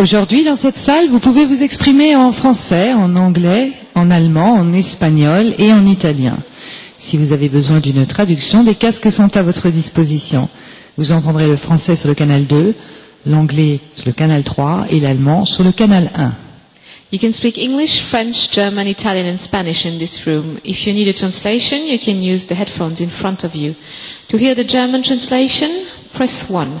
Aujourd'hui, dans cette salle, vous pouvez vous exprimer en français, en anglais, en allemand, en espagnol et en italien. Si vous avez besoin d'une traduction, des casques sont à votre disposition. Vous entendrez le français sur le canal 2, l'anglais sur le canal 3 et l'allemand sur le canal 1. You can speak English, French, German, Italian and Spanish in this room. If you need a translation, you can use the headphones in front of you. To hear the German translation, press 1.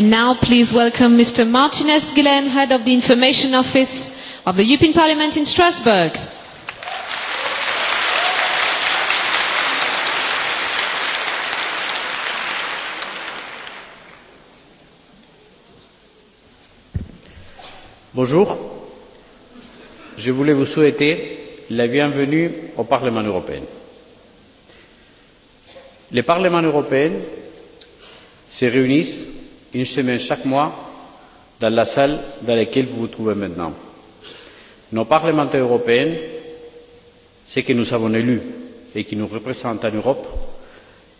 And now please welcome Mr. Martinez Guillen, Head of the Information Office of the European Parliament in Strasbourg. Bonjour. Je voulais vous souhaiter la bienvenue au Parlement européen. Le Parlement européen se réunit une semaine chaque mois dans la salle dans laquelle vous vous trouvez maintenant. Nos parlementaires européens, ceux que nous avons élus et qui nous représentent en Europe,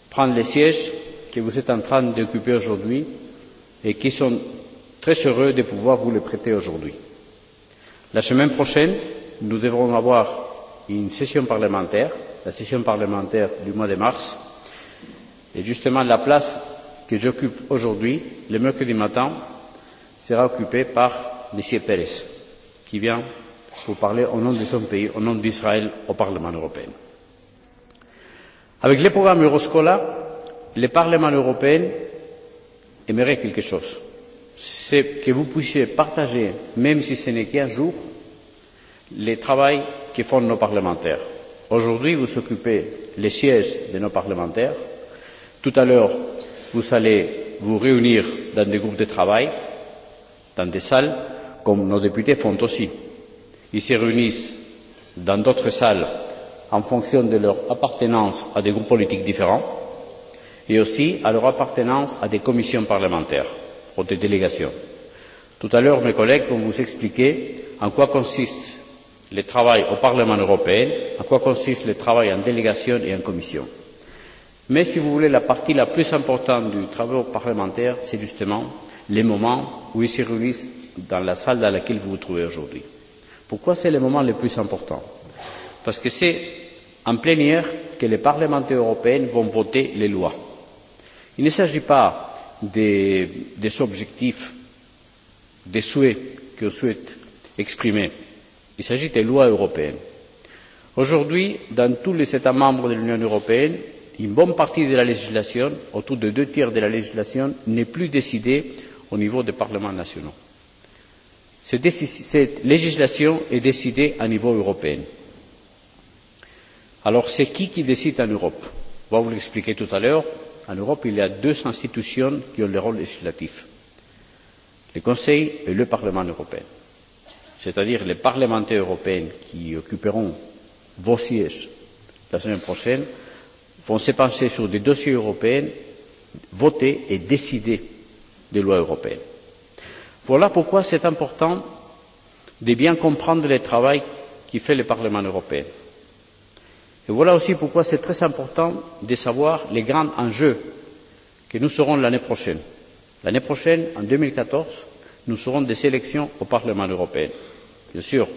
prennent les sièges que vous êtes en train d'occuper aujourd'hui et qui sont très heureux de pouvoir vous les prêter aujourd'hui. La semaine prochaine, nous devrons avoir une session parlementaire, la session parlementaire du mois de mars, et justement la place que j'occupe aujourd'hui, le mercredi matin, sera occupé par M. Pérez, qui vient pour parler au nom de son pays, au nom d'Israël, au Parlement européen. Avec le programme Euroscola, le Parlement européen aimerait quelque chose. C'est que vous puissiez partager, même si ce n'est qu'un jour, les travail que font nos parlementaires. Aujourd'hui, vous occupez les sièges de nos parlementaires. Tout à l'heure, vous allez vous réunir dans des groupes de travail, dans des salles, comme nos députés font aussi. Ils se réunissent dans d'autres salles en fonction de leur appartenance à des groupes politiques différents et aussi à leur appartenance à des commissions parlementaires ou des délégations. Tout à l'heure, mes collègues vont vous expliquer en quoi consiste le travail au Parlement européen, en quoi consiste le travail en délégation et en commission. Mais si vous voulez, la partie la plus importante du travail parlementaire, c'est justement les moments où ils se réunissent dans la salle dans laquelle vous vous trouvez aujourd'hui. Pourquoi c'est le moment le plus important Parce que c'est en plénière que les parlementaires européens vont voter les lois. Il ne s'agit pas des, des objectifs, des souhaits que souhaitez exprimer. Il s'agit des lois européennes. Aujourd'hui, dans tous les États membres de l'Union européenne, une bonne partie de la législation, autour de deux tiers de la législation, n'est plus décidée au niveau des parlements nationaux. Cette législation est décidée au niveau européen. Alors, c'est qui qui décide en Europe On va vous l'expliquer tout à l'heure. En Europe, il y a deux institutions qui ont le rôle législatif le Conseil et le Parlement européen, c'est-à-dire les parlementaires européens qui occuperont vos sièges la semaine prochaine on s'est penché sur des dossiers européens, voter et décider des lois européennes. Voilà pourquoi c'est important de bien comprendre le travail qui fait le Parlement européen. Et voilà aussi pourquoi c'est très important de savoir les grands enjeux que nous serons l'année prochaine. L'année prochaine, en deux mille quatorze, nous serons des élections au Parlement européen. Bien sûr,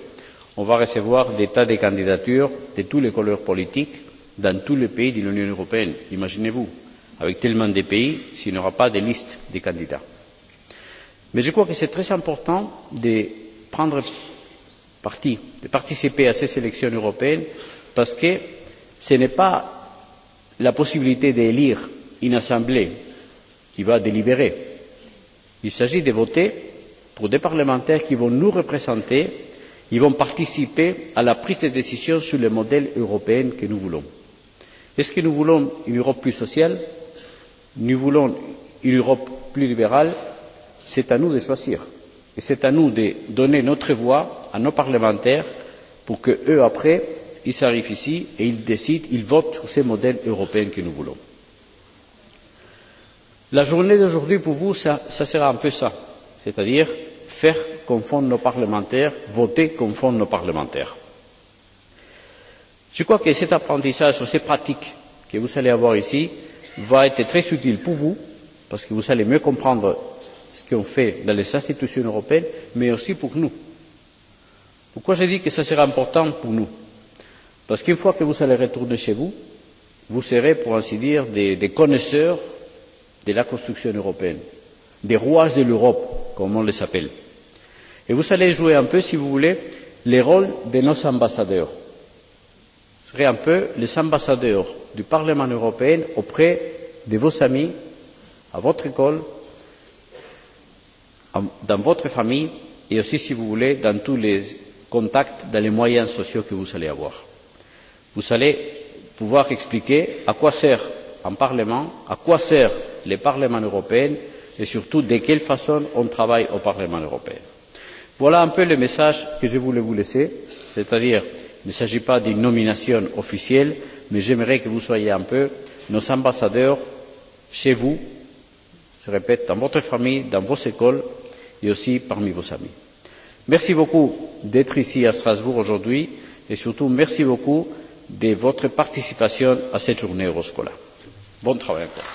on va recevoir des tas de candidatures de tous les couleurs politiques dans tous les pays de l'Union européenne. Imaginez-vous, avec tellement de pays, s'il n'y aura pas de liste de candidats. Mais je crois que c'est très important de prendre parti, de participer à ces élections européennes, parce que ce n'est pas la possibilité d'élire une assemblée qui va délibérer. Il s'agit de voter pour des parlementaires qui vont nous représenter, qui vont participer à la prise de décision sur le modèle européen que nous voulons. Est-ce que nous voulons une Europe plus sociale Nous voulons une Europe plus libérale C'est à nous de choisir. Et c'est à nous de donner notre voix à nos parlementaires pour qu'eux après, ils arrivent ici et ils décident, ils votent sur ce modèle européen que nous voulons. La journée d'aujourd'hui pour vous, ça, ça sera un peu ça. C'est-à-dire faire confondre nos parlementaires, voter confondre nos parlementaires Je crois que cet apprentissage sur ces pratiques que vous allez avoir ici va être très utile pour vous, parce que vous allez mieux comprendre ce qu'on fait dans les institutions européennes, mais aussi pour nous. Pourquoi je dis que ce sera important pour nous Parce qu'une fois que vous allez retourner chez vous, vous serez, pour ainsi dire, des, des connaisseurs de la construction européenne, des rois de l'Europe, comme on les appelle. Et vous allez jouer un peu, si vous voulez, les rôles de nos ambassadeurs serez un peu les ambassadeurs du Parlement européen auprès de vos amis, à votre école, dans votre famille et aussi, si vous voulez, dans tous les contacts, dans les moyens sociaux que vous allez avoir. Vous allez pouvoir expliquer à quoi sert un Parlement, à quoi sert le Parlement européen et surtout de quelle façon on travaille au Parlement européen. Voilà un peu le message que je voulais vous laisser, c'est-à-dire Il ne s'agit pas d'une nomination officielle, mais j'aimerais que vous soyez un peu nos ambassadeurs chez vous, je répète, dans votre famille, dans vos écoles et aussi parmi vos amis. Merci beaucoup d'être ici à Strasbourg aujourd'hui et surtout merci beaucoup de votre participation à cette journée Euroscola. Bon travail encore.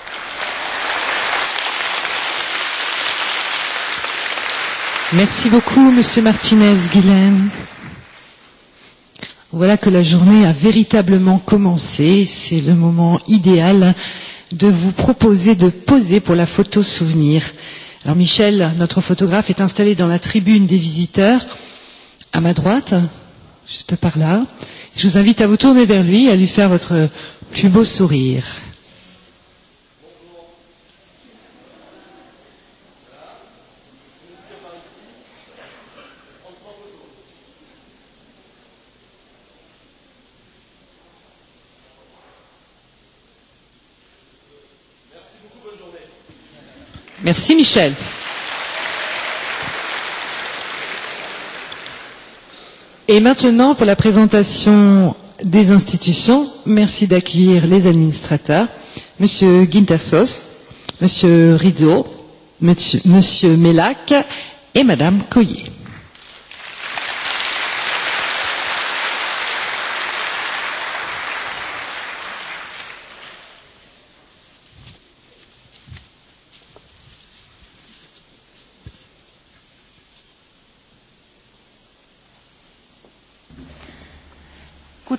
Merci beaucoup, Monsieur Martinez-Guilaine. Voilà que la journée a véritablement commencé. C'est le moment idéal de vous proposer de poser pour la photo souvenir. Alors Michel, notre photographe, est installé dans la tribune des visiteurs, à ma droite, juste par là. Je vous invite à vous tourner vers lui et à lui faire votre plus beau sourire. Merci Michel. Et maintenant, pour la présentation des institutions, merci d'accueillir les administrateurs, Monsieur Guintersos, Monsieur Rideau, Monsieur, Monsieur Mélac et Madame Collier.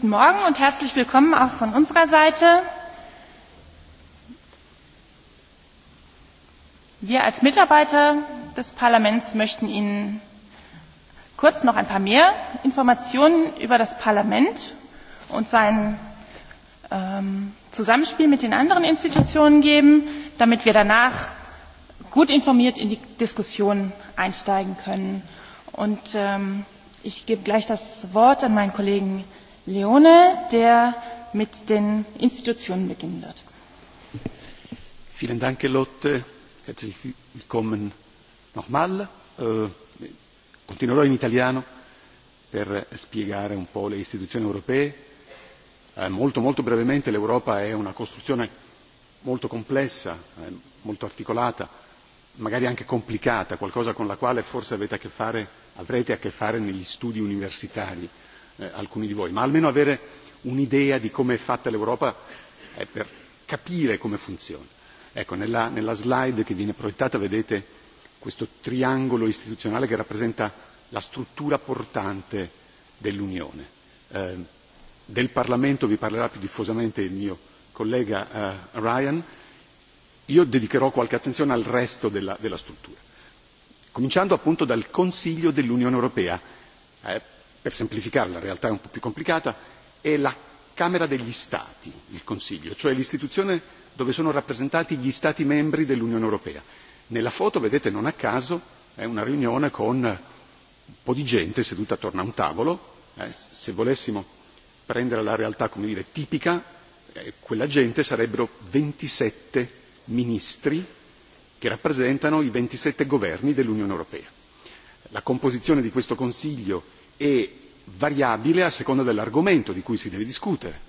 Guten Morgen und herzlich willkommen auch von unserer Seite. Wir als Mitarbeiter des Parlaments möchten Ihnen kurz noch ein paar mehr Informationen über das Parlament und sein ähm, Zusammenspiel mit den anderen Institutionen geben, damit wir danach gut informiert in die Diskussion einsteigen können. Und ähm, ich gebe gleich das Wort an meinen Kollegen Leone, der mit den Institutionen beginnen wird. Vielen Dank, Lotte. Herzlich willkommen nochmal. Continuerò in italiano per spiegare un po' le istituzioni europee. Molto, molto brevemente, l'Europa è una costruzione molto complessa, molto articolata, magari anche complicata, qualcosa con la quale forse avete a che fare, avrete a che fare negli studi universitari alcuni di voi, ma almeno avere un'idea di come è fatta l'Europa per capire come funziona. Ecco, nella, nella slide che viene proiettata vedete questo triangolo istituzionale che rappresenta la struttura portante dell'Unione. Eh, del Parlamento vi parlerà più diffusamente il mio collega eh, Ryan. Io dedicherò qualche attenzione al resto della, della struttura, cominciando appunto dal Consiglio dell'Unione Europea. Eh, per semplificare la realtà è un po' più complicata, è la Camera degli Stati, il Consiglio, cioè l'istituzione dove sono rappresentati gli Stati membri dell'Unione Europea. Nella foto, vedete, non a caso è una riunione con un po' di gente seduta attorno a un tavolo. se volessimo prendere la realtà, come dire, tipica, quella gente sarebbero ventisette ministri che rappresentano i ventisette governi dell'Unione Europea. La composizione di questo Consiglio è variabile a seconda dell'argomento di cui si deve discutere.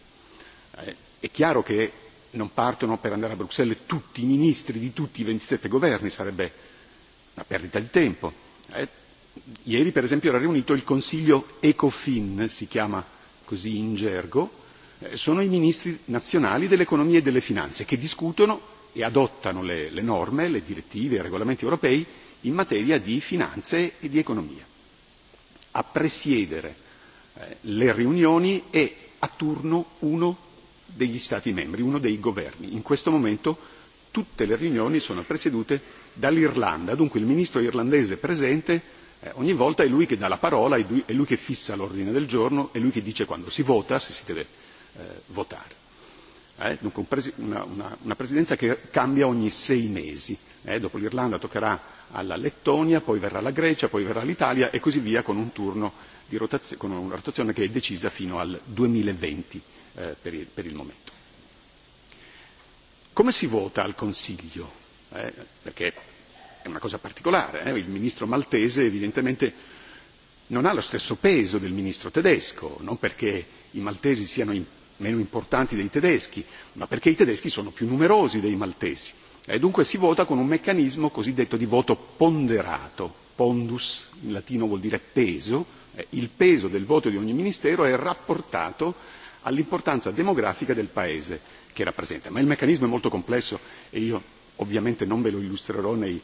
È chiaro che non partono per andare a Bruxelles tutti i ministri di tutti i ventisette governi, sarebbe una perdita di tempo. Ieri, per esempio, era riunito il Consiglio ECOFIN, si chiama così in gergo, sono i ministri nazionali dell'economia e delle finanze che discutono e adottano le norme, le direttive e i regolamenti europei in materia di finanze e di economia a presiedere le riunioni e a turno uno degli Stati membri, uno dei governi. In questo momento tutte le riunioni sono presiedute dall'Irlanda, dunque il ministro irlandese presente ogni volta è lui che dà la parola, è lui che fissa l'ordine del giorno, è lui che dice quando si vota, se si deve votare. dunque una, presidenza che cambia ogni sei mesi. dopo l'Irlanda toccherà alla Lettonia, poi verrà la Grecia, poi verrà l'Italia e così via con, un turno di rotazio- con una rotazione che è decisa fino al 2020 eh, per, il, per il momento. Come si vota al Consiglio? Eh, perché è una cosa particolare, eh? il ministro maltese evidentemente non ha lo stesso peso del ministro tedesco, non perché i maltesi siano meno importanti dei tedeschi, ma perché i tedeschi sono più numerosi dei maltesi E dunque si vota con un meccanismo cosiddetto di voto ponderato. Pondus in latino vuol dire peso. Il peso del voto di ogni ministero è rapportato all'importanza demografica del paese che rappresenta. Ma il meccanismo è molto complesso e io ovviamente non ve lo illustrerò nei,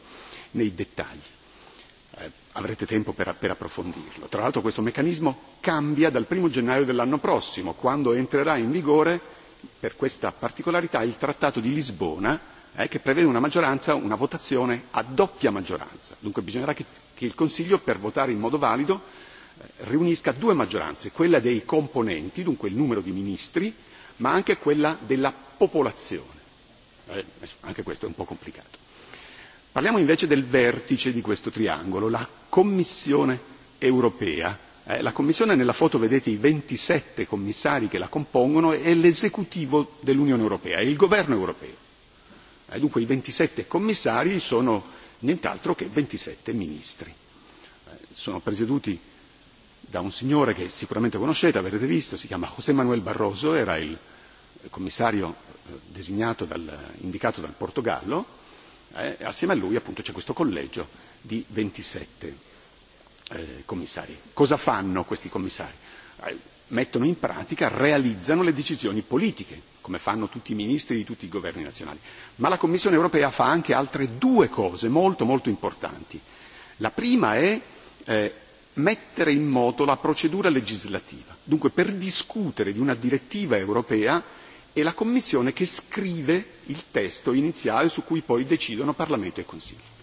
nei dettagli. Eh, avrete tempo per, per approfondirlo. Tra l'altro questo meccanismo cambia dal 1 gennaio dell'anno prossimo, quando entrerà in vigore, per questa particolarità, il Trattato di Lisbona, che prevede una maggioranza, una votazione a doppia maggioranza. Dunque bisognerà che, il Consiglio, per votare in modo valido, riunisca due maggioranze, quella dei componenti, dunque il numero di ministri, ma anche quella della popolazione. anche questo è un po' complicato. Parliamo invece del vertice di questo triangolo, la Commissione europea. la Commissione nella foto vedete i ventisette commissari che la compongono è l'esecutivo dell'Unione europea, è il governo europeo dunque i ventisette commissari sono nient'altro che ventisette ministri. sono presieduti da un signore che sicuramente conoscete, avrete visto, si chiama José Manuel Barroso, era il commissario designato dal, indicato dal Portogallo, eh, assieme a lui appunto c'è questo collegio di 27 eh, commissari. Cosa fanno questi commissari? Eh, mettono in pratica, realizzano le decisioni politiche come fanno tutti i ministri di tutti i governi nazionali. Ma la Commissione europea fa anche altre due cose molto molto importanti. La prima è mettere in moto la procedura legislativa. Dunque per discutere di una direttiva europea è la Commissione che scrive il testo iniziale su cui poi decidono Parlamento e Consiglio.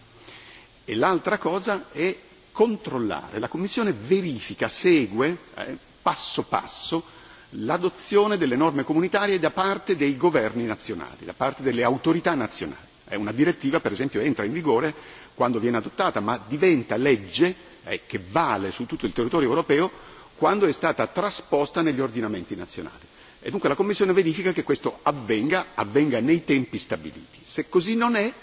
E l'altra cosa è controllare. La Commissione verifica, segue passo passo l'adozione delle norme comunitarie da parte dei governi nazionali, da parte delle autorità nazionali. una direttiva, per esempio, entra in vigore quando viene adottata, ma diventa legge che vale su tutto il territorio europeo quando è stata trasposta negli ordinamenti nazionali. E dunque la Commissione verifica che questo avvenga, avvenga nei tempi stabiliti. Se così non è,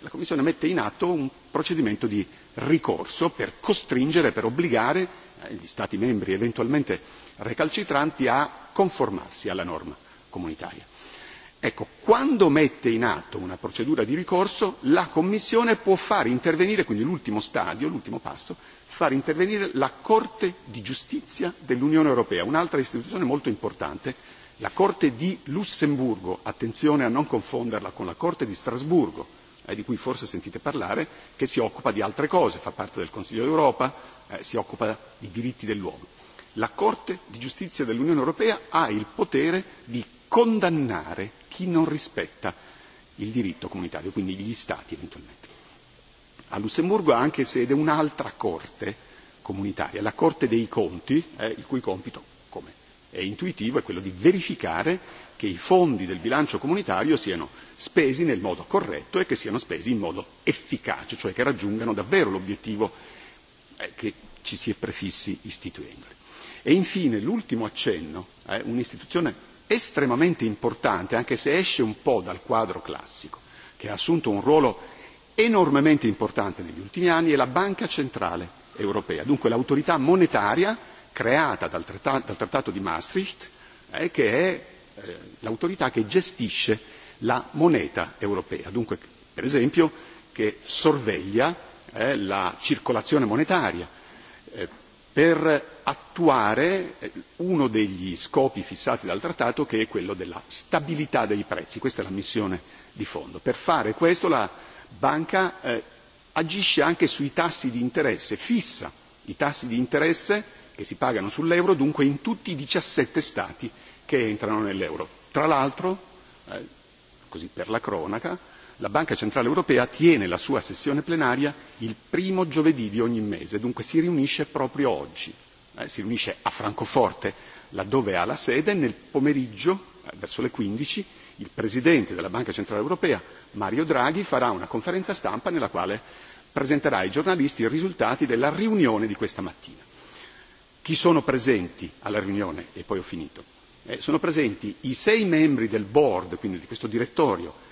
la Commissione mette in atto un procedimento di ricorso per costringere, per obbligare gli Stati membri eventualmente recalcitranti a conformarsi alla norma comunitaria. Ecco, quando mette in atto una procedura di ricorso, la Commissione può far intervenire, quindi l'ultimo stadio, l'ultimo passo, far intervenire la Corte di giustizia dell'Unione Europea, un'altra istituzione molto importante, la Corte di Lussemburgo, attenzione a non confonderla con la Corte di Strasburgo, eh, di cui forse sentite parlare, che si occupa di altre cose, fa parte del Consiglio d'Europa, eh, si occupa di diritti dell'uomo. La Corte di giustizia dell'Unione Europea ha il potere di condannare chi non rispetta il diritto comunitario, quindi gli Stati eventualmente. A Lussemburgo ha anche sede un'altra Corte comunitaria, la Corte dei Conti, eh, il cui compito, come è intuitivo, è quello di verificare che i fondi del bilancio comunitario siano spesi nel modo corretto e che siano spesi in modo efficace, cioè che raggiungano davvero l'obiettivo che ci si è prefissi istituendoli. E infine l'ultimo accenno è un'istituzione estremamente importante, anche se esce un po' dal quadro classico, che ha assunto un ruolo enormemente importante negli ultimi anni, è la Banca Centrale Europea, dunque l'autorità monetaria creata dal Trattato di Maastricht, che è l'autorità che gestisce la moneta europea, dunque per esempio che sorveglia la circolazione monetaria per attuare uno degli scopi fissati dal trattato che è quello della stabilità dei prezzi. Questa è la missione di fondo. Per fare questo la banca agisce anche sui tassi di interesse, fissa i tassi di interesse che si pagano sull'euro dunque in tutti i diciassette Stati che entrano nell'euro. Tra l'altro, così per la cronaca, la Banca Centrale Europea tiene la sua sessione plenaria il primo giovedì di ogni mese, dunque si riunisce proprio oggi. si riunisce a Francoforte, laddove ha la sede, nel pomeriggio, verso le quindici, il Presidente della Banca Centrale Europea, Mario Draghi, farà una conferenza stampa nella quale presenterà ai giornalisti i risultati della riunione di questa mattina. Chi sono presenti alla riunione? E poi ho finito sono presenti i sei membri del board, quindi di questo direttorio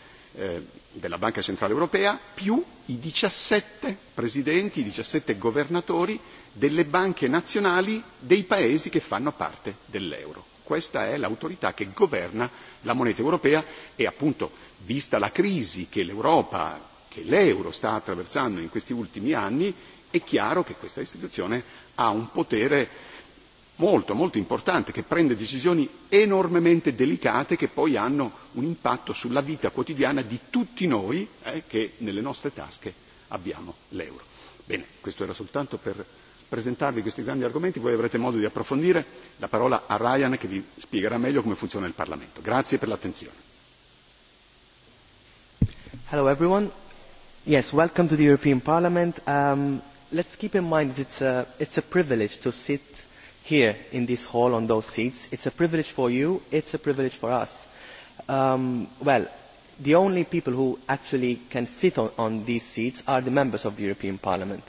della Banca Centrale Europea, più i diciassette presidenti, i diciassette governatori delle banche nazionali dei paesi che fanno parte dell'euro. Questa è l'autorità che governa la moneta europea e appunto, vista la crisi che l'Europa, che l'euro sta attraversando in questi ultimi anni, è chiaro che questa istituzione ha un potere molto molto importante che prende decisioni enormemente delicate che poi hanno un impatto sulla vita quotidiana di tutti noi eh, che nelle nostre tasche abbiamo l'euro. Bene, questo era soltanto per presentarvi questi grandi argomenti, voi avrete modo di approfondire, la parola a Ryan che vi spiegherà meglio come funziona il Parlamento. Grazie per l'attenzione. Hello everyone. Yes, welcome to the European Parliament. Um, let's keep in mind that it's a, it's a privilege to sit here in this hall on those seats. It's a privilege for you. It's a privilege for us. Um, well, the only people who actually can sit on, on these seats are the members of the European Parliament.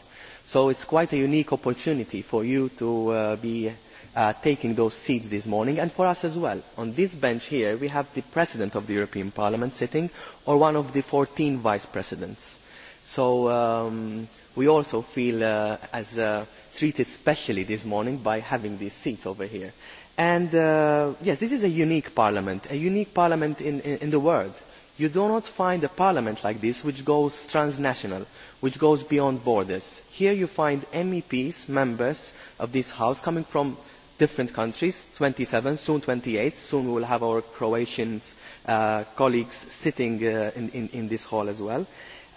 So it's quite a unique opportunity for you to uh, be uh, taking those seats this morning and for us as well. On this bench here, we have the President of the European Parliament sitting or one of the 14 Vice Presidents. So um, we also feel uh, as uh, treated specially this morning by having these seats over here. And uh, yes, this is a unique parliament, a unique parliament in, in, in the world. You do not find a parliament like this which goes transnational, which goes beyond borders. Here you find MEPs, members of this house, coming from different countries, twenty seven, soon twenty Soon we will have our Croatian colleagues sitting in, in, in this hall as well,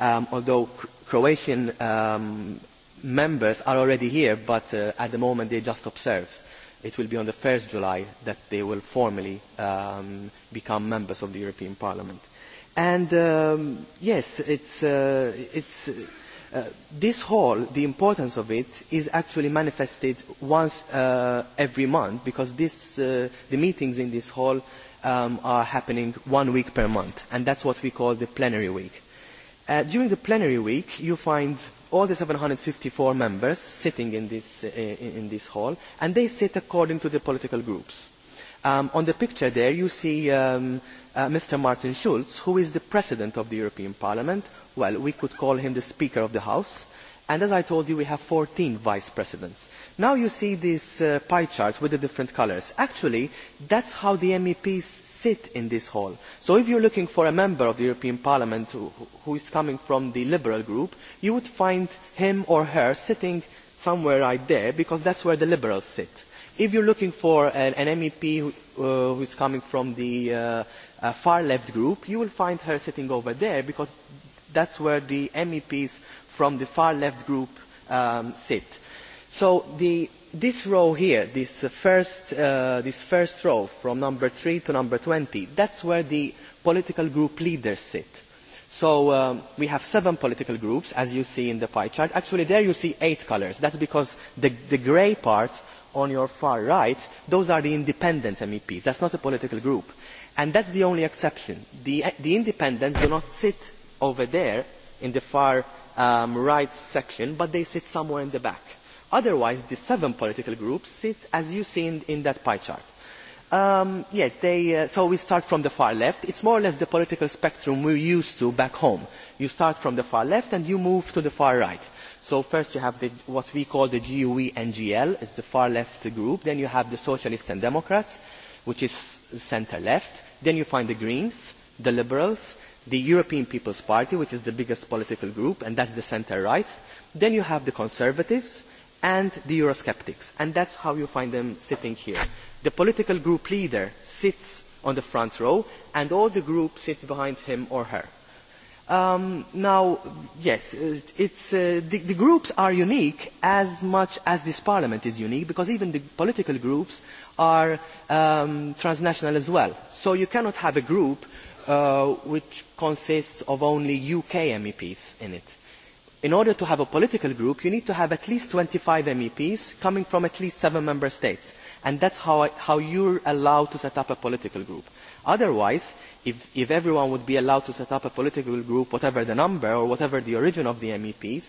although Croatian um, members are already here, but uh, at the moment they just observe. It will be on the 1st July that they will formally um, become members of the European Parliament. And um, yes, it's, uh, it's, uh, this hall, the importance of it, is actually manifested once uh, every month because this, uh, the meetings in this hall um, are happening one week per month, and that's what we call the plenary week during the plenary week, you find all the seven hundred and fifty four members sitting in this, in this hall, and they sit according to the political groups. on the picture there, you see Mr. Martin Schulz, who is the President of the European Parliament. Well, we could call him the Speaker of the House. And as I told you, we have fourteen Vice Presidents now you see these pie charts with the different colours. actually that is how the meps sit in this hall so if you are looking for a member of the european parliament who is coming from the liberal group you would find him or her sitting somewhere right there because that is where the liberals sit. if you are looking for an mep who is coming from the far left group you will find her sitting over there because that is where the meps from the far left group sit. So this row here, this first, row from number three to number twenty, that is where the political group leaders sit. So we have seven political groups, as you see in the pie chart. Actually, there you see eight colours. That is because the, grey part on your far right, those are the independent MEPs. that is not a political group. And that is the only exception. The, independents do not sit over there in the far right section, but they sit somewhere in the back Otherwise, the seven political groups sit as you see in, in that pie chart. Um, yes, they, uh, so we start from the far left. It's more or less the political spectrum we're used to back home. You start from the far left and you move to the far right. So first you have the, what we call the GUE NGL, is the far left group. Then you have the Socialists and Democrats, which is centre left. Then you find the Greens, the Liberals, the European People's Party, which is the biggest political group, and that's the centre right. Then you have the Conservatives, and the Eurosceptics. And that is how you find them sitting here. The political group leader sits on the front row, and all the group sits behind him or her. now, yes, it's, the, the groups are unique as much as this parliament is unique, because even the political groups are transnational as well. So you cannot have a group which consists of only UK MEPs in it in order to have a political group you need to have at least twenty five meps coming from at least seven member states and that is how you are allowed to set up a political group. otherwise if everyone be allowed to set up a political group whatever the number or whatever the origin of the meps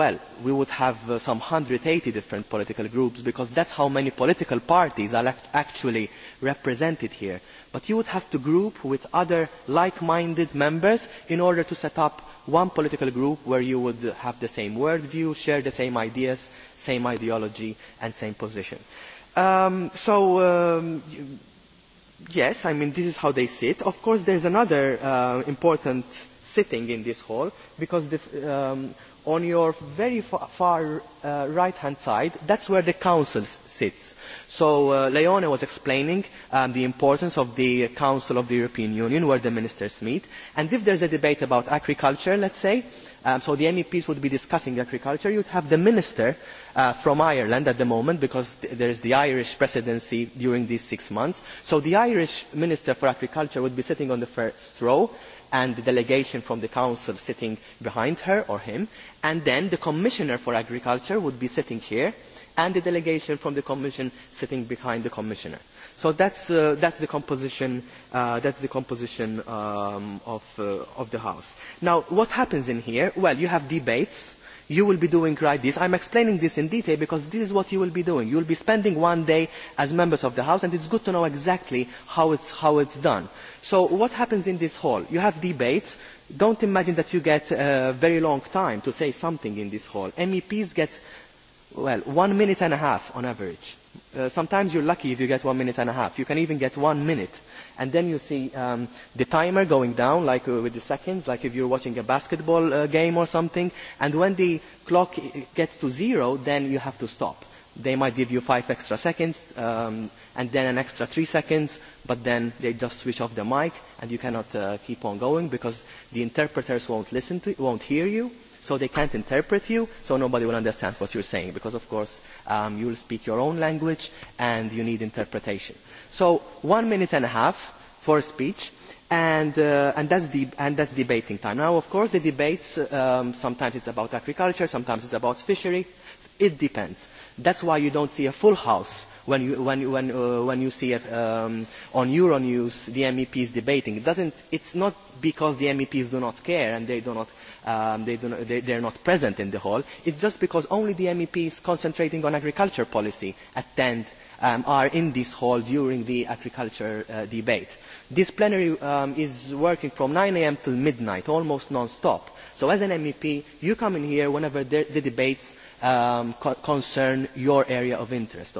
we would have some one hundred and eighty different political groups because that is how many political parties are actually represented here but you would have to group with other like minded members in order to set up one political group where you would have the same worldview, share the same ideas, same ideology, and same position. Um, so, um, yes, I mean, this is how they sit. Of course, there's another uh, important sitting in this hall because the, um, on your very far uh, right hand side, that's where the council sits. So uh, Leone was explaining um, the importance of the Council of the European Union where the ministers meet. And if there's a debate about agriculture, let's say, um, so the MEPs would be discussing agriculture, you'd have the minister uh, from Ireland at the moment because th there's the Irish presidency during these six months. So the Irish minister for agriculture would be sitting on the first row and the delegation from the council sitting behind her or him, and then the commissioner for agriculture would be sitting here, and the delegation from the commission sitting behind the commissioner. So that's, uh, that's the composition, uh, that's the composition um, of, uh, of the house. Now, what happens in here? Well, you have debates you will be doing right this. I'm explaining this in detail because this is what you will be doing. You will be spending one day as members of the House, and it's good to know exactly how it's, how it's done. So what happens in this hall? You have debates. Don't imagine that you get a very long time to say something in this hall. MEPs get, well, one minute and a half on average. Uh, sometimes you're lucky if you get one minute and a half. You can even get one minute. And then you see um, the timer going down, like uh, with the seconds, like if you're watching a basketball uh, game or something. And when the clock gets to zero, then you have to stop they might give you five extra seconds um, and then an extra three seconds, but then they just switch off the mic and you cannot uh, keep on going because the interpreters won't listen to, you, won't hear you, so they can't interpret you, so nobody will understand what you're saying because, of course, um, you'll speak your own language and you need interpretation. So one minute and a half for a speech and uh, and that's and that's debating time. Now, of course, the debates um, sometimes it's about agriculture, sometimes it's about fishery, It depends. That's why you don't see a full house when you, when, when, uh, when you see it, um, on Euronews the MEPs debating. It doesn't, it's not because the MEPs do not care and they do not, um, they do not, they, they're not present in the hall. It's just because only the MEPs concentrating on agriculture policy attend, um, are in this hall during the agriculture uh, debate this plenary is working from nine a.m. till midnight, almost non-stop. So as an MEP, you come in here whenever the, debates concern your area of interest,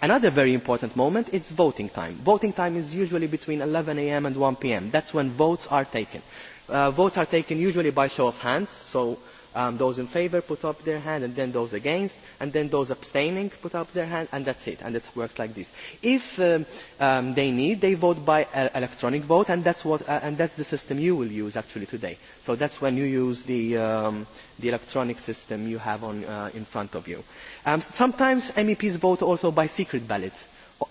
Another very important moment is voting time. Voting time is usually between eleven a.m. and one p.m. is when votes are taken. votes are taken usually by show of hands, so Um, those in favour put up their hand, and then those against, and then those abstaining put up their hand, and that's it. And it works like this. If um, um, they need, they vote by uh, electronic vote, and that's, what, uh, and that's the system you will use actually today. So that's when you use the, um, the electronic system you have on, uh, in front of you. Um, sometimes MEPs vote also by secret ballot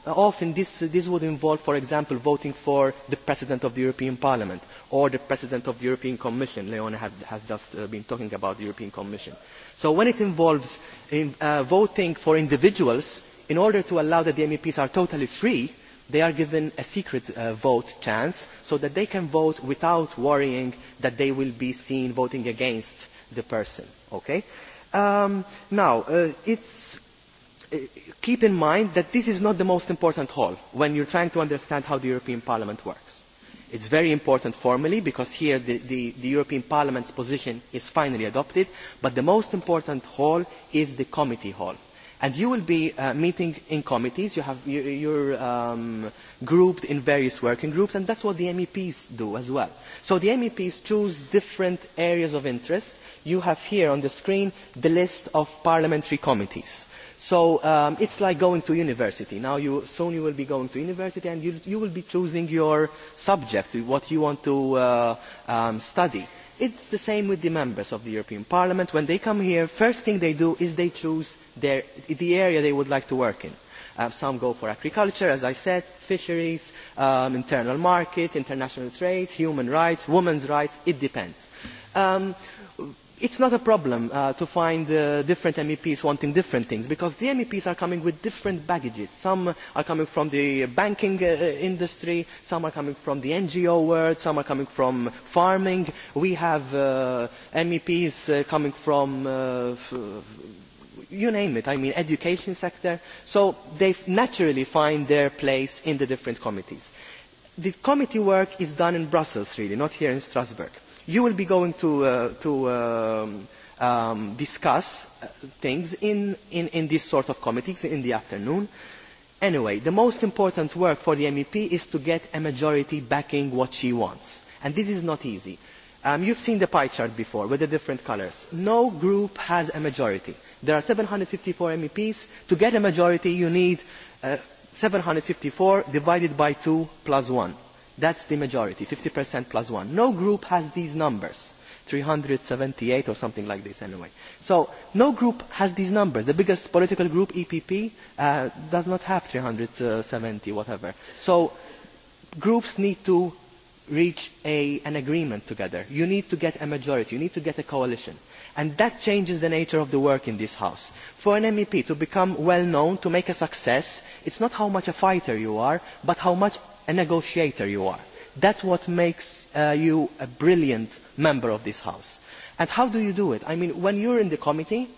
often this would involve for example voting for the president of the european parliament or the president of the european commission leona has just been talking about the european commission so when it involves voting for individuals in order to allow that the meps are totally free they are given a secret vote chance so that they can vote without worrying that they will be seen voting against the person okay now it's keep in mind that this is not the most important hall when you are trying to understand how the European Parliament works. It is very important formally because here the, the, the European Parliament's position is finally adopted, but the most important hall is the committee hall and you will be uh, meeting in committees. You have, you, you're um, grouped in various working groups, and that's what the MEPs do as well. So the MEPs choose different areas of interest. You have here on the screen the list of parliamentary committees. So um, it's like going to university. Now you, soon you will be going to university and you, you will be choosing your subject, what you want to uh, um, study it is the same with the members of the european parliament when they come here the first thing they do is they choose the area they would like to work in some go for agriculture as i said fisheries the internal market international trade human rights women's rights it depends. It is not a problem uh, to find uh, different MEPs wanting different things because the MEPs are coming with different baggages. Some are coming from the banking uh, industry, some are coming from the NGO world, some are coming from farming. We have uh, MEPs uh, coming from uh, you name it, I mean education sector. So they naturally find their place in the different committees. The committee work is done in Brussels, really, not here in Strasbourg you will be going to, uh, to um, um, discuss things in, in, in this sort of committees in the afternoon. Anyway, the most important work for the MEP is to get a majority backing what she wants. And this is not easy. Um, you've seen the pie chart before with the different colours. No group has a majority. There are 754 MEPs. To get a majority, you need uh, 754 divided by 2 plus 1 That's the majority, 50% plus one. No group has these numbers, 378 or something like this anyway. So no group has these numbers. The biggest political group, EPP, uh, does not have 370, whatever. So groups need to reach a, an agreement together. You need to get a majority. You need to get a coalition. And that changes the nature of the work in this House. For an MEP to become well known, to make a success, it's not how much a fighter you are, but how much a negotiator you are. That is what makes you a brilliant member of this House. And how do you do it? I mean, when you are in the committee,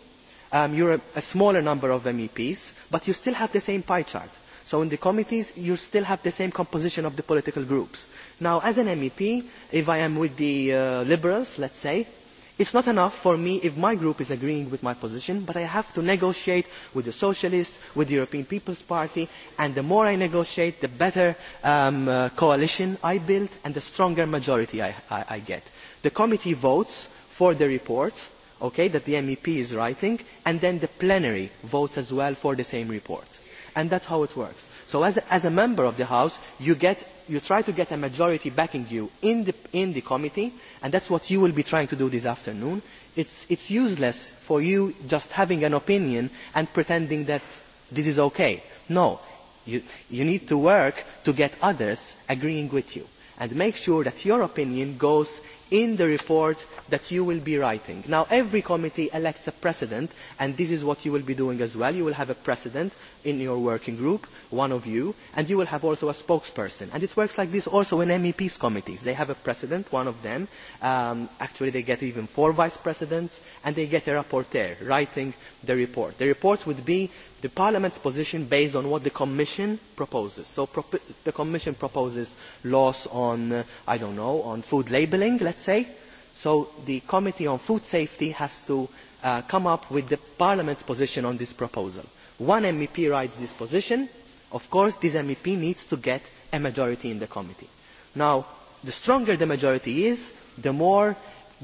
you are a smaller number of MEPs, but you still have the same pie chart. So in the committees, you still have the same composition of the political groups. Now, as an MEP, if I am with the Liberals, let us say, It is not enough for me if my group is agreeing with my position, but I have to negotiate with the Socialists, with the European People's Party, and the more I negotiate, the better coalition I build and the stronger majority I, I, get. The committee votes for the report that the MEP is writing, and then the plenary votes as well for the same report. And that is how it works. So as a, member of the House, you, try to get a majority backing you in the committee, And that is what you will be trying to do this afternoon. It is useless for you just having an opinion and pretending that this is okay. No, you, you need to work to get others agreeing with you and make sure that your opinion goes in the report that you will be writing. Now, every committee elects a president, and this is what you will be doing as well. You will have a president in your working group, one of you, and you will have also a spokesperson. And it works like this also in MEPs' committees. They have a president, one of them. Um, actually, they get even four vice presidents, and they get a rapporteur writing the report. The report would be parliament's position based on what the commission proposes. so the commission proposes laws on i do not know on food labelling let us say so the committee on food safety has to come up with parliament's position on this proposal. one mep writes this position of course this mep needs to get a majority in the committee. now the stronger the majority is the more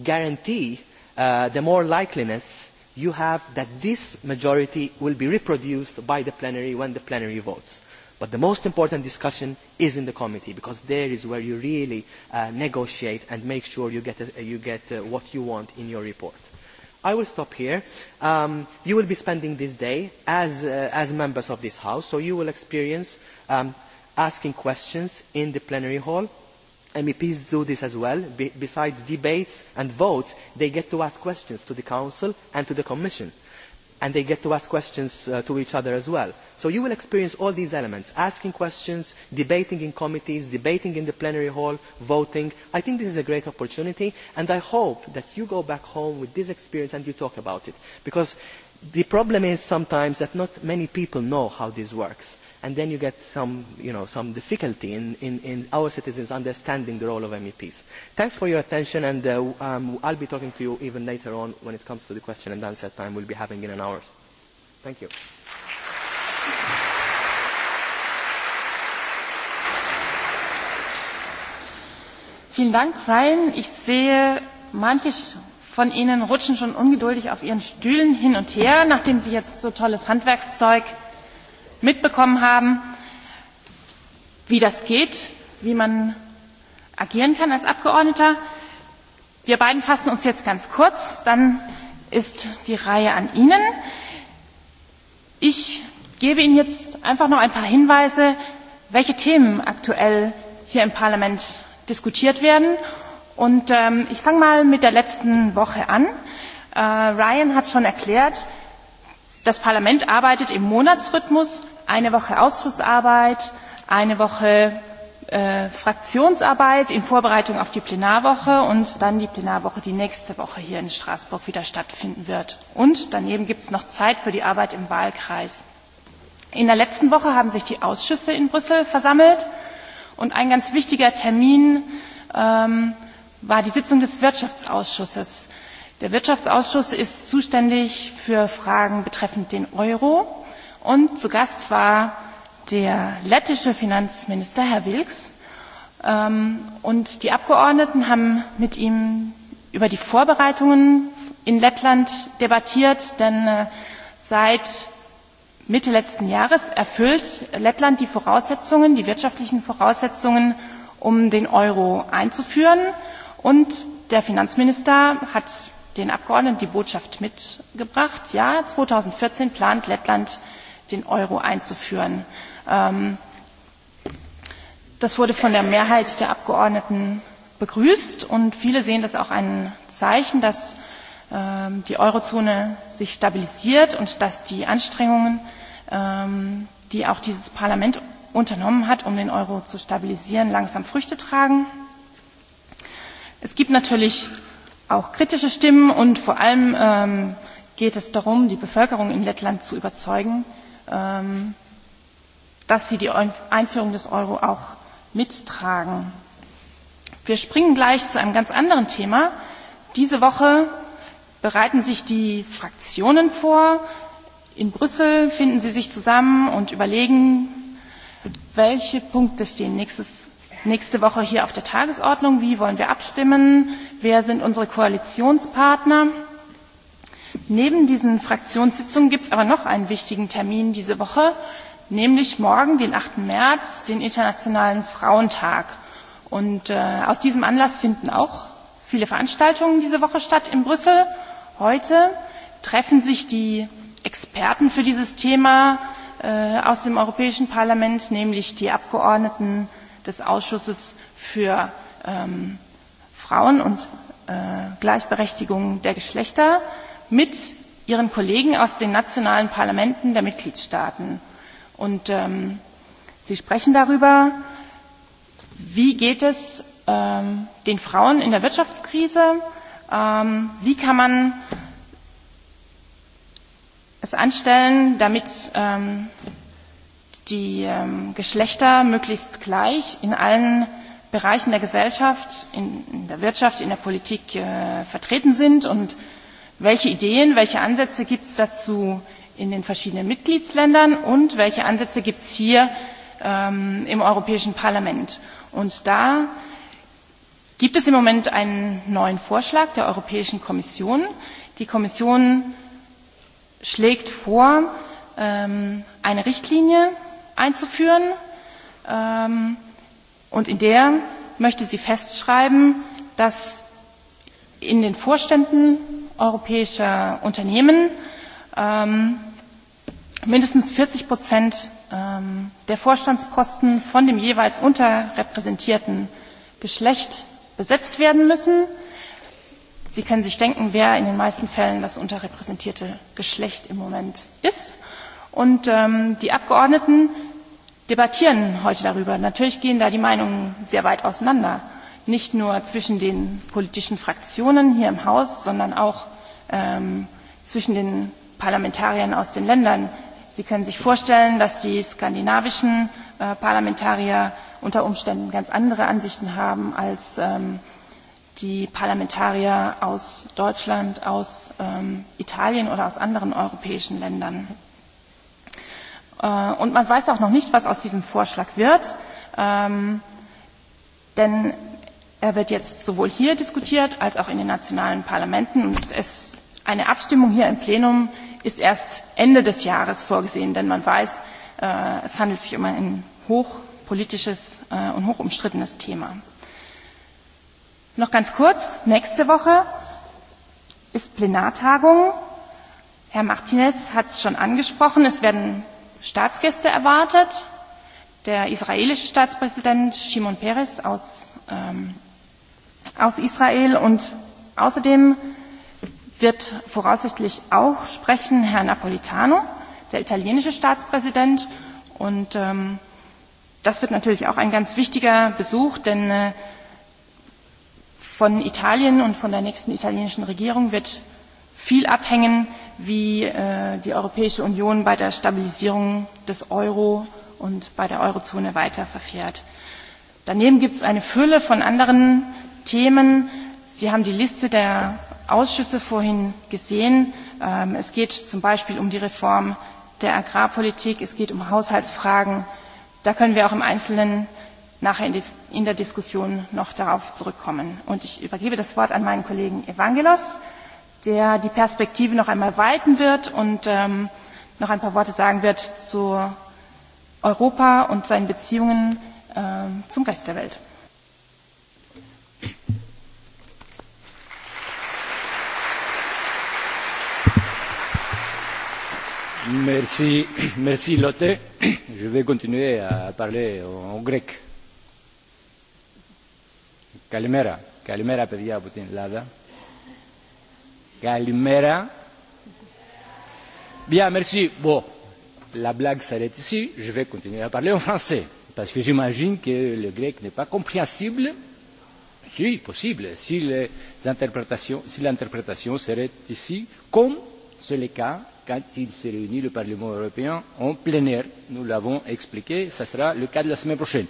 guarantee the more likeliness you have that this majority will be reproduced by the plenary when the plenary votes. But the most important discussion is in the committee because there is where you really uh, negotiate and make sure you get, a, you get uh, what you want in your report. I will stop here. Um, you will be spending this day as, uh, as members of this House, so you will experience um, asking questions in the plenary hall MEPs do this as well. besides debates and votes, they get to ask questions to the Council and to the Commission. And they get to ask questions to each other as well. So you will experience all these elements, asking questions, debating in committees, debating in the plenary hall, voting. I think this is a great opportunity, and I hope that you go back home with this experience and you talk about it. Because the problem is sometimes that not many people know how this works and then you get some, you know, some difficulty in, in, in our citizens understanding the role of MEPs. Thanks for your attention, and uh, um, I'll be talking to you even later on when it comes to the question and answer time we'll be having in an hour. Thank you. Vielen Dank, Ryan. Ich sehe, manche von Ihnen rutschen schon ungeduldig auf Ihren Stühlen hin und her, nachdem Sie jetzt so tolles Handwerkszeug mitbekommen haben, wie das geht, wie man agieren kann als Abgeordneter. Wir beiden fassen uns jetzt ganz kurz, dann ist die Reihe an Ihnen. Ich gebe Ihnen jetzt einfach noch ein paar Hinweise, welche Themen aktuell hier im Parlament diskutiert werden. Und ähm, ich fange mal mit der letzten Woche an. Äh, Ryan hat schon erklärt, das Parlament arbeitet im Monatsrhythmus, eine Woche Ausschussarbeit, eine Woche Fraktionsarbeit in Vorbereitung auf die Plenarwoche und dann die Plenarwoche, die nächste Woche hier in Straßburg wieder stattfinden wird. Und daneben gibt es noch Zeit für die Arbeit im Wahlkreis. In der letzten Woche haben sich die Ausschüsse in Brüssel versammelt und ein ganz wichtiger Termin war die Sitzung des Wirtschaftsausschusses. Der Wirtschaftsausschuss ist zuständig für Fragen betreffend den Euro und zu Gast war der lettische Finanzminister, Herr Wilks. Und die Abgeordneten haben mit ihm über die Vorbereitungen in Lettland debattiert, denn seit Mitte letzten Jahres erfüllt Lettland die Voraussetzungen, die wirtschaftlichen Voraussetzungen, um den Euro einzuführen. Und der Finanzminister hat den Abgeordneten die Botschaft mitgebracht. Ja, 2014 plant Lettland, den Euro einzuführen. das wurde von der Mehrheit der Abgeordneten begrüßt und viele sehen das auch ein Zeichen, dass die Eurozone sich stabilisiert und dass die Anstrengungen, die auch dieses Parlament unternommen hat, um den Euro zu stabilisieren, langsam Früchte tragen. Es gibt natürlich auch kritische Stimmen und vor allem ähm, geht es darum, die Bevölkerung in Lettland zu überzeugen, ähm, dass sie die Einführung des Euro auch mittragen. Wir springen gleich zu einem ganz anderen Thema. Diese Woche bereiten sich die Fraktionen vor. In Brüssel finden sie sich zusammen und überlegen, welche Punkte stehen nächstes nächste Woche hier auf der Tagesordnung. Wie wollen wir abstimmen? Wer sind unsere Koalitionspartner? Neben diesen Fraktionssitzungen gibt es aber noch einen wichtigen Termin diese Woche, nämlich morgen, den 8. März, den Internationalen Frauentag. Und äh, aus diesem Anlass finden auch viele Veranstaltungen diese Woche statt in Brüssel. Heute treffen sich die Experten für dieses Thema äh, aus dem Europäischen Parlament, nämlich die Abgeordneten des Ausschusses für ähm, Frauen und äh, Gleichberechtigung der Geschlechter mit ihren Kollegen aus den nationalen Parlamenten der Mitgliedstaaten. Und ähm, sie sprechen darüber, wie geht es ähm, den Frauen in der Wirtschaftskrise, ähm, wie kann man es anstellen, damit ähm, die Geschlechter möglichst gleich in allen Bereichen der Gesellschaft, in, der Wirtschaft, in der Politik vertreten sind und welche Ideen, welche Ansätze gibt es dazu in den verschiedenen Mitgliedsländern und welche Ansätze gibt es hier im Europäischen Parlament. Und da gibt es im Moment einen neuen Vorschlag der Europäischen Kommission. Die Kommission schlägt vor, eine Richtlinie einzuführen. und in der möchte sie festschreiben, dass in den Vorständen europäischer Unternehmen mindestens 40 Prozent der Vorstandsposten von dem jeweils unterrepräsentierten Geschlecht besetzt werden müssen. Sie können sich denken, wer in den meisten Fällen das unterrepräsentierte Geschlecht im Moment ist. Und ähm, die Abgeordneten debattieren heute darüber. Natürlich gehen da die Meinungen sehr weit auseinander, nicht nur zwischen den politischen Fraktionen hier im Haus, sondern auch ähm, zwischen den Parlamentariern aus den Ländern. Sie können sich vorstellen, dass die skandinavischen äh, Parlamentarier unter Umständen ganz andere Ansichten haben als ähm, die Parlamentarier aus Deutschland, aus ähm, Italien oder aus anderen europäischen Ländern und man weiß auch noch nicht, was aus diesem Vorschlag wird. denn er wird jetzt sowohl hier diskutiert als auch in den nationalen Parlamenten. Und es eine Abstimmung hier im Plenum ist erst Ende des Jahres vorgesehen, denn man weiß, es handelt sich um ein hochpolitisches und hochumstrittenes Thema. Noch ganz kurz, nächste Woche ist Plenartagung. Herr Martinez hat es schon angesprochen, es werden Staatsgäste erwartet. Der israelische Staatspräsident Shimon Peres aus, ähm, aus Israel und außerdem wird voraussichtlich auch sprechen Herr Napolitano, der italienische Staatspräsident. Und ähm, das wird natürlich auch ein ganz wichtiger Besuch, denn äh, von Italien und von der nächsten italienischen Regierung wird viel abhängen, wie die Europäische Union bei der Stabilisierung des Euro und bei der Eurozone weiter verfährt. Daneben gibt es eine Fülle von anderen Themen. Sie haben die Liste der Ausschüsse vorhin gesehen. Es geht zum Beispiel um die Reform der Agrarpolitik, es geht um Haushaltsfragen. Da können wir auch im Einzelnen nachher in der Diskussion noch darauf zurückkommen. Und ich übergebe das Wort an meinen Kollegen Evangelos der die Perspektive noch einmal weiten wird und ähm, noch ein paar Worte sagen wird zu Europa und seinen Beziehungen ähm, zum Rest der Welt. Merci, merci Lotte. Je vais continuer à parler en grec. Καλημέρα. Καλημέρα παιδιά από την Ελλάδα. Καλημέρα. Bien, merci. Bon, la blague s'arrête ici. Je vais continuer à parler en français. Parce que j'imagine que le grec n'est pas compréhensible. Si, possible, si les interprétations, si l'interprétation serait ici, comme c'est le cas quand il se réunit le Parlement européen en plein air. Nous l'avons expliqué, ce sera le cas de la semaine prochaine.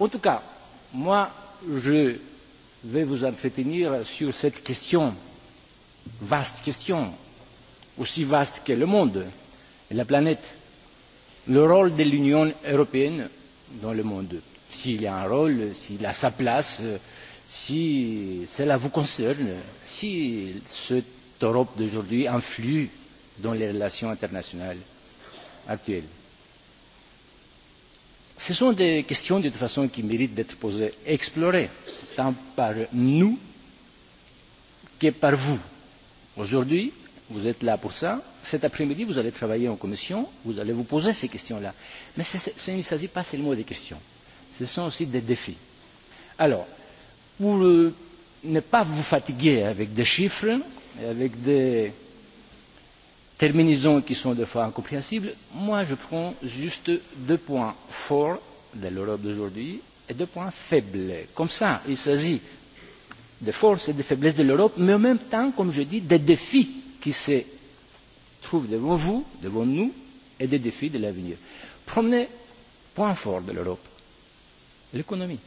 En tout cas, moi, je vais vous entretenir sur cette question vaste question, aussi vaste que le monde et la planète, le rôle de l'Union européenne dans le monde. S'il a un rôle, s'il a sa place, si cela vous concerne, si cette Europe d'aujourd'hui influe dans les relations internationales actuelles. Ce sont des questions de toute façon qui méritent d'être posées, explorées, tant par nous que par vous Aujourd'hui, vous êtes là pour ça. Cet après-midi, vous allez travailler en commission, vous allez vous poser ces questions-là. Mais il ne s'agit pas seulement des questions, ce sont aussi des défis. Alors, pour ne pas vous fatiguer avec des chiffres, et avec des terminaisons qui sont des fois incompréhensibles, moi je prends juste deux points forts de l'Europe d'aujourd'hui et deux points faibles. Comme ça, il s'agit des forces et des faiblesses de l'Europe, mais en même temps, comme je dis, des défis qui se trouvent devant vous, devant nous, et des défis de l'avenir. Prenez point fort de l'Europe, l'économie.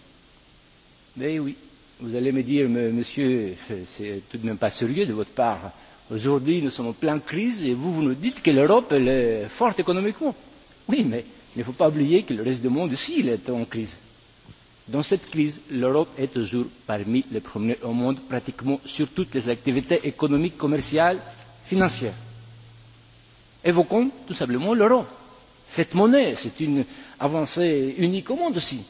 Eh oui, vous allez me dire, mais monsieur, c'est tout de même pas sérieux de votre part. Aujourd'hui, nous sommes en pleine crise et vous, vous nous dites que l'Europe est forte économiquement. Oui, mais il ne faut pas oublier que le reste du monde aussi il est en crise Dans cette crise, l'Europe est toujours parmi les premiers au monde pratiquement sur toutes les activités économiques, commerciales, financières. Évoquons tout simplement l'euro. Cette monnaie, c'est une avancée unique au monde aussi.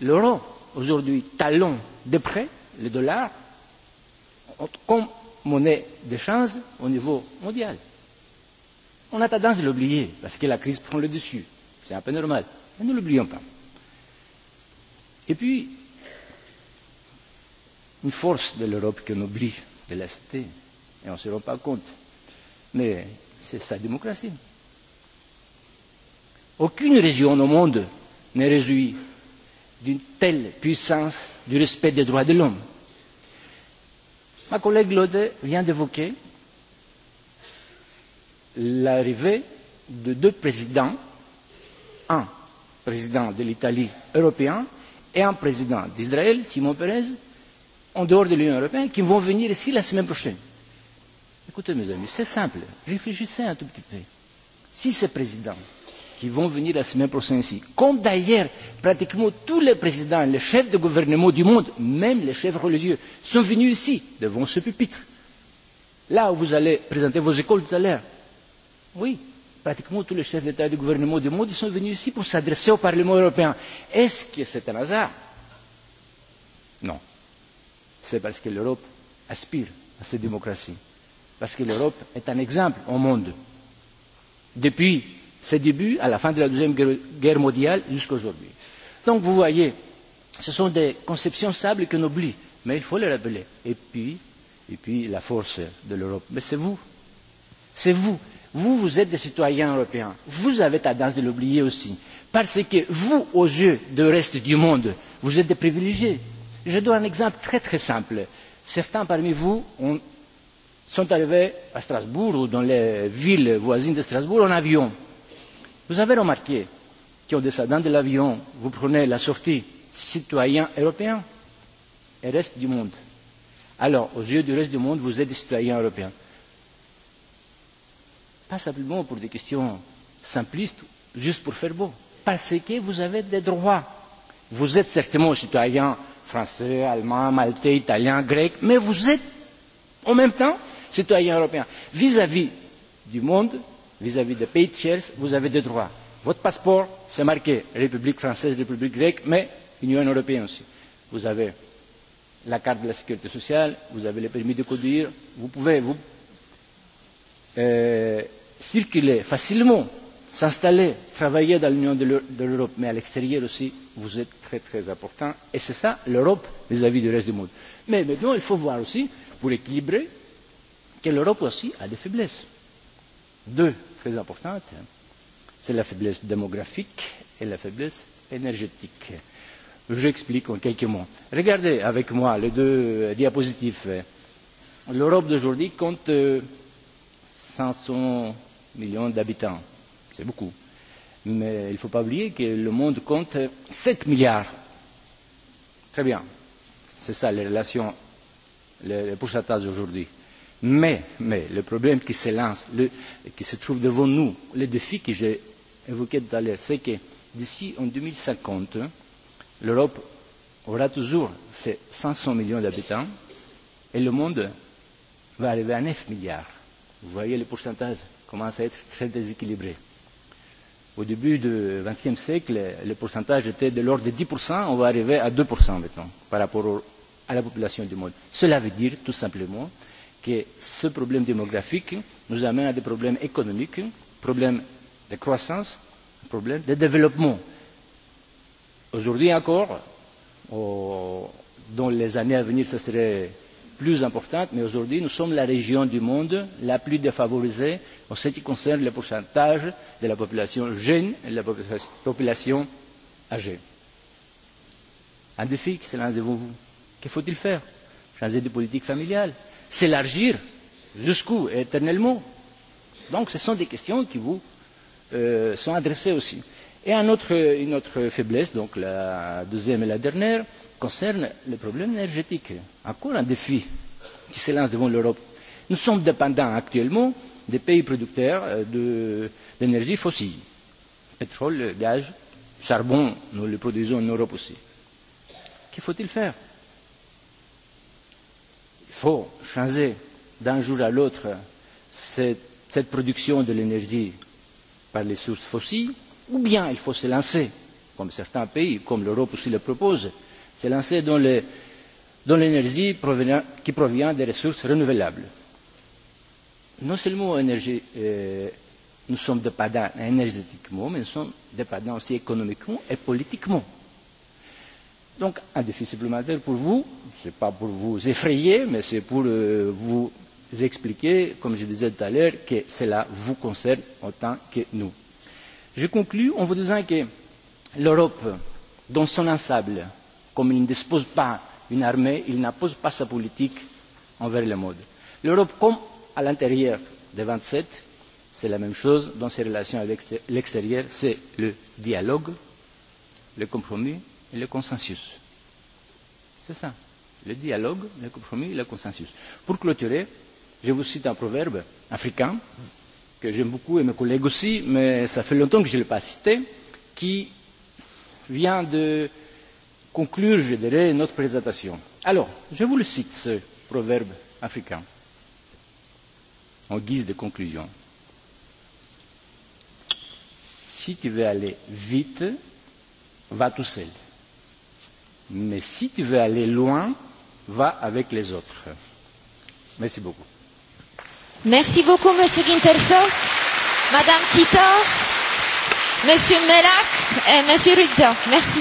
L'euro, aujourd'hui, talon de prêt, le dollar, comme monnaie d'échange au niveau mondial. On a tendance à l'oublier parce que la crise prend le dessus. C'est un peu normal. Mais ne l'oublions pas. Et puis, une force de l'Europe qu'on oublie de la cité, et on ne se rend pas compte, mais c'est sa démocratie. Aucune région au monde n'est réjouie d'une telle puissance du respect des droits de l'homme. Ma collègue Lode vient d'évoquer l'arrivée de deux présidents, un président de l'Italie européen et un président d'Israël, Simon Peres, en dehors de l'Union européenne, qui vont venir ici la semaine prochaine. Écoutez, mes amis, c'est simple. Réfléchissez un tout petit peu. Si ces présidents qui vont venir la semaine prochaine ici, comme d'ailleurs pratiquement tous les présidents, les chefs de gouvernement du monde, même les chefs religieux, sont venus ici, devant ce pupitre, là où vous allez présenter vos écoles tout à l'heure. Oui, pratiquement tous les chefs d'État et de gouvernement du monde sont venus ici pour s'adresser au Parlement européen. Est-ce que c'est un hasard Non. C'est parce que l'Europe aspire à cette démocratie, parce que l'Europe est un exemple au monde, depuis ses débuts à la fin de la Deuxième Guerre mondiale jusqu'à aujourd'hui. Donc vous voyez, ce sont des conceptions sables qu'on oublie, mais il faut les rappeler. Et puis, et puis la force de l'Europe. Mais c'est vous, c'est vous Vous, vous êtes des citoyens européens. Vous avez tendance de l'oublier aussi. Parce que vous, aux yeux du reste du monde, vous êtes des privilégiés. Je donne un exemple très très simple. Certains parmi vous sont arrivés à Strasbourg ou dans les villes voisines de Strasbourg en avion. Vous avez remarqué qu'en descendant de l'avion, vous prenez la sortie citoyen européen et reste du monde. Alors, aux yeux du reste du monde, vous êtes des citoyens européens pas simplement pour des questions simplistes, juste pour faire beau, parce que vous avez des droits. Vous êtes certainement citoyen français, allemand, maltais, italien, grec, mais vous êtes en même temps citoyen européen. Vis-à-vis du monde, vis-à-vis des pays tiers, vous avez des droits. Votre passeport, c'est marqué République française, République grecque, mais Union européenne aussi. Vous avez la carte de la sécurité sociale, vous avez le permis de conduire, vous pouvez vous circuler facilement, s'installer, travailler dans l'Union de l'Europe, mais à l'extérieur aussi, vous êtes très très important. Et c'est ça l'Europe vis-à-vis du reste du monde. Mais maintenant, il faut voir aussi, pour équilibrer, que l'Europe aussi a des faiblesses. Deux très importantes. C'est la faiblesse démographique et la faiblesse énergétique. J'explique en quelques mots. Regardez avec moi les deux diapositives. L'Europe d'aujourd'hui compte 500 millions d'habitants. C'est beaucoup. Mais il ne faut pas oublier que le monde compte 7 milliards. Très bien. C'est ça les relations, le, pourcentage aujourd'hui. Mais, mais le problème qui se lance, le, qui se trouve devant nous, le défi que j'ai évoqué tout à l'heure, c'est que d'ici en 2050, l'Europe aura toujours ses 500 millions d'habitants et le monde va arriver à 9 milliards. Vous voyez le pourcentage commence à être très déséquilibré. Au début du XXe siècle, le pourcentage était de l'ordre de 10%, on va arriver à 2% maintenant par rapport au, à la population du monde. Cela veut dire tout simplement que ce problème démographique nous amène à des problèmes économiques, problèmes de croissance, problèmes de développement. Aujourd'hui encore, dans les années à venir, ce serait plus importante, mais aujourd'hui, nous sommes la région du monde la plus défavorisée en ce qui concerne le pourcentage de la population jeune et de la population âgée. Un défi qui est l'un devant vous. Que faut-il faire Changer de politique familiale S'élargir Jusqu'où et éternellement Donc, ce sont des questions qui vous sont adressées aussi. Et une autre faiblesse, donc la deuxième et la dernière, concerne le problème énergétique, encore un défi qui se lance devant l'Europe. Nous sommes dépendants actuellement des pays producteurs d'énergie fossile. Pétrole, gaz, charbon, nous le produisons en Europe aussi. Que faut-il faire Il faut changer d'un jour à l'autre cette production de l'énergie par les sources fossiles, ou bien il faut se lancer, comme certains pays, comme l'Europe aussi le propose, se lancer dans l'énergie qui provient des ressources renouvelables. Non seulement nous sommes dépendants énergétiquement, mais nous sommes dépendants aussi économiquement et politiquement. Donc, un défi supplémentaire pour vous, ce n'est pas pour vous effrayer, mais c'est pour vous expliquer, comme je disais tout à l'heure, que cela vous concerne autant que nous. Je conclus en vous disant que l'Europe, dans son ensemble, Comme il ne dispose pas d'une armée, il n'impose pas sa politique envers le monde. L'Europe, comme à l'intérieur des vingt sept, c'est la même chose dans ses relations avec l'extérieur, c'est le dialogue, le compromis et le consensus. C'est ça, le dialogue, le compromis et le consensus. Pour clôturer, je vous cite un proverbe africain que j'aime beaucoup et mes collègues aussi, mais ça fait longtemps que je ne l'ai pas cité, qui vient de conclure, je dirais, notre présentation. Alors, je vous le cite, ce proverbe africain, en guise de conclusion. Si tu veux aller vite, va tout seul. Mais si tu veux aller loin, va avec les autres. Merci beaucoup. Merci beaucoup, Monsieur Guintersos, Madame Titor, Monsieur Melak et Monsieur Rizzo. Merci.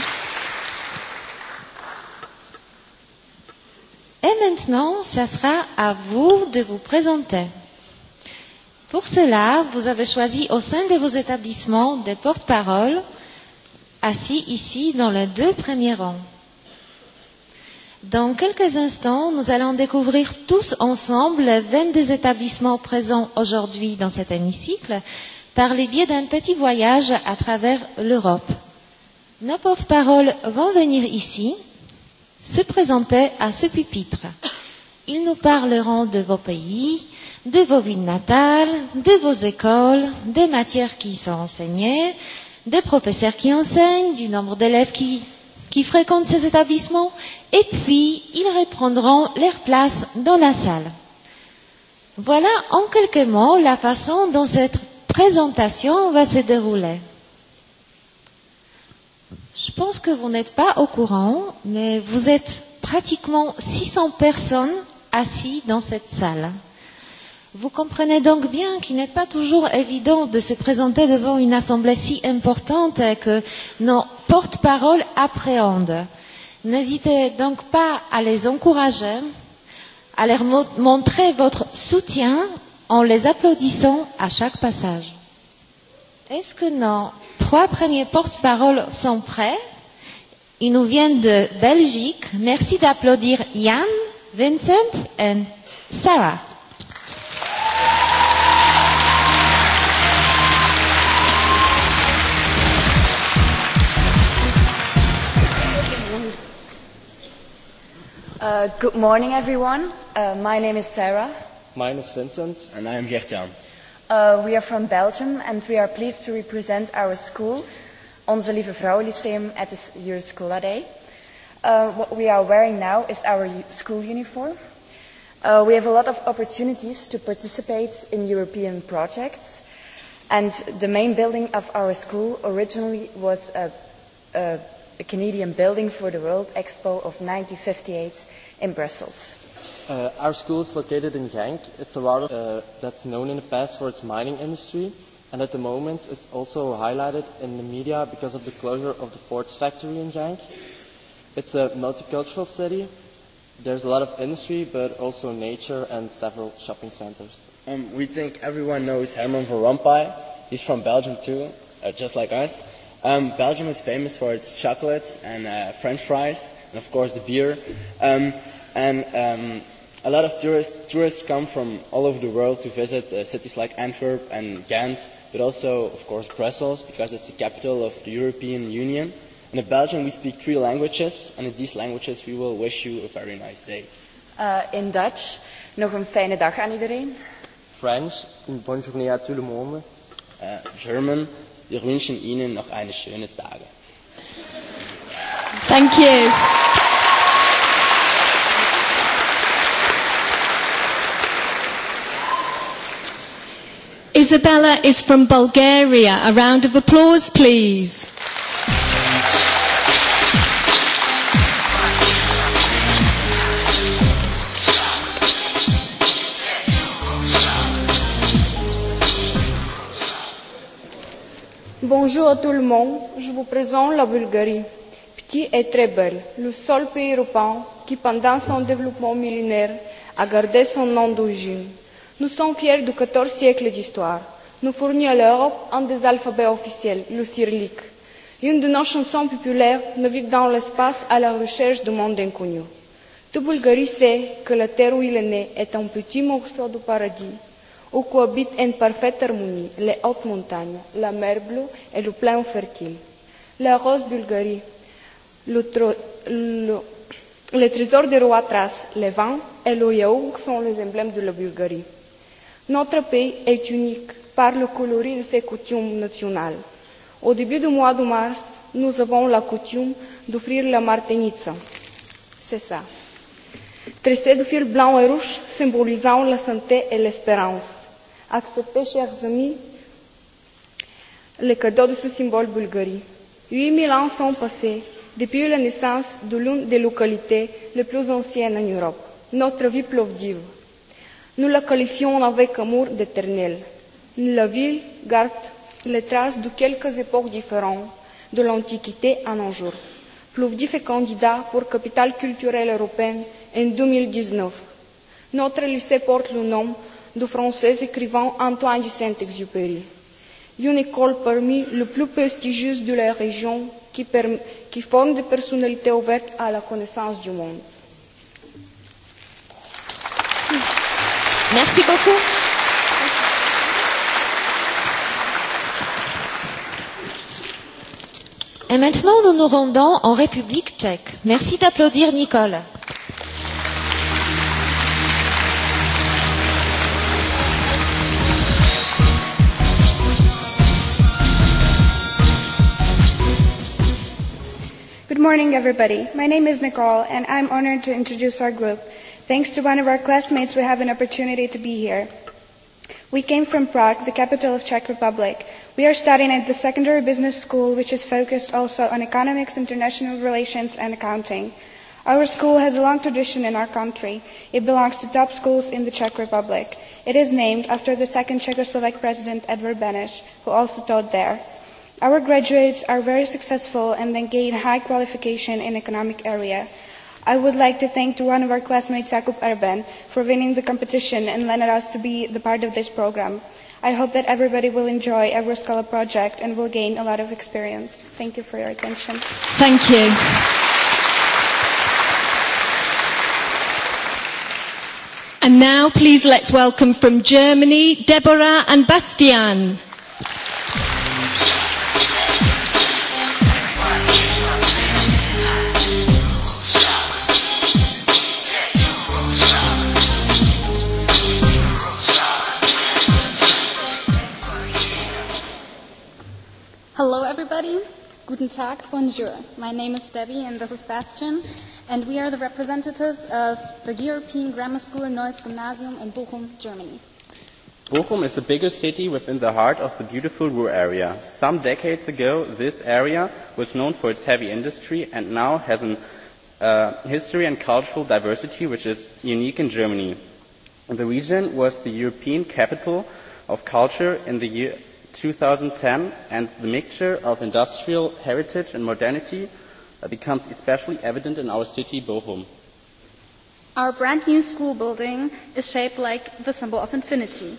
Et maintenant, ce sera à vous de vous présenter. Pour cela, vous avez choisi au sein de vos établissements des porte-paroles assis ici dans les deux premiers rangs. Dans quelques instants, nous allons découvrir tous ensemble les 22 établissements présents aujourd'hui dans cet hémicycle par le biais d'un petit voyage à travers l'Europe. Nos porte-paroles vont venir ici se présenter à ce pupitre. Ils nous parleront de vos pays, de vos villes natales, de vos écoles, des matières qui y sont enseignées, des professeurs qui enseignent, du nombre d'élèves qui, qui fréquentent ces établissements, et puis ils reprendront leur place dans la salle. Voilà en quelques mots la façon dont cette présentation va se dérouler. Je pense que vous n'êtes pas au courant, mais vous êtes pratiquement 600 personnes assises dans cette salle. Vous comprenez donc bien qu'il n'est pas toujours évident de se présenter devant une assemblée si importante que nos porte-paroles appréhendent. N'hésitez donc pas à les encourager, à leur montrer votre soutien en les applaudissant à chaque passage. Est-ce que nos trois premiers porte-paroles sont prêts. Ils nous viennent de Belgique. Merci d'applaudir Yann, Vincent et Sarah. Uh, good morning, everyone. Uh, my name is Sarah. Mine is Vincent. And I am Gertjan. Uh, we are from Belgium and we are pleased to represent our school, Onze Lieve Lyceum, at this year's School Day. Uh, what we are wearing now is our school uniform. Uh, we have a lot of opportunities to participate in European projects and the main building of our school originally was a, a, a Canadian building for the World Expo of 1958 in Brussels. Uh, our school is located in Genk. It's a water uh, that's known in the past for its mining industry, and at the moment it's also highlighted in the media because of the closure of the Ford's factory in Genk. It's a multicultural city. There's a lot of industry, but also nature and several shopping centers. Um, we think everyone knows Herman van Rompuy. He's from Belgium too, uh, just like us. Um, Belgium is famous for its chocolates and uh, French fries, and of course the beer. Um, and um, A lot of tourists, tourists come from all over the world to visit uh, cities like Antwerp and Ghent, but also, of course, Brussels, because it's the capital of the European Union. And in Belgium, we speak three languages, and in these languages, we will wish you a very nice day. Uh, in Dutch, nog een fijne dag aan iedereen. French, une bonne journée à tout le monde. Uh, German, wir wünschen Ihnen noch eine schöne Tage. Thank you. Isabella is from Bulgaria. A round of applause, please. Bonjour à tout le monde, je vous présente la Bulgarie. Petit et très belle, le seul pays européen qui, pendant son développement millénaire, a gardé son nom d'origine Nous sommes fiers du XIVe siècle d'histoire. Nous fournit à l'Europe un des alphabets officiels, le cyrillique. Une de nos chansons populaires navigue dans l'espace à la recherche du monde inconnu. Tout Bulgarie sait que la terre où il est né est un petit morceau du paradis, où cohabitent en parfaite harmonie les hautes montagnes, la mer bleue et le plain fertile. La rose Bulgarie, le, tro, le, le trésor des rois Thrace, le vin et le yaourt sont les emblèmes de la Bulgarie. Notre pays est unique par le coloris de ses coutumes nationales. Au début du mois de mars, nous avons la coutume d'offrir la Martinica. C'est ça. Tressé de fil blanc et rouge, symbolisant la santé et l'espérance. Acceptez, chers amis, le cadeau de ce symbole bulgarie. 8000 ans sont passés depuis la naissance de l'une des localités les plus anciennes en Europe, notre vie Plovdiv Nous la qualifions avec amour d'éternelle. La ville garde les traces de quelques époques différentes, de l'Antiquité à nos jours. Plovdiv est candidat pour capitale culturelle européenne en 2019. Notre lycée porte le nom du français écrivain Antoine de Saint-Exupéry. Une école parmi les plus prestigieuses de la région qui, qui forme des personnalités ouvertes à la connaissance du monde. Merci beaucoup. Et maintenant, nous nous rendons en République tchèque. Merci d'applaudir Nicole. Good morning, everybody. My name is Nicole, and I'm honored to introduce our group. Thanks to one of our classmates, we have an opportunity to be here. We came from Prague, the capital of Czech Republic. We are studying at the secondary business school, which is focused also on economics, international relations, and accounting. Our school has a long tradition in our country. It belongs to top schools in the Czech Republic. It is named after the second Czechoslovak president, Edward Beneš, who also taught there. Our graduates are very successful and then gain high qualification in economic area. I would like to thank one of our classmates, Jakub Arben, for winning the competition and letting us to be the part of this program. I hope that everybody will enjoy Euroscholar project and will gain a lot of experience. Thank you for your attention. Thank you. And now please let's welcome from Germany, Deborah and Bastian. Hello, everybody. Guten Tag, bonjour. My name is Debbie, and this is Bastian, and we are the representatives of the European Grammar School Neues Gymnasium in Bochum, Germany. Bochum is the biggest city within the heart of the beautiful Ruhr area. Some decades ago, this area was known for its heavy industry and now has an uh, history and cultural diversity which is unique in Germany. The region was the European capital of culture in the year 2010 and the mixture of industrial heritage and modernity becomes especially evident in our city, Bochum. Our brand new school building is shaped like the symbol of infinity.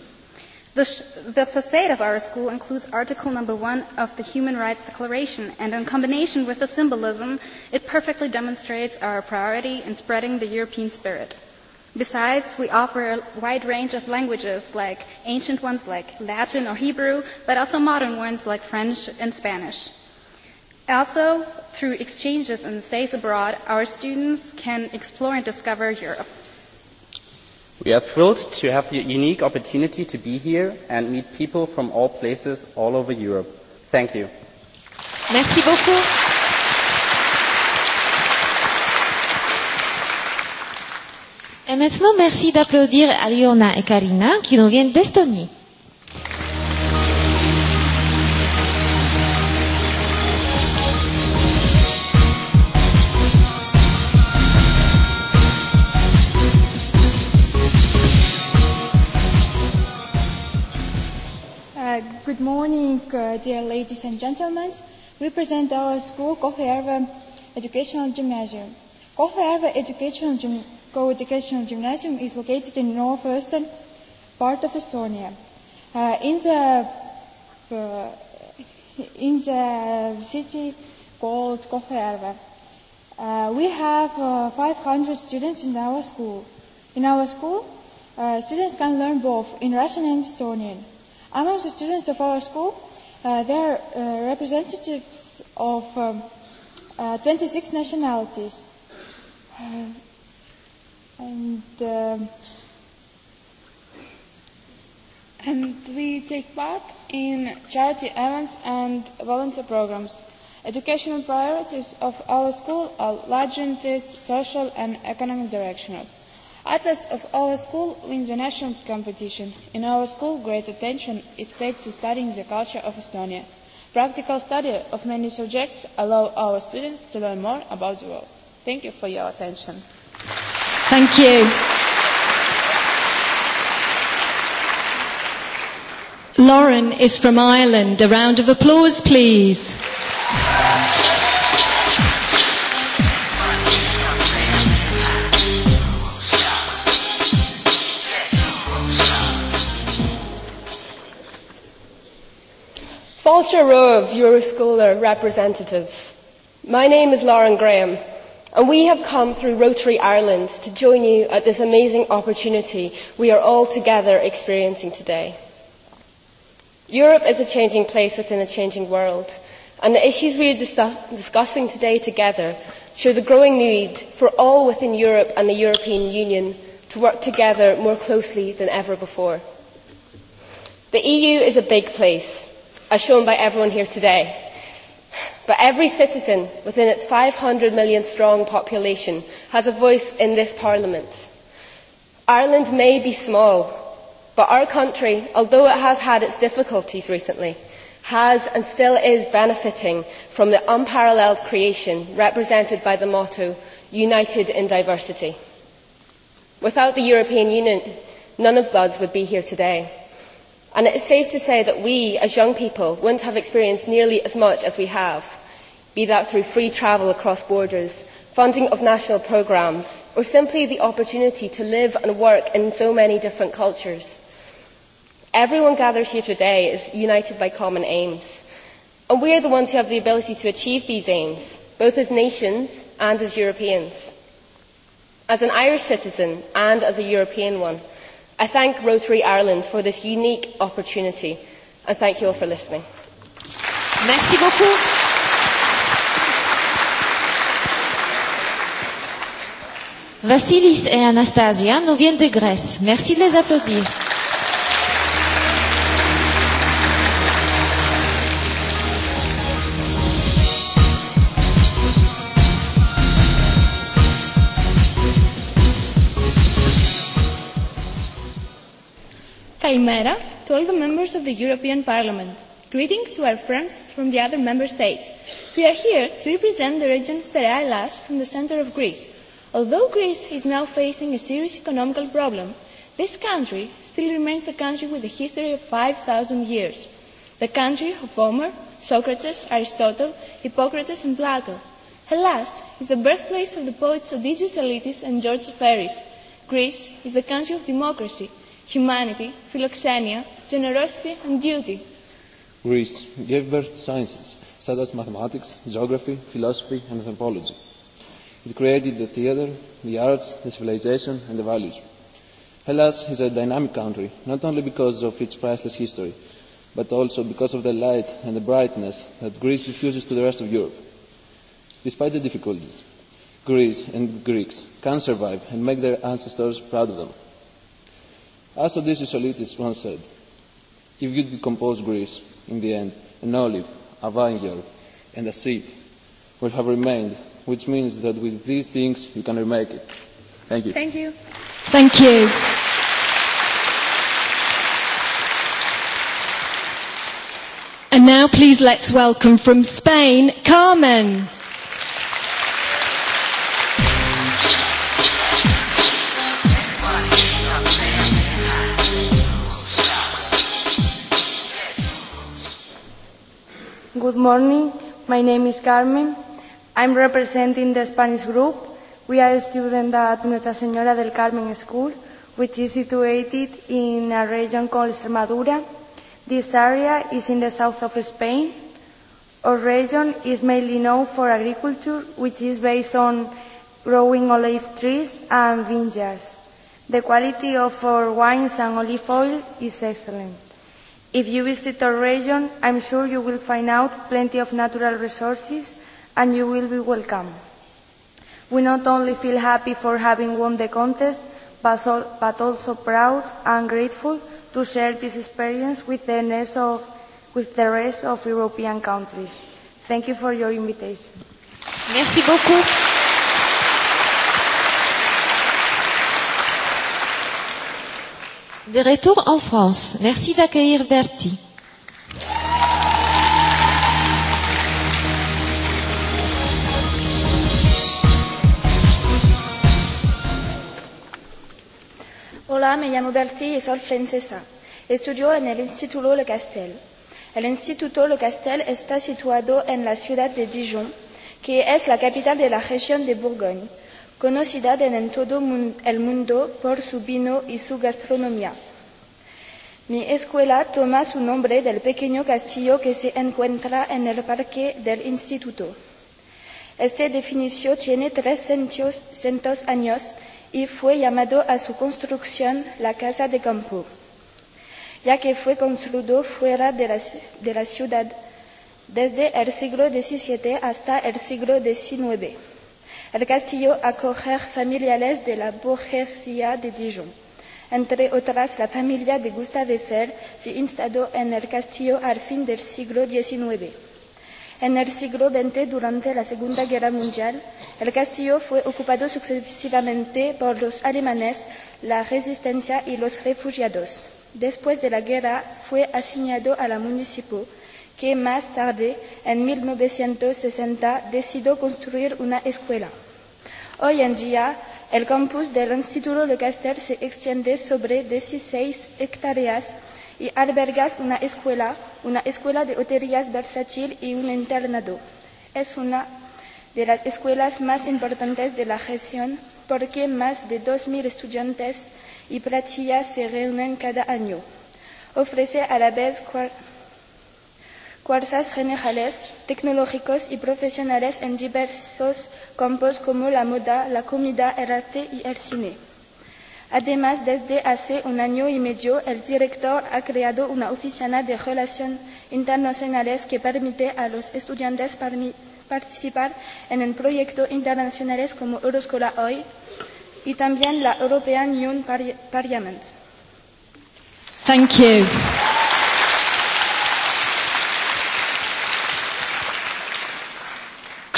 The, sh- the facade of our school includes Article Number One of the Human Rights Declaration, and in combination with the symbolism, it perfectly demonstrates our priority in spreading the European spirit. Besides, we offer a wide range of languages, like ancient ones like Latin or Hebrew, but also modern ones like French and Spanish. Also, through exchanges and stays abroad, our students can explore and discover Europe. We are thrilled to have the unique opportunity to be here and meet people from all places all over Europe. Thank you. Merci beaucoup. Et maintenant, merci d'applaudir Aliona et Karina qui nous viennent d'Estonie. good morning, uh, dear ladies and gentlemen. We present our school, kohtla Educational Gymnasium. kohtla Educational Gymnasium co-educational gymnasium is located in northwestern part of Estonia. Uh, in the uh, in the city called Kohtla-Järve. Uh, we have uh, 500 students in our school. In our school, uh, students can learn both in Russian and Estonian. Among the students of our school, uh, there are uh, representatives of um, uh, 26 nationalities. Uh, and uh, and we take part in charity events and volunteer programs. Educational priorities of our school are largest social and economic directionals. Atlas of our school wins the national competition. In our school, great attention is paid to studying the culture of Estonia. Practical study of many subjects allow our students to learn more about the world. Thank you for your attention. Thank you. Lauren is from Ireland. A round of applause, please. False row of Euroscholar representatives. My name is Lauren Graham And we have come through Rotary Ireland to join you at this amazing opportunity we are all together experiencing today. Europe is a changing place within a changing world, and the issues we are discuss- discussing today together show the growing need for all within Europe and the European Union to work together more closely than ever before. The EU is a big place, as shown by everyone here today but every citizen within its five hundred million strong population has a voice in this parliament. ireland may be small but our country although it has had its difficulties recently has and still is benefiting from the unparalleled creation represented by the motto united in diversity'. without the european union none of us would be here today it is safe to say that we as young people will not have experienced nearly as much as we have be that through free travel across borders funding of national programmes or simply the opportunity to live and work in so many different cultures. everyone gathered here today is united by common aims and we are the ones who have the ability to achieve these aims both as nations and as europeans. as an irish citizen and as a european one i thank rotary ireland for this unique opportunity and thank you all for listening. Vasilis et Anastasia nous viennent de Grèce. Merci de les applaudir. Kaimera to all the members of the European Parliament. Greetings to our friends from the other member states. We are here to represent the region Stere from the center of Greece. Although Greece is now facing a serious economical problem, this country still remains the country with a history of 5,000 years. The country of Homer, Socrates, Aristotle, Hippocrates and Plato. Hellas is the birthplace of the poets Odysseus Elitis and George Ferris. Greece is the country of democracy, humanity, philoxenia, generosity and duty. Greece gave birth to sciences such as mathematics, geography, philosophy and anthropology. It created the theatre, the arts, the civilization and the values. Hellas is a dynamic country, not only because of its priceless history, but also because of the light and the brightness that Greece diffuses to the rest of Europe. Despite the difficulties, Greece and Greeks can survive and make their ancestors proud of them. As Odysseus Solitis once said, if you decompose Greece in the end, an olive, a vineyard, and a seed will have remained, which means that with these things you can remake it. Thank you. Thank you. Thank you. And now please let's welcome from Spain, Carmen. Good morning. My name is Carmen. I'm representing the Spanish group. We are a student at Nuestra Señora del Carmen School, which is situated in a region called Extremadura. This area is in the south of Spain. Our region is mainly known for agriculture, which is based on growing olive trees and vineyards. The quality of our wines and olive oil is excellent. If you visit our region, I'm sure you will find out plenty of natural resources and you will be welcome. We not only feel happy for having won the contest, but, also proud and grateful to share this experience with the, rest of, with the rest of European countries. Thank you for your invitation. Merci beaucoup. de retour en France. Merci d'accueillir Bertie. Hola, me llamo Berti y soy francesa. Estudio en el Instituto Le Castel. El Instituto Le Castel está situado en la ciudad de Dijon, que es la capital de la región de Bourgogne conocida en todo el mundo por su vino y su gastronomía. Mi escuela toma su nombre del pequeño castillo que se encuentra en el parque del instituto. Este edificio tiene 300 años y fue llamado a su construcción la Casa de Campo, ya que fue construido fuera de la, de la ciudad desde el siglo XVII hasta el siglo XIX El Castillo a Correr Familiales de la burguesía de Dijon. Entre otras, la familia de Gustave Eiffel se instaló en el castillo al fin del siglo XIX. En el siglo XX, durante la Segunda Guerra Mundial, el castillo fue ocupado sucesivamente por los alemanes, la resistencia y los refugiados. Después de la guerra, fue asignado a la municipio, que más tarde, en 1960, decidió construir una escuela. Hoy en día, el campus del Instituto Lecaster se extiende sobre 16 hectáreas y alberga una escuela, una escuela de hoterías versátil y un internado. Es una de las escuelas más importantes de la región porque más de 2.000 estudiantes y platillas se reúnen cada año. Ofrece a la vez cuarzas generales, tecnológicos y profesionales en diversos campos como la moda, la comida, el arte y el cine. Además, desde hace un año y medio, el director ha creado una oficina de relaciones internacionales que permite a los estudiantes participar en proyectos internacionales como Euroscola Hoy y también la European Union Parliament. Thank you.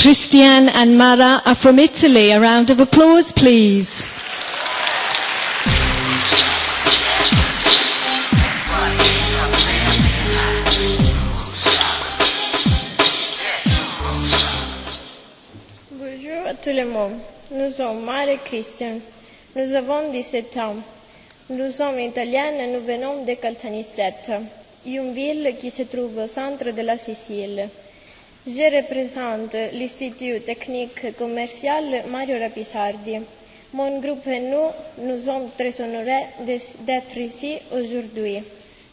Christiane and Mara are from Italy. A round of applause, please. Bonjour à tout le monde. Nous sommes Mara et Christian. Nous avons 17 ans. Nous sommes italiens et nous venons de Caltanissette, une ville qui se trouve au centre de la Sicile. Je représente l'Institut technique commercial Mario Rapisardi. Mon groupe et nous, nous sommes très honorés d'être ici aujourd'hui.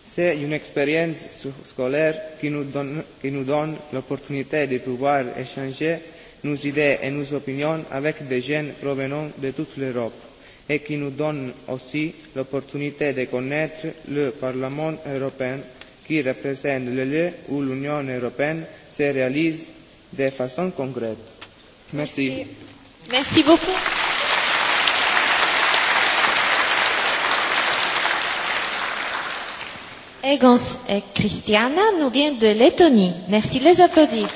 C'est une expérience scolaire qui nous donne, qui nous donne l'opportunité de pouvoir échanger nos idées et nos opinions avec des jeunes provenant de toute l'Europe et qui nous donne aussi l'opportunité de connaître le Parlement européen qui représente le lieu où l'Union européenne se réalise de façon concrète. Merci. Merci beaucoup. Egons et Christiana nous viennent de Lettonie. Merci de les applaudir.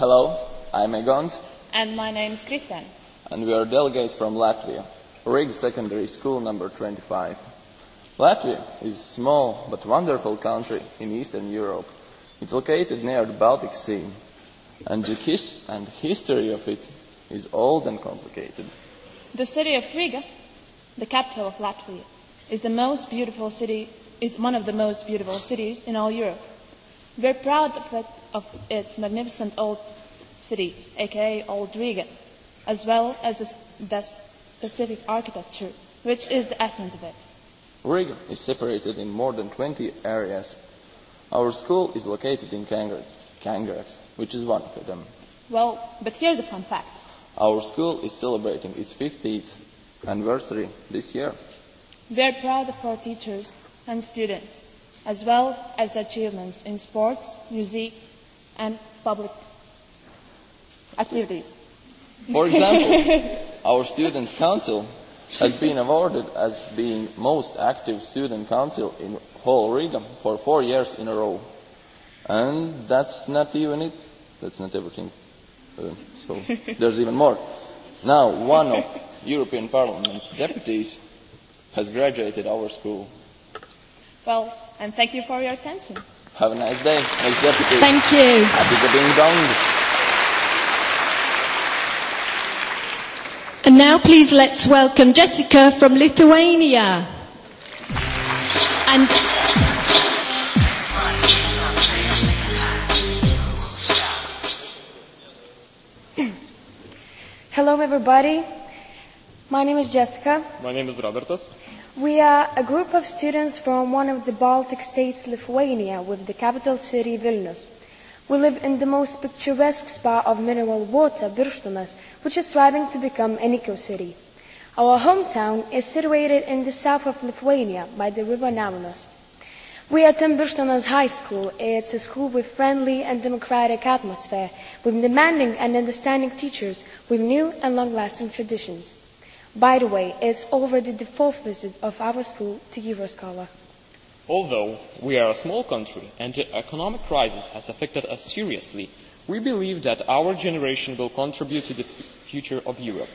Hello, I'm Egons. And my name is Christiana and we are delegates from Latvia, Riga Secondary School number 25. Latvia is a small but wonderful country in Eastern Europe. It's located near the Baltic Sea, and the, his- and history of it is old and complicated. The city of Riga, the capital of Latvia, is the most beautiful city is one of the most beautiful cities in all Europe. We're proud of, it, of its magnificent old city, aka Old Riga as well as the specific architecture, which is the essence of it. Riga is separated in more than 20 areas. Our school is located in Kangaras, Kangaras which is one of them. Well, but here's a fun fact. Our school is celebrating its 50th anniversary this year. We are proud of our teachers and students, as well as their achievements in sports, music, and public activities. For example, our Students' Council has been awarded as being most active student council in whole Riga for four years in a row. And that's not even it. That's not everything. Uh, so there's even more. Now, one of European Parliament deputies has graduated our school. Well, and thank you for your attention. Have a nice day, next deputy. Thank you. Happy to being down. And now please let's welcome Jessica from Lithuania. And Hello everybody. My name is Jessica. My name is Robertos. We are a group of students from one of the Baltic states, Lithuania, with the capital city Vilnius. We live in the most picturesque spa of mineral water, Birchtumas, which is striving to become an eco-city. Our hometown is situated in the south of Lithuania by the river Nemunas. We attend Birchtumas High School. It's a school with friendly and democratic atmosphere, with demanding and understanding teachers, with new and long-lasting traditions. By the way, it's already the fourth visit of our school to Euroscholar. Although we are a small country and the economic crisis has affected us seriously, we believe that our generation will contribute to the future of Europe.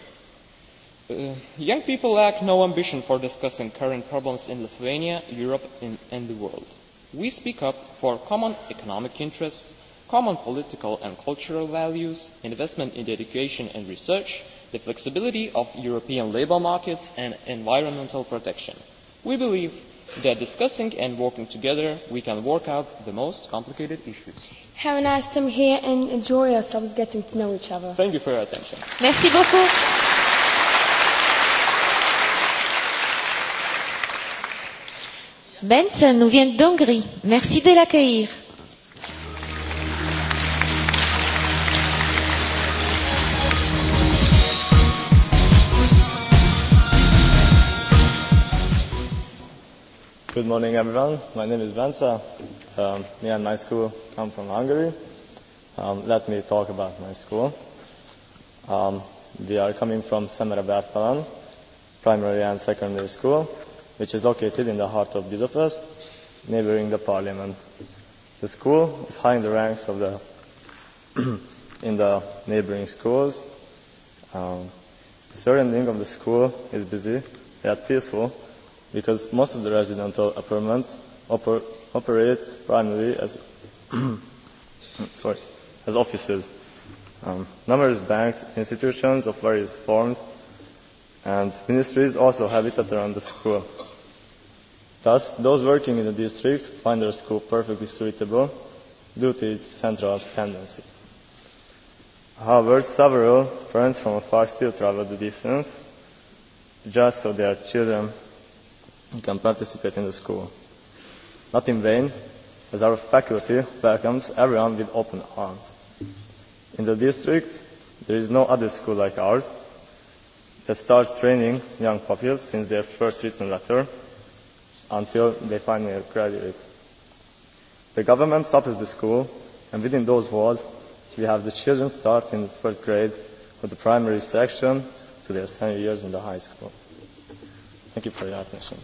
Uh, young people lack no ambition for discussing current problems in Lithuania, Europe, in, and the world. We speak up for common economic interests, common political and cultural values, investment in education and research, the flexibility of European labour markets, and environmental protection. We believe that discussing and working together we can work out the most complicated issues. Have a nice time here and enjoy yourselves getting to know each other. Thank you for your attention. Merci beaucoup. Benson nous vient d'Hongrie. Merci de l'accueillir. Good morning, everyone. My name is Bence. Um, me and my school come from Hungary. Um, let me talk about my school. Um, we are coming from Semere Bertalan Primary and Secondary School, which is located in the heart of Budapest, neighboring the parliament. The school is high in the ranks of the in the neighboring schools. Um, the surrounding of the school is busy yet peaceful because most of the residential apartments oper operate primarily as, sorry, as offices. Um, numerous banks, institutions of various forms, and ministries also habitat around the school. Thus, those working in the district find their school perfectly suitable due to its central tendency. However, several parents from afar still travel the distance just so their children and can participate in the school. Not in vain, as our faculty welcomes everyone with open arms. In the district, there is no other school like ours that starts training young pupils since their first written letter until they finally graduate. The government supports the school, and within those walls, we have the children start in the first grade with the primary section to their senior years in the high school. Thank you for your attention.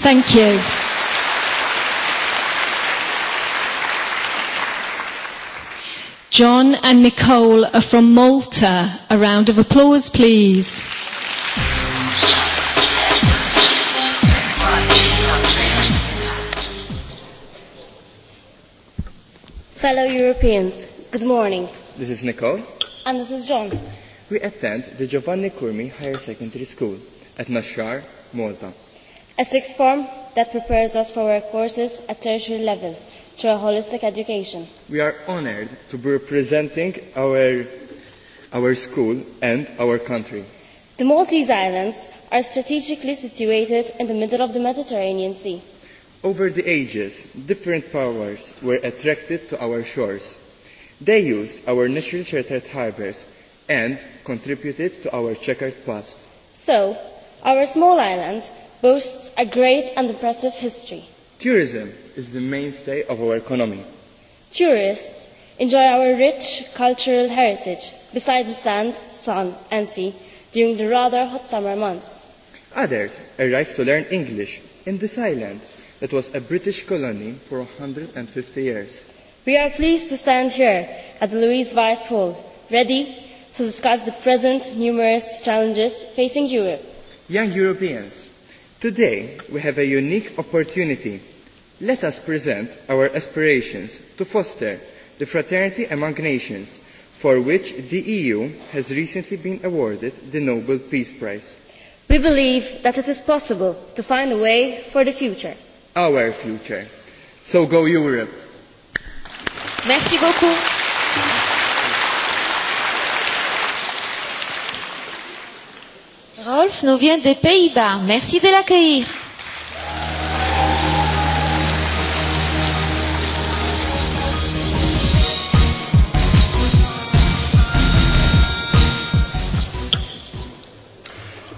Thank you. John and Nicole are from Malta. A round of applause, please. Fellow Europeans, good morning. This is Nicole. And this is John. We attend the Giovanni Curmi Higher Secondary School at Nashar, Malta. A sixth form that prepares us for our courses at tertiary level through a holistic education. We are honored to be representing our, our school and our country. The Maltese Islands are strategically situated in the middle of the Mediterranean Sea. Over the ages, different powers were attracted to our shores. They used our naturally sheltered harbours and contributed to our checkered past. So, our small island boasts a great and impressive history. Tourism is the mainstay of our economy. Tourists enjoy our rich cultural heritage besides the sand, sun and sea during the rather hot summer months. Others arrive to learn English in this island that was a British colony for 150 years. We are pleased to stand here at the Louise Weiss Hall, ready to discuss the present numerous challenges facing Europe. Young Europeans Today, we have a unique opportunity. Let us present our aspirations to foster the fraternity among nations, for which the EU has recently been awarded the Nobel Peace Prize. We believe that it is possible to find a way for the future. Our future. So go Europe. Merci beaucoup. Rolf nous vient des Pays-Bas. Merci de l'accueillir.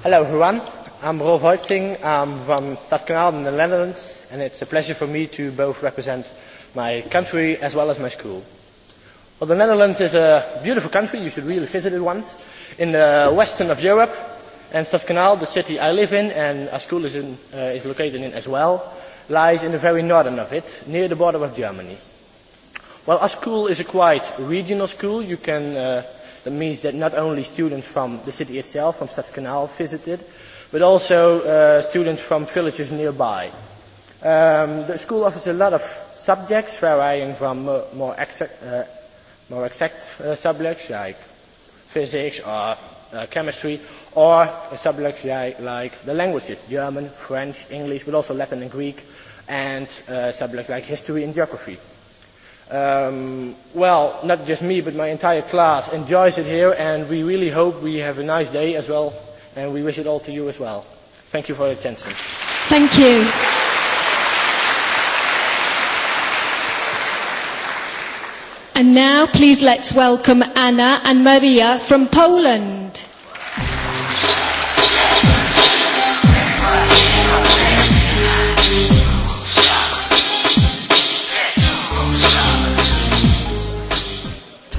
Hello everyone, I'm Rolf Heutzing. I'm from Stadskanaal in the Netherlands and it's a pleasure for me to both represent my country as well as my school. Well, the Netherlands is a beautiful country, you should really visit it once, in the western of Europe And Saskanaal, the city I live in and a school is, in, uh, is located in as well, lies in the very northern of it, near the border of Germany. Well, our school is a quite regional school. You can, uh, that means that not only students from the city itself, from Saskanaal, visited, but also uh, students from villages nearby. Um, the school offers a lot of subjects varying from uh, more exact, uh, more exact uh, subjects like physics or uh, chemistry or a subject like, like the languages, German, French, English, but also Latin and Greek, and a subject like history and geography. Um, well, not just me, but my entire class enjoys it here, and we really hope we have a nice day as well, and we wish it all to you as well. Thank you for your attention. Thank you. And now, please let's welcome Anna and Maria from Poland.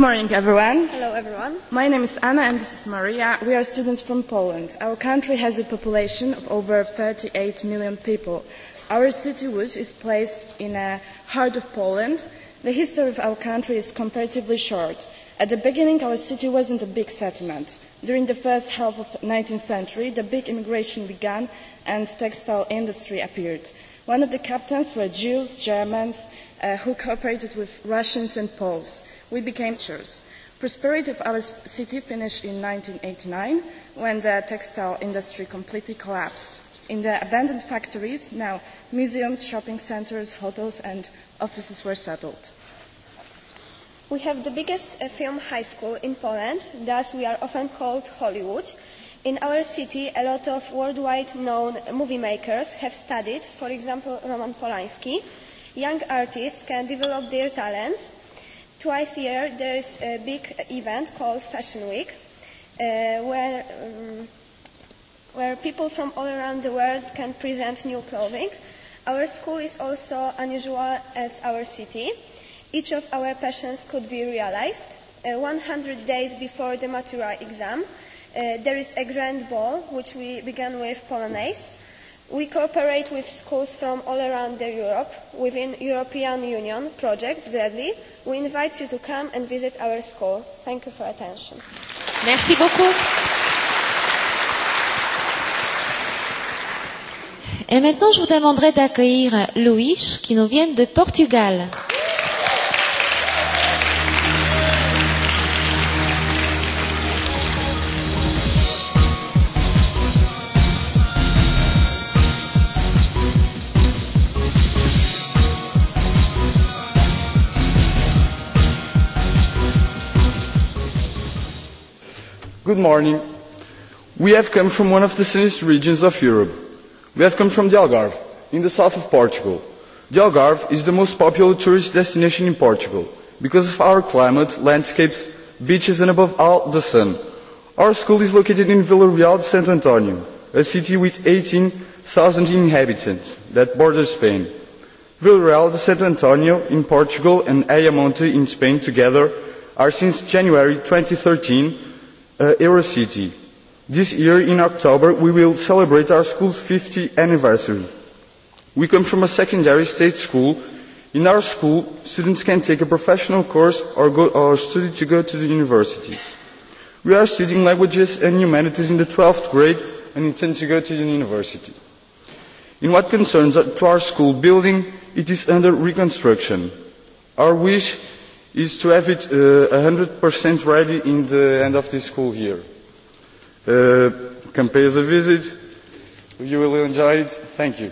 morning, everyone. Hello, everyone. My name is Anna, and this is Maria. We are students from Poland. Our country has a population of over 38 million people. Our city, which is placed in the heart of Poland. The history of our country is comparatively short. At the beginning, our city wasn't a big settlement. During the first half of the 19th century, the big immigration began and textile industry appeared. One of the captains were Jews, Germans, uh, who cooperated with Russians and Poles we became chairs. Prosperity of our city finished in 1989 when the textile industry completely collapsed. In the abandoned factories, now museums, shopping centers, hotels, and offices were settled. We have the biggest film high school in Poland, thus we are often called Hollywood. In our city, a lot of worldwide known movie makers have studied, for example, Roman Polanski. Young artists can develop their talents Twice a year there is a big event called Fashion Week, uh, where um, where people from all around the world can present new clothing. Our school is also unusual as our city. Each of our passions could be realized. Uh, 100 days before the Matura exam, uh, there is a grand ball, which we began with Polonaise We cooperate with schools from all around Europe within European Union projects Gladly. We invite you to come and visit our school. Thank you for attention. Merci beaucoup. Et maintenant, je vous demanderai d'accueillir Luís, qui nous vient de Portugal. Applaudissements Good morning. We have come from one of the sunniest regions of Europe. We have come from the Algarve, in the south of Portugal. The Algarve is the most popular tourist destination in Portugal because of our climate, landscapes, beaches and above all, the sun. Our school is located in Villarreal de Santo Antonio, a city with 18,000 inhabitants that borders Spain. Villarreal de Santo Antonio in Portugal and Ayamonte in Spain together are since January thirteen EuroCity. This year, in October, we will celebrate our school's 50th anniversary. We come from a secondary state school. In our school, students can take a professional course or, go, or study to go to the university. We are studying languages and humanities in the 12th grade and intend to go to the university. In what concerns to our school building, it is under reconstruction. Our wish is to have it uh, 100% ready in the end of this school year. Uh, come pay us a visit. You will enjoy it. Thank you.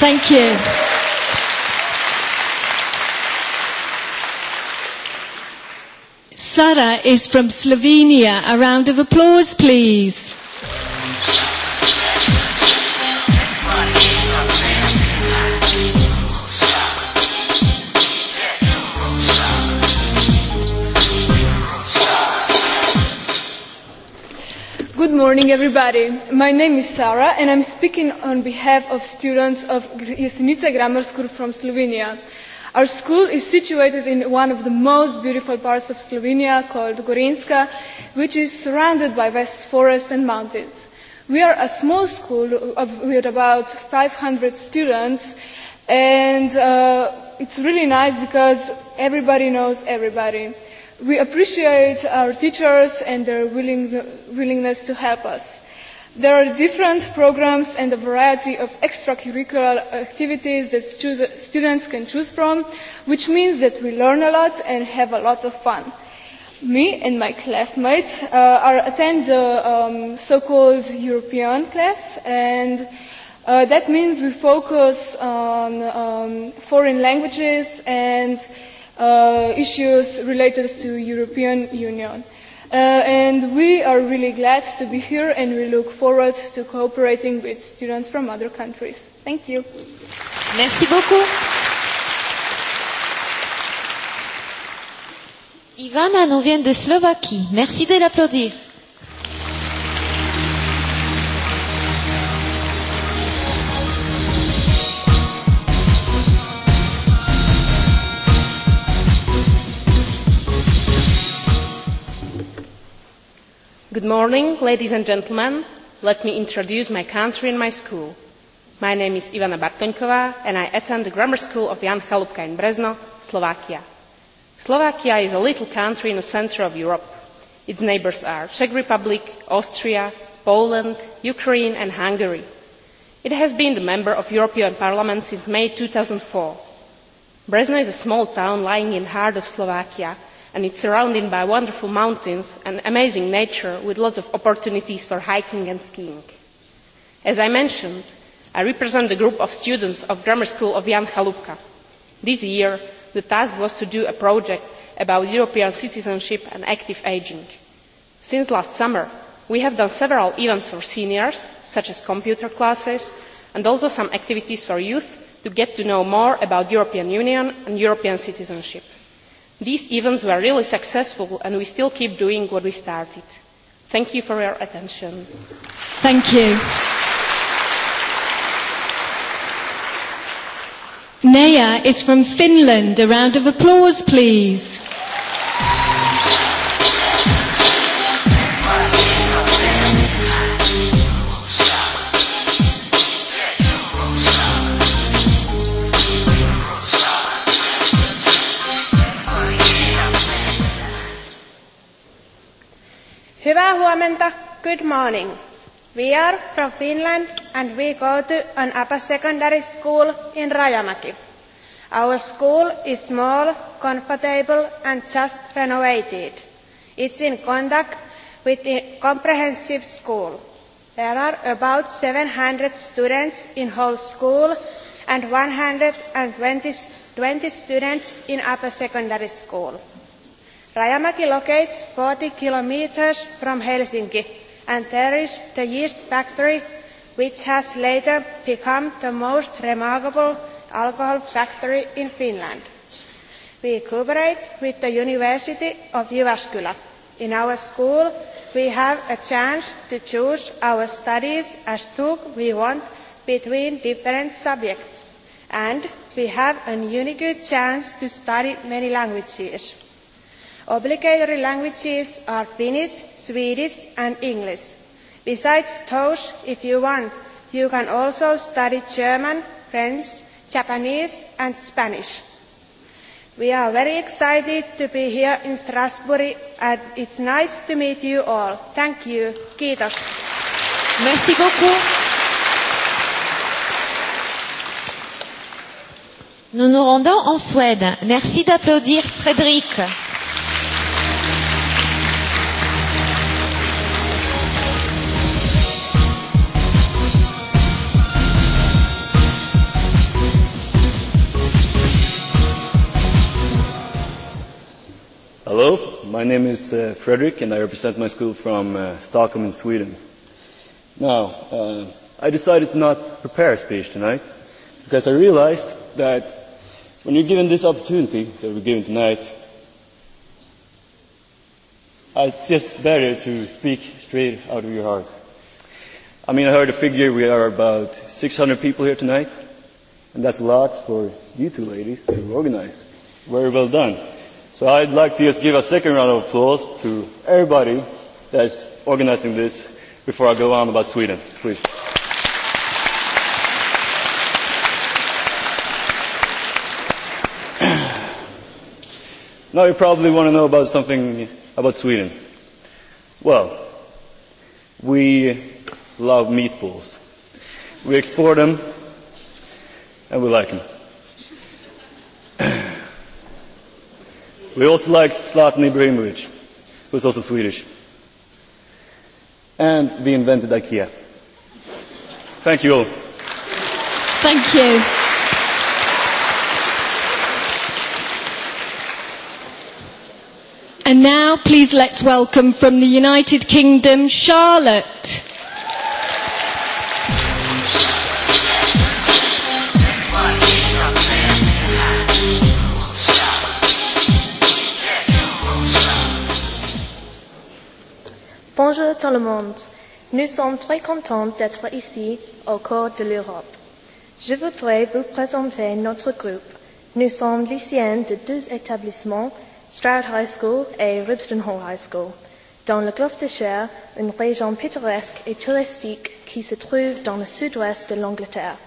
Thank you. Sara is from Slovenia. A round of applause, please. Good morning, everybody. My name is Sara, and I'm speaking on behalf of students of Jesenica Grammar School from Slovenia. Our school is situated in one of the most beautiful parts of Slovenia called Gorinska, which is surrounded by vast forests and mountains. We are a small school of, with about 500 students, and uh, it's really nice because everybody knows everybody. We appreciate our teachers and their willing, willingness to help us. There are different programs and a variety of extracurricular activities that choose, students can choose from, which means that we learn a lot and have a lot of fun. Me and my classmates uh, are attend the um, so-called European class, and uh, that means we focus on um, foreign languages and uh, issues related to European Union. Uh, and we are really glad to be here and we look forward to cooperating with students from other countries. Thank you. Merci beaucoup. Ivana nous vient de Slovaquie. Merci de l'applaudir. Good morning, ladies and gentlemen. Let me introduce my country and my school. My name is Ivana Bartoňková and I attend the grammar school of Jan Chalupka in Brezno, Slovakia. Slovakia is a little country in the center of Europe. Its neighbors are Czech Republic, Austria, Poland, Ukraine and Hungary. It has been a member of European Parliament since May 2004. Brezno is a small town lying in the heart of Slovakia and is surrounded by wonderful mountains and amazing nature with lots of opportunities for hiking and skiing. As I mentioned, I represent a group of students of Grammar School of Jan Halupka. This year, the task was to do a project about European citizenship and active ageing. Since last summer, we have done several events for seniors, such as computer classes, and also some activities for youth to get to know more about the European Union and European citizenship. These events were really successful and we still keep doing what we started. Thank you for your attention. Thank you. Neja is from Finland. A round of applause, please. Hyvää huomenta. Good morning. We are from Finland and we go to an upper secondary school in Rajamaki. Our school is small, comfortable and just renovated. It's in contact with a comprehensive school. There are about 700 students in whole school and 120 students in upper secondary school. Rajamäki locates 40 kilometers from Helsinki, and there is the yeast factory, which has later become the most remarkable alcohol factory in Finland. We cooperate with the University of Jyväskylä. In our school, we have a chance to choose our studies as two we want between different subjects, and we have a unique chance to study many languages. Obligatory languages are Finnish, Swedish and English. Besides those, if you want, you can also study German, French, Japanese and Spanish. We are very excited to be here in Strasbourg and it's nice to meet you all. Thank you. Kiitos. Merci beaucoup. Nous nous rendons en Suède. Merci d'applaudir Frédéric. Hello, my name is uh, Frederick and I represent my school from uh, Stockholm in Sweden. Now, uh, I decided to not prepare a speech tonight because I realized that when you're given this opportunity that we're given tonight, it's just better to speak straight out of your heart. I mean, I heard a figure we are about 600 people here tonight, and that's a lot for you two ladies to organize. Very well done. So I'd like to just give a second round of applause to everybody that's organizing this before I go on about Sweden, please. now you probably want to know about something about Sweden. Well, we love meatballs. We export them and we like them. We also like Slatan Ibrahimovic, who is also Swedish. And we invented IKEA. Thank you all. Thank you. And now, please let's welcome from the United Kingdom, Charlotte. tout le monde. Nous sommes très contents d'être ici, au corps de l'Europe. Je voudrais vous présenter notre groupe. Nous sommes lycéens de deux établissements, Stroud High School et Ribston Hall High School, dans le Gloucestershire, une région pittoresque et touristique qui se trouve dans le sud-ouest de l'Angleterre.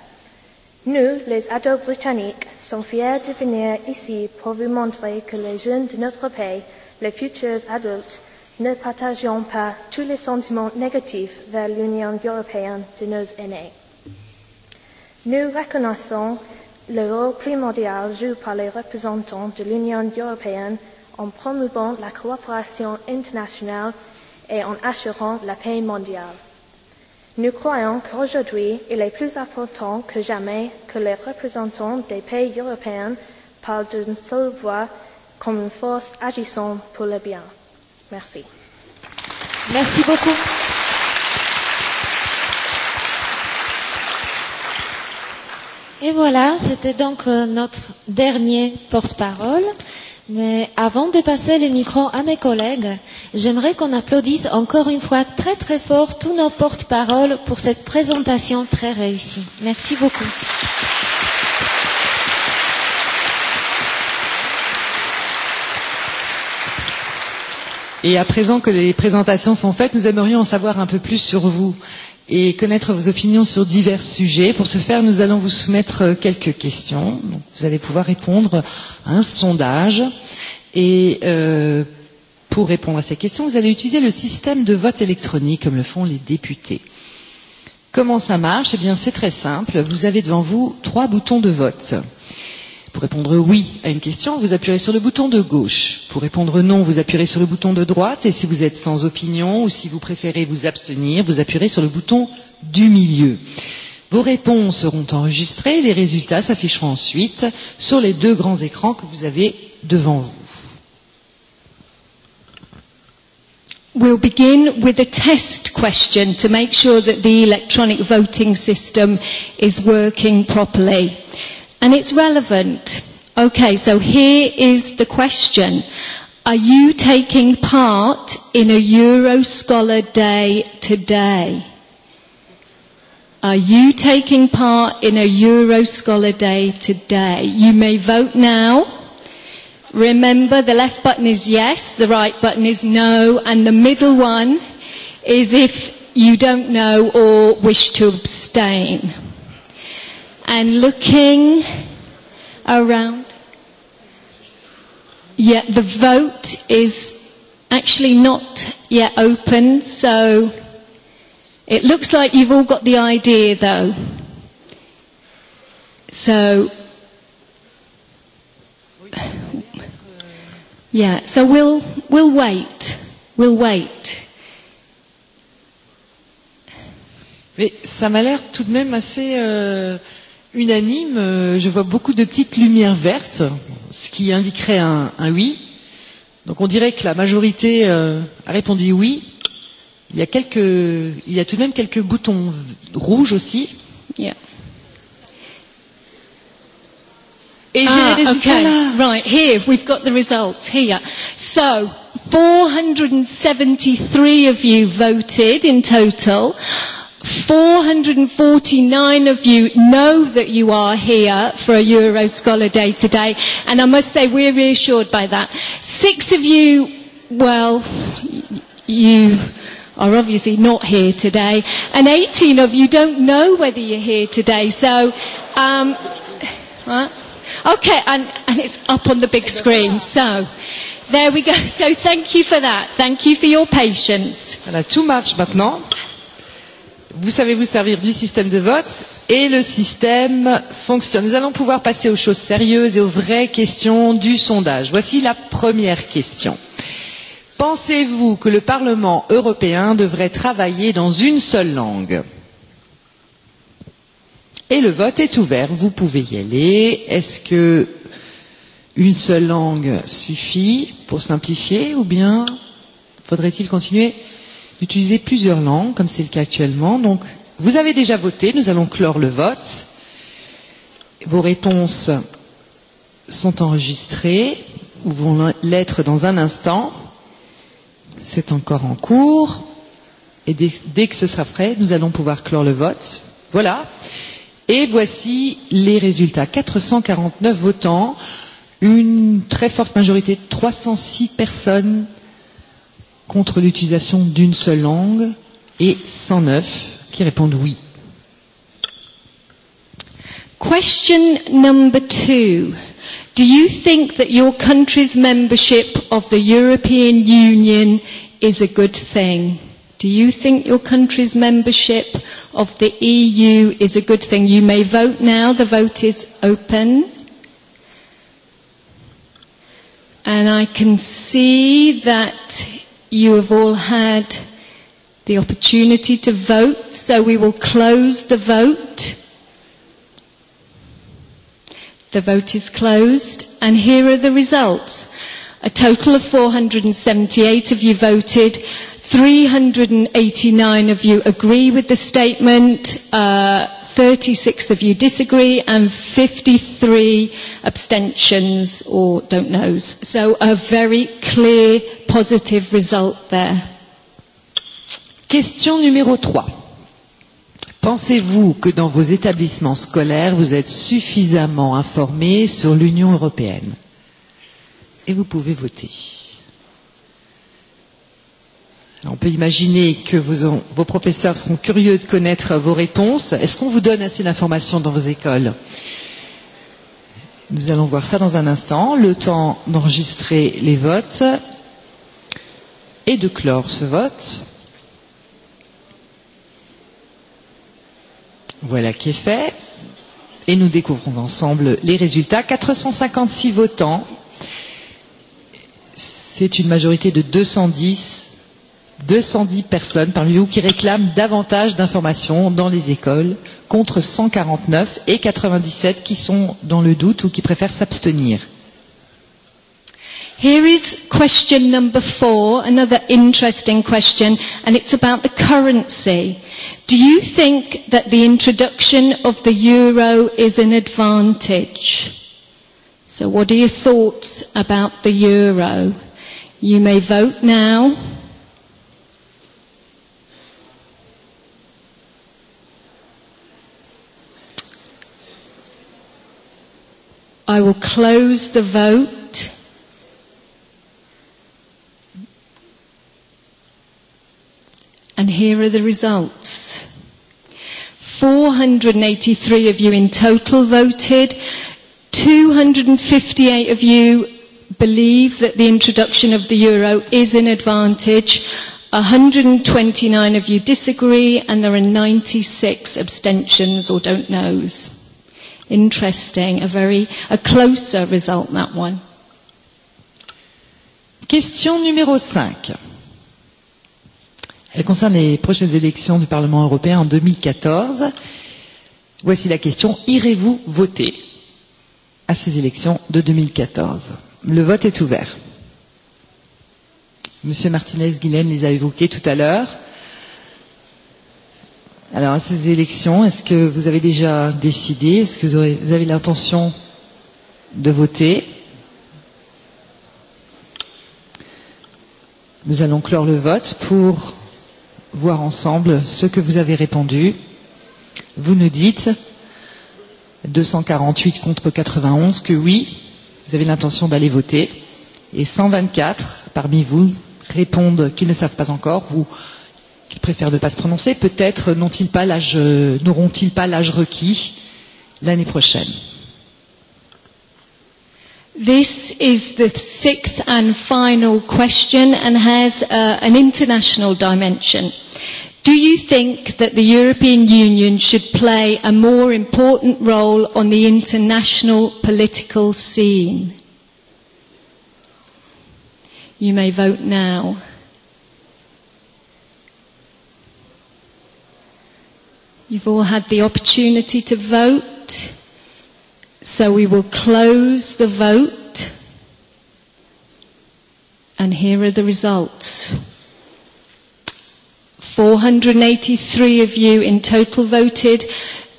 Nous, les ados britanniques, sommes fiers de venir ici pour vous montrer que les jeunes de notre pays, les futurs adultes, ne partageons pas tous les sentiments négatifs vers l'Union européenne de nos aînés. Nous reconnaissons le rôle primordial joué par les représentants de l'Union européenne en promouvant la coopération internationale et en assurant la paix mondiale. Nous croyons qu'aujourd'hui, il est plus important que jamais que les représentants des pays européens parlent d'une seule voix comme une force agissant pour le bien. Merci. Merci beaucoup. Et voilà, c'était donc notre dernier porte-parole. Mais avant de passer le micro à mes collègues, j'aimerais qu'on applaudisse encore une fois très très fort tous nos porte-paroles pour cette présentation très réussie. Merci beaucoup. Et à présent que les présentations sont faites, nous aimerions en savoir un peu plus sur vous et connaître vos opinions sur divers sujets. Pour ce faire, nous allons vous soumettre quelques questions. Donc, vous allez pouvoir répondre à un sondage. Et euh, pour répondre à ces questions, vous allez utiliser le système de vote électronique, comme le font les députés. Comment ça marche Eh bien, c'est très simple. Vous avez devant vous trois boutons de vote. Euh, Pour répondre oui à une question, vous appuyez sur le bouton de gauche. Pour répondre non, vous appuyez sur le bouton de droite. Et si vous êtes sans opinion ou si vous préférez vous abstenir, vous appuyez sur le bouton du milieu. Vos réponses seront enregistrées et les résultats s'afficheront ensuite sur les deux grands écrans que vous avez devant vous. We'll begin with a test question to make sure that the electronic voting system is working properly and it's relevant. Okay, so here is the question. Are you taking part in a Euroscholar Day today? Are you taking part in a Euroscholar Day today? You may vote now. Remember, the left button is yes, the right button is no, and the middle one is if you don't know or wish to abstain and looking around. Yeah, the vote is actually not yet open, so it looks like you've all got the idea though. So, yeah, so we'll, we'll wait. We'll wait. Mais ça m'a l'air tout de même assez. Euh unanime. Euh, je vois beaucoup de petites lumières vertes, ce qui indiquerait un, un oui. Donc on dirait que la majorité euh, a répondu oui. Il y, a quelques, il y a tout de même quelques boutons rouges aussi. Yeah. j'ai ah, it okay. Right, here, we've got the results here. So, 473 of you voted in total. 449 of you know that you are here for a Euroscholar Day today, and I must say we're reassured by that. Six of you, well, you are obviously not here today, and 18 of you don't know whether you're here today. So, um, what? okay, and, and it's up on the big screen. So. There we go. So thank you for that. Thank you for your patience. Voilà, too much maintenant vous savez vous servir du système de vote et le système fonctionne. Nous allons pouvoir passer aux choses sérieuses et aux vraies questions du sondage. Voici la première question. Pensez-vous que le Parlement européen devrait travailler dans une seule langue Et le vote est ouvert. Vous pouvez y aller. Est-ce que une seule langue suffit pour simplifier ou bien faudrait-il continuer d'utiliser plusieurs langues, comme c'est le cas actuellement. Donc, vous avez déjà voté, nous allons clore le vote. Vos réponses sont enregistrées ou vont l'être dans un instant. C'est encore en cours. Et dès, dès que ce sera prêt, nous allons pouvoir clore le vote. Voilà. Et voici les résultats. 449 votants, une très forte majorité de 306 personnes contre l'utilisation d'une seule langue et 109 qui répondent oui. Question number two. Do you think that your country's membership of the European Union is a good thing? Do you think your country's membership of the EU is a good thing? You may vote now. The vote is open. And I can see that You have all had the opportunity to vote, so we will close the vote. The vote is closed, and here are the results. A total of 478 of you voted. 389 of you agree with the statement. Uh, 36 of you disagree and 53 abstentions or don't knows. So a very clear positive result there. Question numéro 3. Pensez-vous que dans vos établissements scolaires, vous êtes suffisamment informés sur l'Union européenne Et vous pouvez voter. On peut imaginer que vos, vos professeurs seront curieux de connaître vos réponses. Est-ce qu'on vous donne assez d'informations dans vos écoles Nous allons voir ça dans un instant. Le temps d'enregistrer les votes et de clore ce vote. Voilà qui est fait. Et nous découvrons ensemble les résultats. 456 votants. C'est une majorité de 210 deux cent dix personnes parmi vous qui réclament davantage d'informations dans les écoles contre cent quarante neuf et quatre-vingt-dix sept qui sont dans le doute ou qui préfèrent s'abstenir. Here is question number four, another interesting question, and it's about the currency. Do you think that the introduction of the euro is an advantage? So what are your thoughts about the euro? You may vote now. I will close the vote. And here are the results. 483 of you in total voted. 258 of you believe that the introduction of the euro is an advantage. 129 of you disagree, and there are 96 abstentions or don't knows interesting, a very a closer result that one. Question numéro 5. Elle concerne les prochaines élections du Parlement européen en 2014. Voici la question irez-vous voter à ces élections de 2014 Le vote est ouvert. Monsieur martinez Guilhem les a évoqués tout à l'heure. Alors, à ces élections, est-ce que vous avez déjà décidé Est-ce que vous, aurez, vous avez l'intention de voter Nous allons clore le vote pour voir ensemble ce que vous avez répondu. Vous nous dites 248 contre 91 que oui, vous avez l'intention d'aller voter. Et 124 parmi vous répondent qu'ils ne savent pas encore ou qu'ils préfèrent ne pas se prononcer, peut-être n'ont-ils pas l'âge, n'auront-ils pas l'âge requis l'année prochaine. This is the sixth and final question and has uh, an international dimension. Do you think that the European Union should play a more important role on the international political scene? You may vote now. You've all had the opportunity to vote. So we will close the vote. And here are the results. 483 of you in total voted.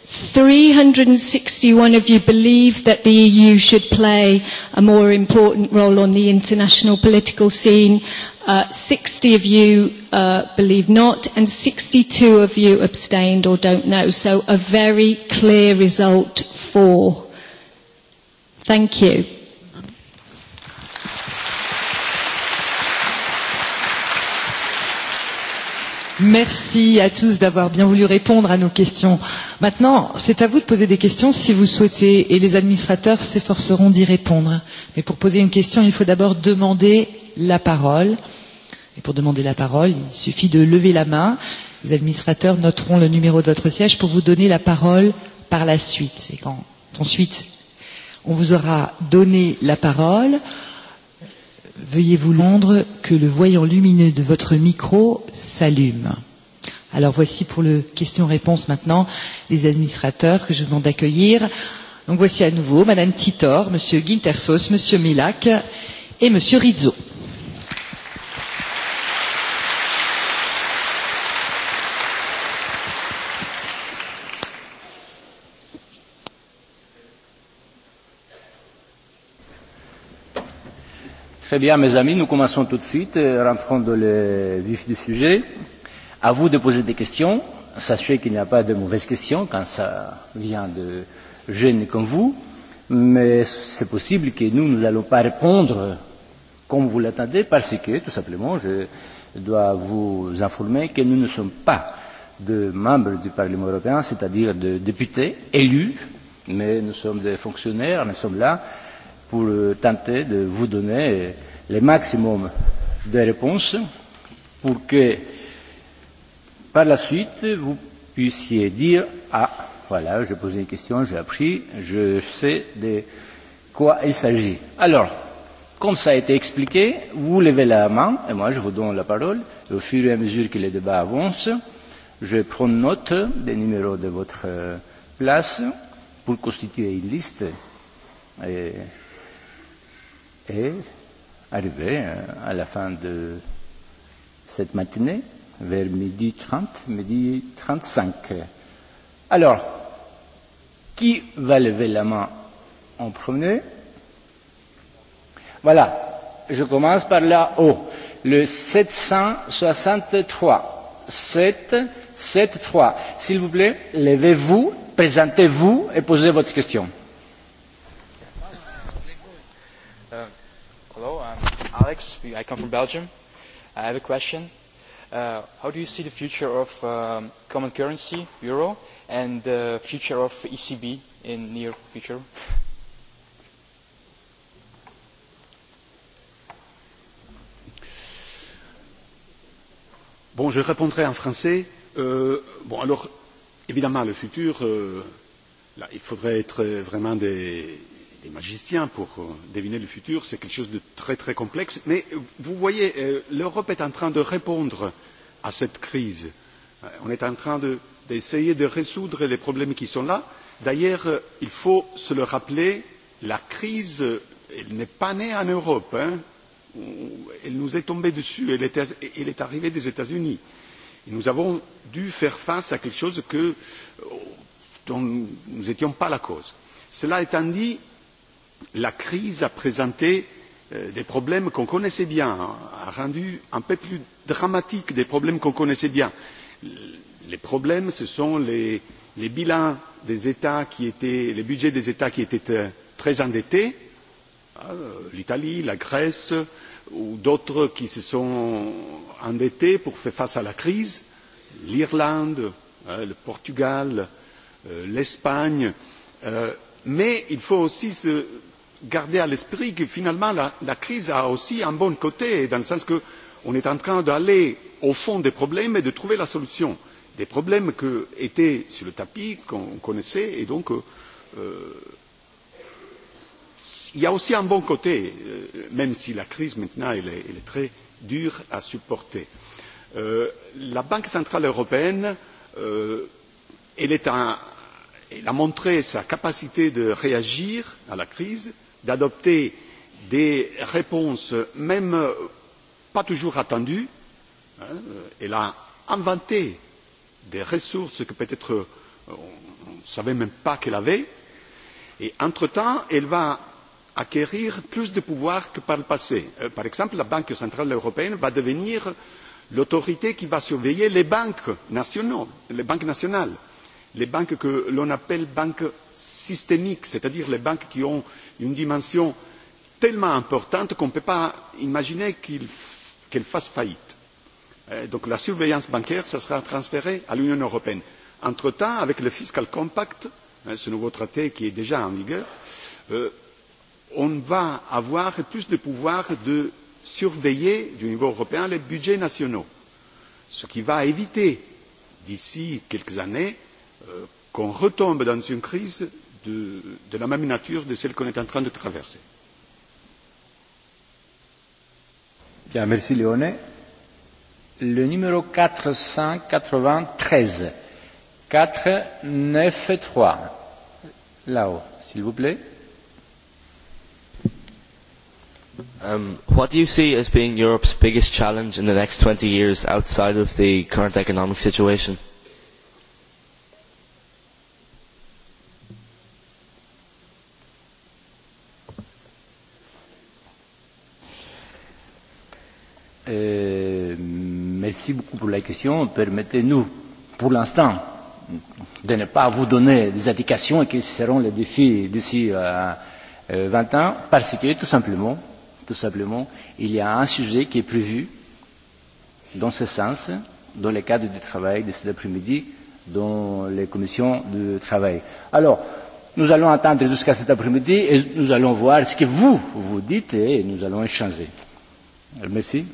361 of you believe that the EU should play a more important role on the international political scene. Uh, 60 of you uh, believe not, and 62 of you abstained or don't know. So a very clear result for. Thank you. Merci à tous d'avoir bien voulu répondre à nos questions. Maintenant, c'est à vous de poser des questions si vous souhaitez et les administrateurs s'efforceront d'y répondre. Mais pour poser une question, il faut d'abord demander la parole. Euh, Et pour demander la parole, il suffit de lever la main. Les administrateurs noteront le numéro de votre siège pour vous donner la parole par la suite. Et quand ensuite on vous aura donné la parole, veuillez vous Londres que le voyant lumineux de votre micro s'allume. Alors voici pour le question-réponse maintenant les administrateurs que je demande d'accueillir. Donc voici à nouveau Madame Titor, Monsieur Guintersos, Monsieur Milac et Monsieur Rizzo. Très bien, mes amis, nous commençons tout de suite, rentrons dans le vif du sujet. À vous de poser des questions. Sachez qu'il n'y a pas de mauvaises questions quand ça vient de jeunes comme vous, mais c'est possible que nous, nous n'allons pas répondre comme vous l'attendez, parce que, tout simplement, je dois vous informer que nous ne sommes pas de membres du Parlement européen, c'est-à-dire de députés élus, mais nous sommes des fonctionnaires, nous sommes là pour tenter de vous donner le maximum de réponses pour que par la suite vous puissiez dire ah voilà j'ai posé une question j'ai appris je sais de quoi il s'agit. Alors comme ça a été expliqué vous levez la main et moi je vous donne la parole et au fur et à mesure que les débats avancent, je prends note des numéros de votre place pour constituer une liste et est arrivé à la fin de cette matinée, vers midi 30, midi 35. Alors, qui va lever la main en premier Voilà, je commence par là haut. Le 763. 7, 7, 3. S'il vous plaît, levez-vous, présentez-vous et posez votre question. Hello, I'm Alex. I come from Belgium. I have a question. Uh, how do you see the future of um, common currency, euro, and the future of ECB in near future? Bon, je répondrai en français. Euh, bon, alors, évidemment, le futur, euh, là, il faudrait être vraiment des, des magiciens pour deviner le futur, c'est quelque chose de très très complexe. Mais vous voyez, l'Europe est en train de répondre à cette crise. On est en train d'essayer de résoudre les problèmes qui sont là. D'ailleurs, il faut se le rappeler, la crise, n'est pas née en Europe. Hein. Elle nous est tombée dessus, elle, elle est arrivée des États-Unis. Nous avons dû faire face à quelque chose que, dont nous n'étions pas la cause. Cela étant dit, la crise a présenté des problèmes qu'on connaissait bien, a rendu un peu plus dramatiques des problèmes qu'on connaissait bien. Les problèmes, ce sont les, bilans des États qui étaient, les budgets des États qui étaient très endettés, l'Italie, la Grèce ou d'autres qui se sont endettés pour faire face à la crise, l'Irlande, le Portugal, l'Espagne. mais il faut aussi se, garder à l'esprit que finalement la, crise a aussi un bon côté, dans le sens qu'on est en train d'aller au fond des problèmes et de trouver la solution. Des problèmes qui étaient sur le tapis, qu'on connaissait, et donc il y a aussi un bon côté, même si la crise maintenant est très dure à supporter. la Banque centrale européenne, elle est un, elle a montré sa capacité de réagir à la crise d'adopter des réponses même pas toujours attendues. Elle a inventé des ressources que peut-être on ne savait même pas qu'elle avait. Et entre-temps, elle va acquérir plus de pouvoir que par le passé. Par exemple, la Banque centrale européenne va devenir l'autorité qui va surveiller les banques nationales, les banques que l'on appelle banques systémiques, c'est-à-dire les banques qui ont une dimension tellement importante qu'on ne peut pas imaginer qu'elles fassent faillite. Donc la surveillance bancaire, sera transférée à l'Union européenne. Entre-temps, avec le Fiscal Compact, ce nouveau traité qui est déjà en vigueur, on va avoir plus de pouvoir de surveiller au niveau européen les budgets nationaux, ce qui va éviter d'ici quelques années qu'on retombe dans une crise de, la même nature de celle qu'on est en train de traverser. merci Léoné. Le numéro 493, 493, là-haut, s'il vous plaît. Um, what do you see as being Europe's biggest challenge in the next 20 years outside of the current economic situation? merci beaucoup pour la question. Permettez-nous, pour l'instant, de ne pas vous donner des indications et quels seront les défis d'ici euh, vingt ans, parce que tout simplement, tout simplement, il y a un sujet qui est prévu dans ce sens, dans le cadre du travail de cet après-midi, dans les commissions de travail. Alors, nous allons attendre jusqu'à cet après-midi et nous allons voir ce que vous, vous dites et nous allons échanger. Merci.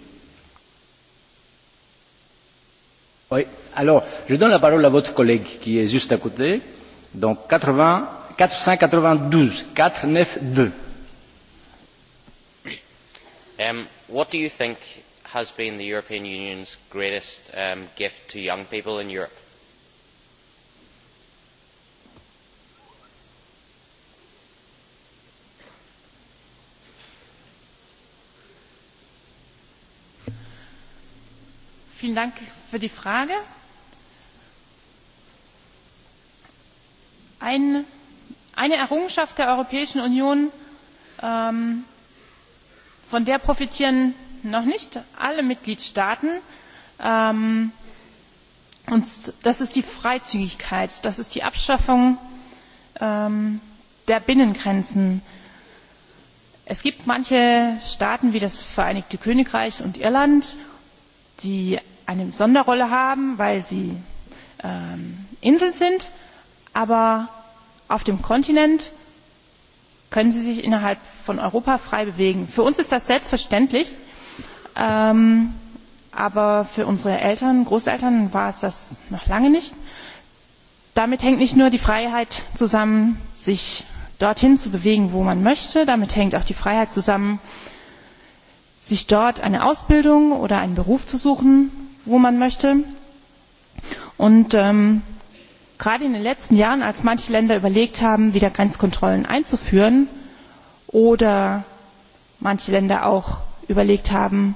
Alors, je donne la parole à votre collègue qui est juste à côté. Donc, 80, 492, 492. Um, what do you think has been the European Union's greatest gift to young people in Europe? Vielen Dank für die Frage. Ein, eine Errungenschaft der Europäischen Union, ähm, von der profitieren noch nicht alle Mitgliedstaaten. Ähm, und das ist die Freizügigkeit, das ist die Abschaffung ähm, der Binnengrenzen. Es gibt manche Staaten wie das Vereinigte Königreich und Irland, die eine Sonderrolle haben, weil sie ähm, Inseln sind, aber auf dem Kontinent können sie sich innerhalb von Europa frei bewegen. Für uns ist das selbstverständlich, ähm, aber für unsere Eltern, Großeltern war es das noch lange nicht. Damit hängt nicht nur die Freiheit zusammen, sich dorthin zu bewegen, wo man möchte, damit hängt auch die Freiheit zusammen, sich dort eine Ausbildung oder einen Beruf zu suchen wo man möchte. Und ähm, gerade in den letzten Jahren, als manche Länder überlegt haben, wieder Grenzkontrollen einzuführen oder manche Länder auch überlegt haben,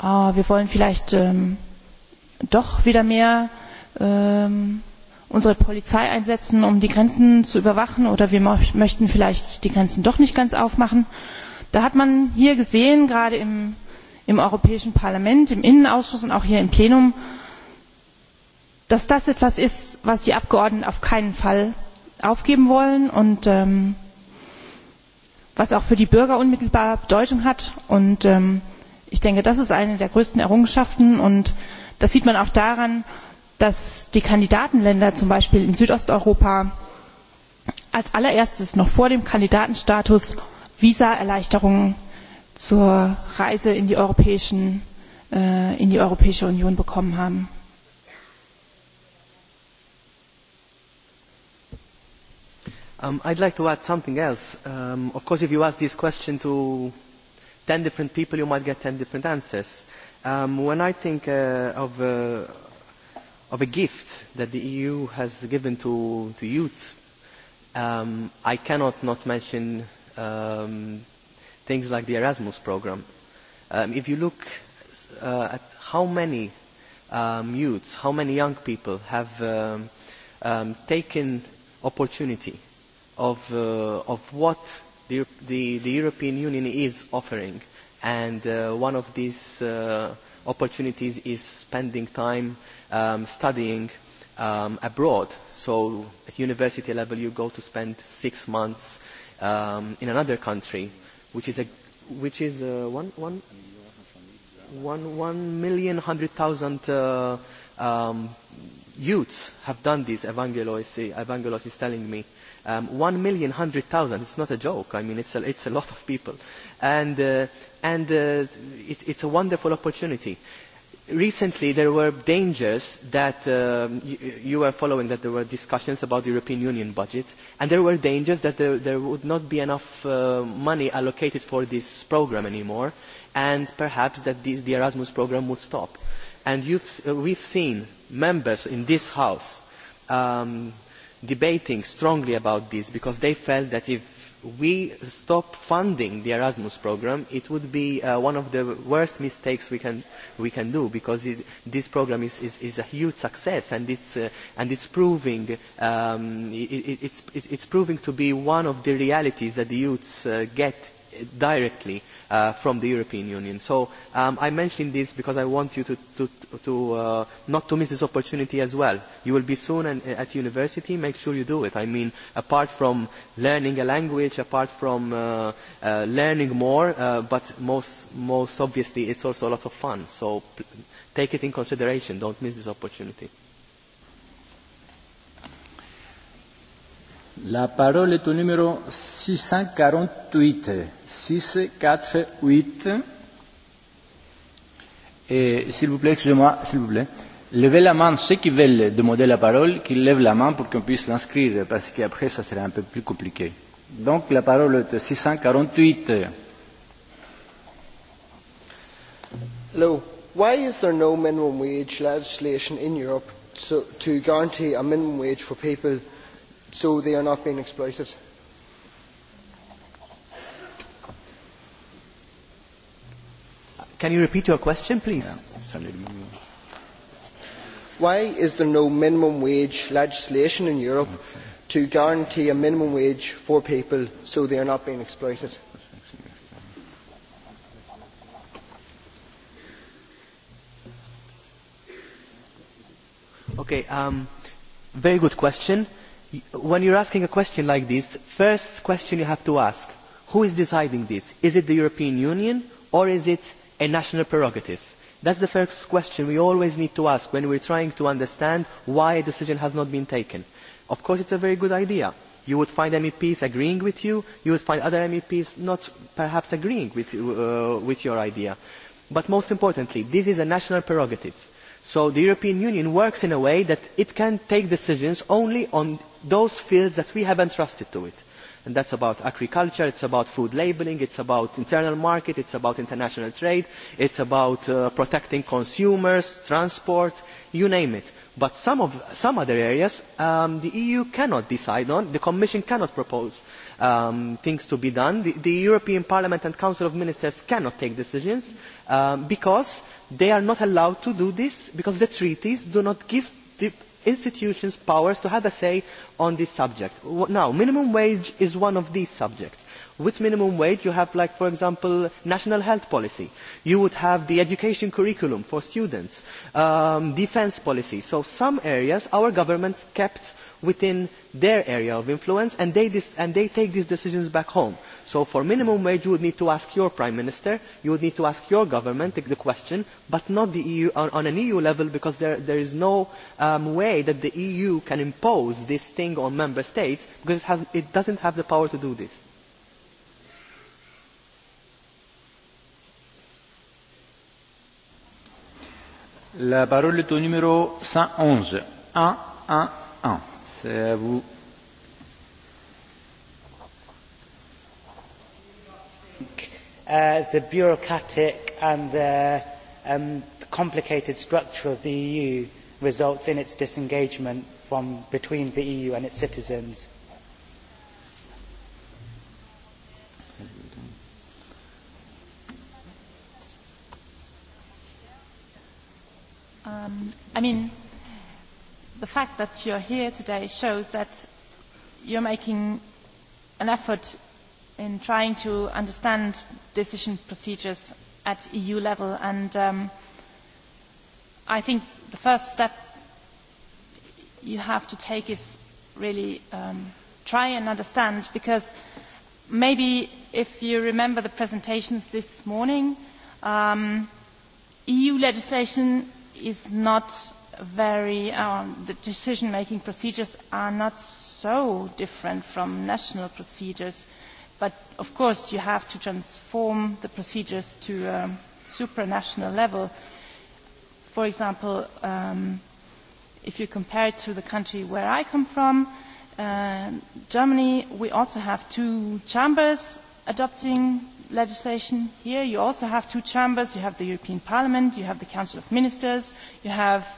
wir wollen vielleicht ähm, doch wieder mehr ähm, unsere Polizei einsetzen, um die Grenzen zu überwachen oder wir möchten vielleicht die Grenzen doch nicht ganz aufmachen. Da hat man hier gesehen, gerade im im Europäischen Parlament, im Innenausschuss und auch hier im Plenum, dass das etwas ist, was die Abgeordneten auf keinen Fall aufgeben wollen und ähm, was auch für die Bürger unmittelbar Bedeutung hat. Und ähm, ich denke, das ist eine der größten Errungenschaften. Und das sieht man auch daran, dass die Kandidatenländer zum Beispiel in Südosteuropa als allererstes noch vor dem Kandidatenstatus Visaerleichterungen zur Reise in die, europäischen, äh, in die Europäische Union bekommen haben. Um, I'd like to add something else. Um, of course, if you ask this question to 10 different people, you might get 10 different answers. Um, when I think uh, of, uh, of a gift that the EU has given to, to youth, um, I cannot not mention um, things like the Erasmus program. Um, if you look uh, at how many um, youths, how many young people have um, um, taken opportunity of, uh, of what the, the, the European Union is offering. And uh, one of these uh, opportunities is spending time um, studying um, abroad. So at university level, you go to spend six months um, in another country which is a which is uh, one one one one million hundred thousand uh, um, youths have done this. Evangelos, Evangelos is telling me. Um, one million hundred thousand. It's not a joke. I mean, it's a, it's a lot of people, and uh, and uh, it, it's a wonderful opportunity recently there were dangers that you were following that there were discussions about the European Union budget and there were dangers that there, there would not be enough money allocated for this programme anymore and perhaps that this, the Erasmus programme would stop. And you've, uh, we've seen members in this House debating strongly about this because they felt that if we stop funding the Erasmus programme, it would be uh, one of the worst mistakes we can, we can do because it, this programme is, is, is a huge success and it's, uh, and it's, proving, um, it, it, it's, it's proving to be one of the realities that the youths uh, get directly from the European Union. So um, I'm mentioning this because I want you to, to, to uh, not to miss this opportunity as well. You will be soon an, at university. Make sure you do it. I mean, apart from learning a language, apart from uh, uh, learning more, uh, but most, most obviously it's also a lot of fun. So take it in consideration. Don't miss this opportunity. La parole est au numéro 648. 648. Et s'il vous plaît, excusez-moi, s'il vous plaît. Levez la main ceux qui veulent demander la parole, qu'ils lèvent la main pour qu'on puisse l'inscrire, parce qu'après, ça serait un peu plus compliqué. Donc, la parole est 648. Hello. Why is there no minimum wage legislation in Europe to guarantee a minimum wage for people so they are not being exploited. Can you repeat your question, please? Why is there no minimum wage legislation in Europe to guarantee a minimum wage for people so they are not being exploited? Okay, um, very good question when you are asking a question like this the first question you have to ask is who is deciding this? is it the european union or is it a national prerogative? that is the first question we always need to ask when we are trying to understand why a decision has not been taken. of course it is a very good idea. you would find meps agreeing with you you would find other meps not perhaps agreeing with, your idea. but most importantly this is a national prerogative. so the european union works in a way that it can take decisions only on those fields that we have entrusted to it. And that's about agriculture, it's about food labelling, it's about internal market, it's about international trade, it's about uh, protecting consumers, transport, you name it. But some, of, some other areas um, the EU cannot decide on, the Commission cannot propose um, things to be done. The, the European Parliament and Council of Ministers cannot take decisions um, because they are not allowed to do this because the treaties do not give the institutions powers to have a say on this subject. Now, minimum wage is one of these subjects. With minimum wage, you have, like, for example, national health policy. You would have the education curriculum for students, um, defense policy. So some areas our governments kept within their area of influence and they, dis and they take these decisions back home. So for minimum wage you would need to ask your prime minister, you would need to ask your government the question, but not the EU on, on an EU level because there, there is no um, way that the EU can impose this thing on member states because it, has, it doesn't have the power to do this. La parole est au numéro 111. 111 à vous. Uh, the bureaucratic and the um, complicated structure of the EU results in its disengagement from between the EU and its citizens. Um, I mean, the fact that you're here today shows that you're making an effort in trying to understand decision procedures at EU level. And um, I think the first step you have to take is really um, try and understand, because maybe if you remember the presentations this morning, um, EU legislation is not very um, the decision-making procedures are not so different from national procedures, but of course you have to transform the procedures to a supranational level. For example, um, if you compare it to the country where I come from, uh, Germany, we also have two chambers adopting legislation here. You also have two chambers. You have the European Parliament, you have the Council of Ministers, you have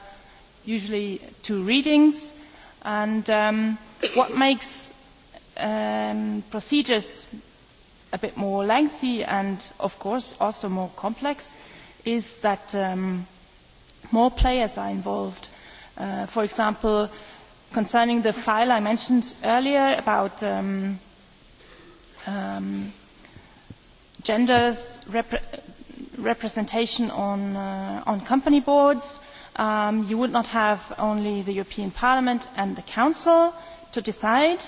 usually two readings. And um, what makes um, procedures a bit more lengthy and, of course, also more complex is that um, more players are involved. Uh, for example, concerning the file I mentioned earlier about um, um, gender rep representation on, uh, on company boards, um, you would not have only the European Parliament and the Council to decide,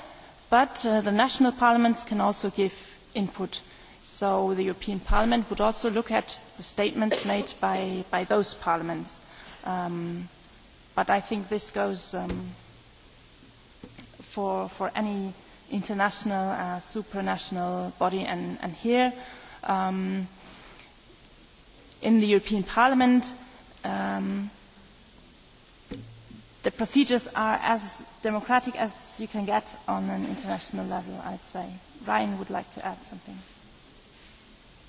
but uh, the national parliaments can also give input. So the European Parliament would also look at the statements made by, by those parliaments. Um, but I think this goes um, for, for any international, uh, supranational body, and, and here um, in the European Parliament, um, the procedures are as democratic as you can get on an international level, I'd say. Ryan would like to add something.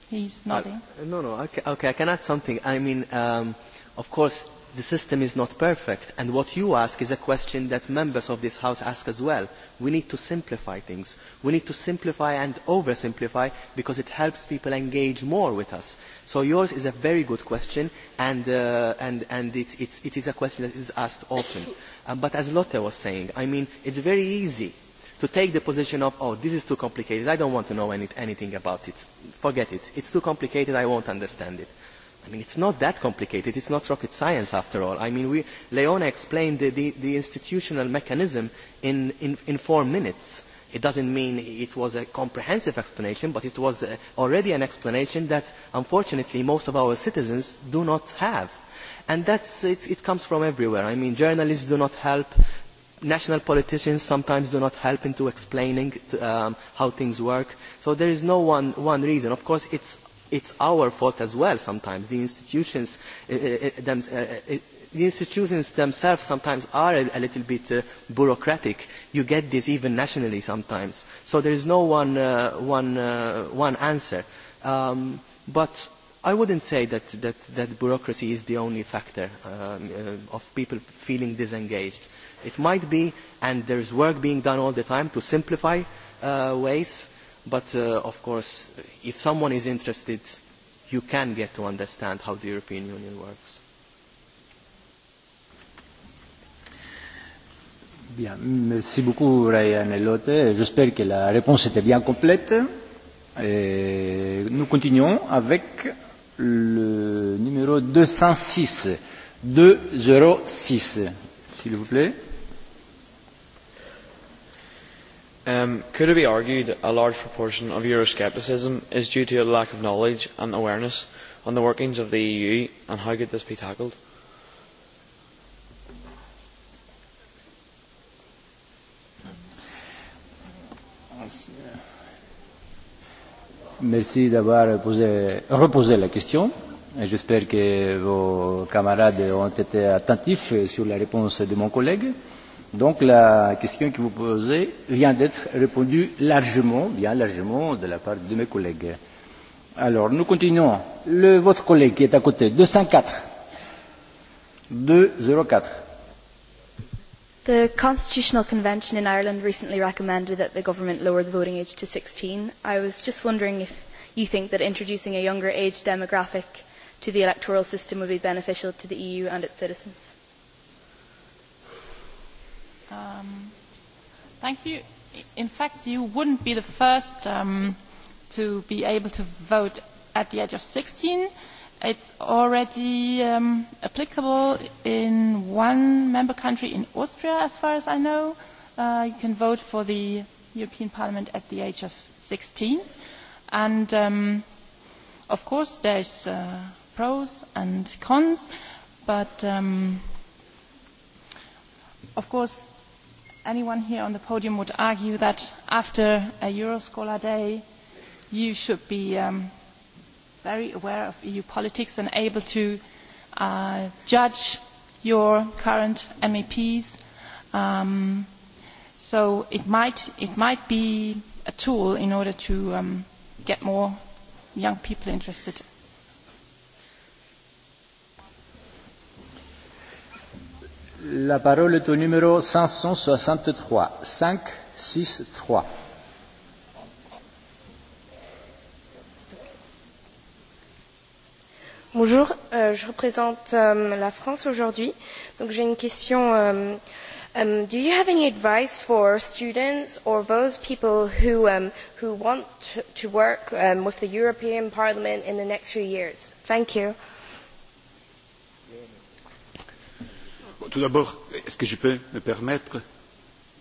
He's nodding. Uh, no, no, okay, okay, I can add something. I mean, um, of course, the system is not perfect. And what you ask is a question that members of this House ask as well. We need to simplify things. We need to simplify and oversimplify because it helps people engage more with us. So yours is a very good question and, uh, and, and it, it's, it is a question that is asked often. Um, but as Lotte was saying, I mean, it's very easy to take the position of, oh, this is too complicated, I don't want to know any, anything about it, forget it, it's too complicated, I won't understand it. I mean, it's not that complicated. It's not rocket science, after all. I mean, we, Leona explained the, the, the institutional mechanism in, in, in four minutes. It doesn't mean it was a comprehensive explanation, but it was uh, already an explanation that, unfortunately, most of our citizens do not have. And that's, it's, it comes from everywhere. I mean, journalists do not help. National politicians sometimes do not help into explaining um, how things work. So there is no one, one reason. Of course, it's it's our fault as well sometimes. The institutions, uh, them, uh, the institutions themselves sometimes are a, a little bit uh, bureaucratic. You get this even nationally sometimes. So there is no one, uh, one, uh, one answer. Um, but I wouldn't say that, that, that bureaucracy is the only factor um, uh, of people feeling disengaged. It might be, and there is work being done all the time to simplify uh, ways But uh, of course, if someone is interested, you can get to understand how the European Union works. Bien, merci beaucoup Ryan Elote. J'espère que la réponse était bien complète. Et nous continuons avec le numéro 206. 206, s'il vous plaît. could it be argued that a large proportion of Euroscepticism is due to a lack of knowledge and awareness on the workings of the EU, and how could this be tackled? Merci d'avoir reposé la question. J'espère que vos camarades ont été attentifs sur la réponse de mon collègue. Donc la question que vous posez vient d'être répondue largement, bien largement, de la part de mes collègues. Alors nous continuons. Le, votre collègue qui est à côté, 204. 204. The Constitutional Convention in Ireland recently recommended that the government lower the voting age to 16. I was just wondering if you think that introducing a younger age demographic to the electoral system would be beneficial to the EU and its citizens. Um, thank you. In fact, you wouldn't be the first um, to be able to vote at the age of 16. It's already um, applicable in one member country in Austria, as far as I know. Uh, you can vote for the European Parliament at the age of 16. And um, of course, there's uh, pros and cons, but um, of course, anyone here on the podium would argue that after a Euroscholar day, you should be um, very aware of EU politics and able to uh, judge your current MEPs. Um, so it might, it might be a tool in order to um, get more young people interested La parole est au numéro 563. 5, 6, 3. Bonjour, euh, je représente euh, la France aujourd'hui. Donc j'ai une question. Euh, um, do you have any advice for students or those people who, um, who want to, work um, with the European Parliament in the next few years? Thank you. tout d'abord, est-ce que je peux me permettre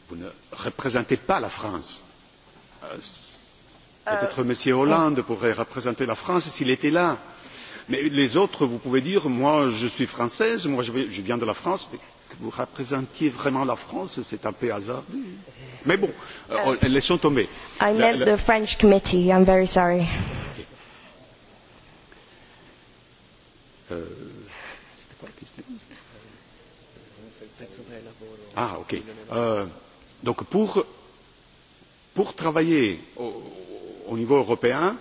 Vous ne représentez pas la France. Peut-être M. Hollande pourrait représenter la France s'il était là. Mais les autres, vous pouvez dire, moi je suis française, moi je viens de la France, mais que vous représentiez vraiment la France, c'est un peu hasardeux. Mais bon, laissons tomber. I meant the French committee, I'm very sorry. Euh, Ah, ok. Euh, donc pour, pour travailler au, au niveau européen,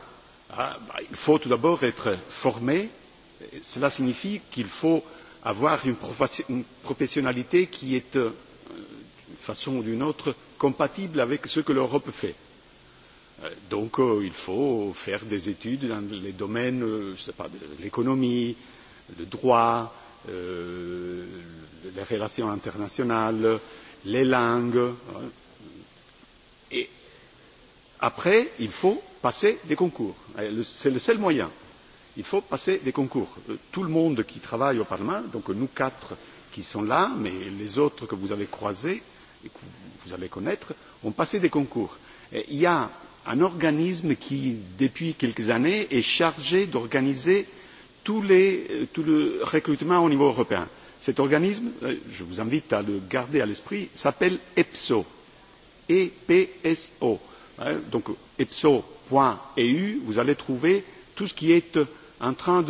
ah, bah, il faut tout d'abord être formé. Cela signifie qu'il faut avoir une, une professionnalité qui est, euh, d'une façon ou d'une autre, compatible avec ce que l'Europe fait. Donc euh, il faut faire des études dans les domaines, euh, je sais pas, de l'économie, le droit, les relations internationales, les langues. Et après, il faut passer des concours. C'est le seul moyen. Il faut passer des concours. Tout le monde qui travaille au Parlement, donc nous quatre qui sommes là, mais les autres que vous avez croisés et que vous allez connaître, ont passé des concours. il y a un organisme qui, depuis quelques années, est chargé d'organiser euh, tout le recrutement au niveau européen. cet organisme je vous invite à le garder à l'esprit s'appelle epso donc epso eu vous allez trouver tout ce qui est en train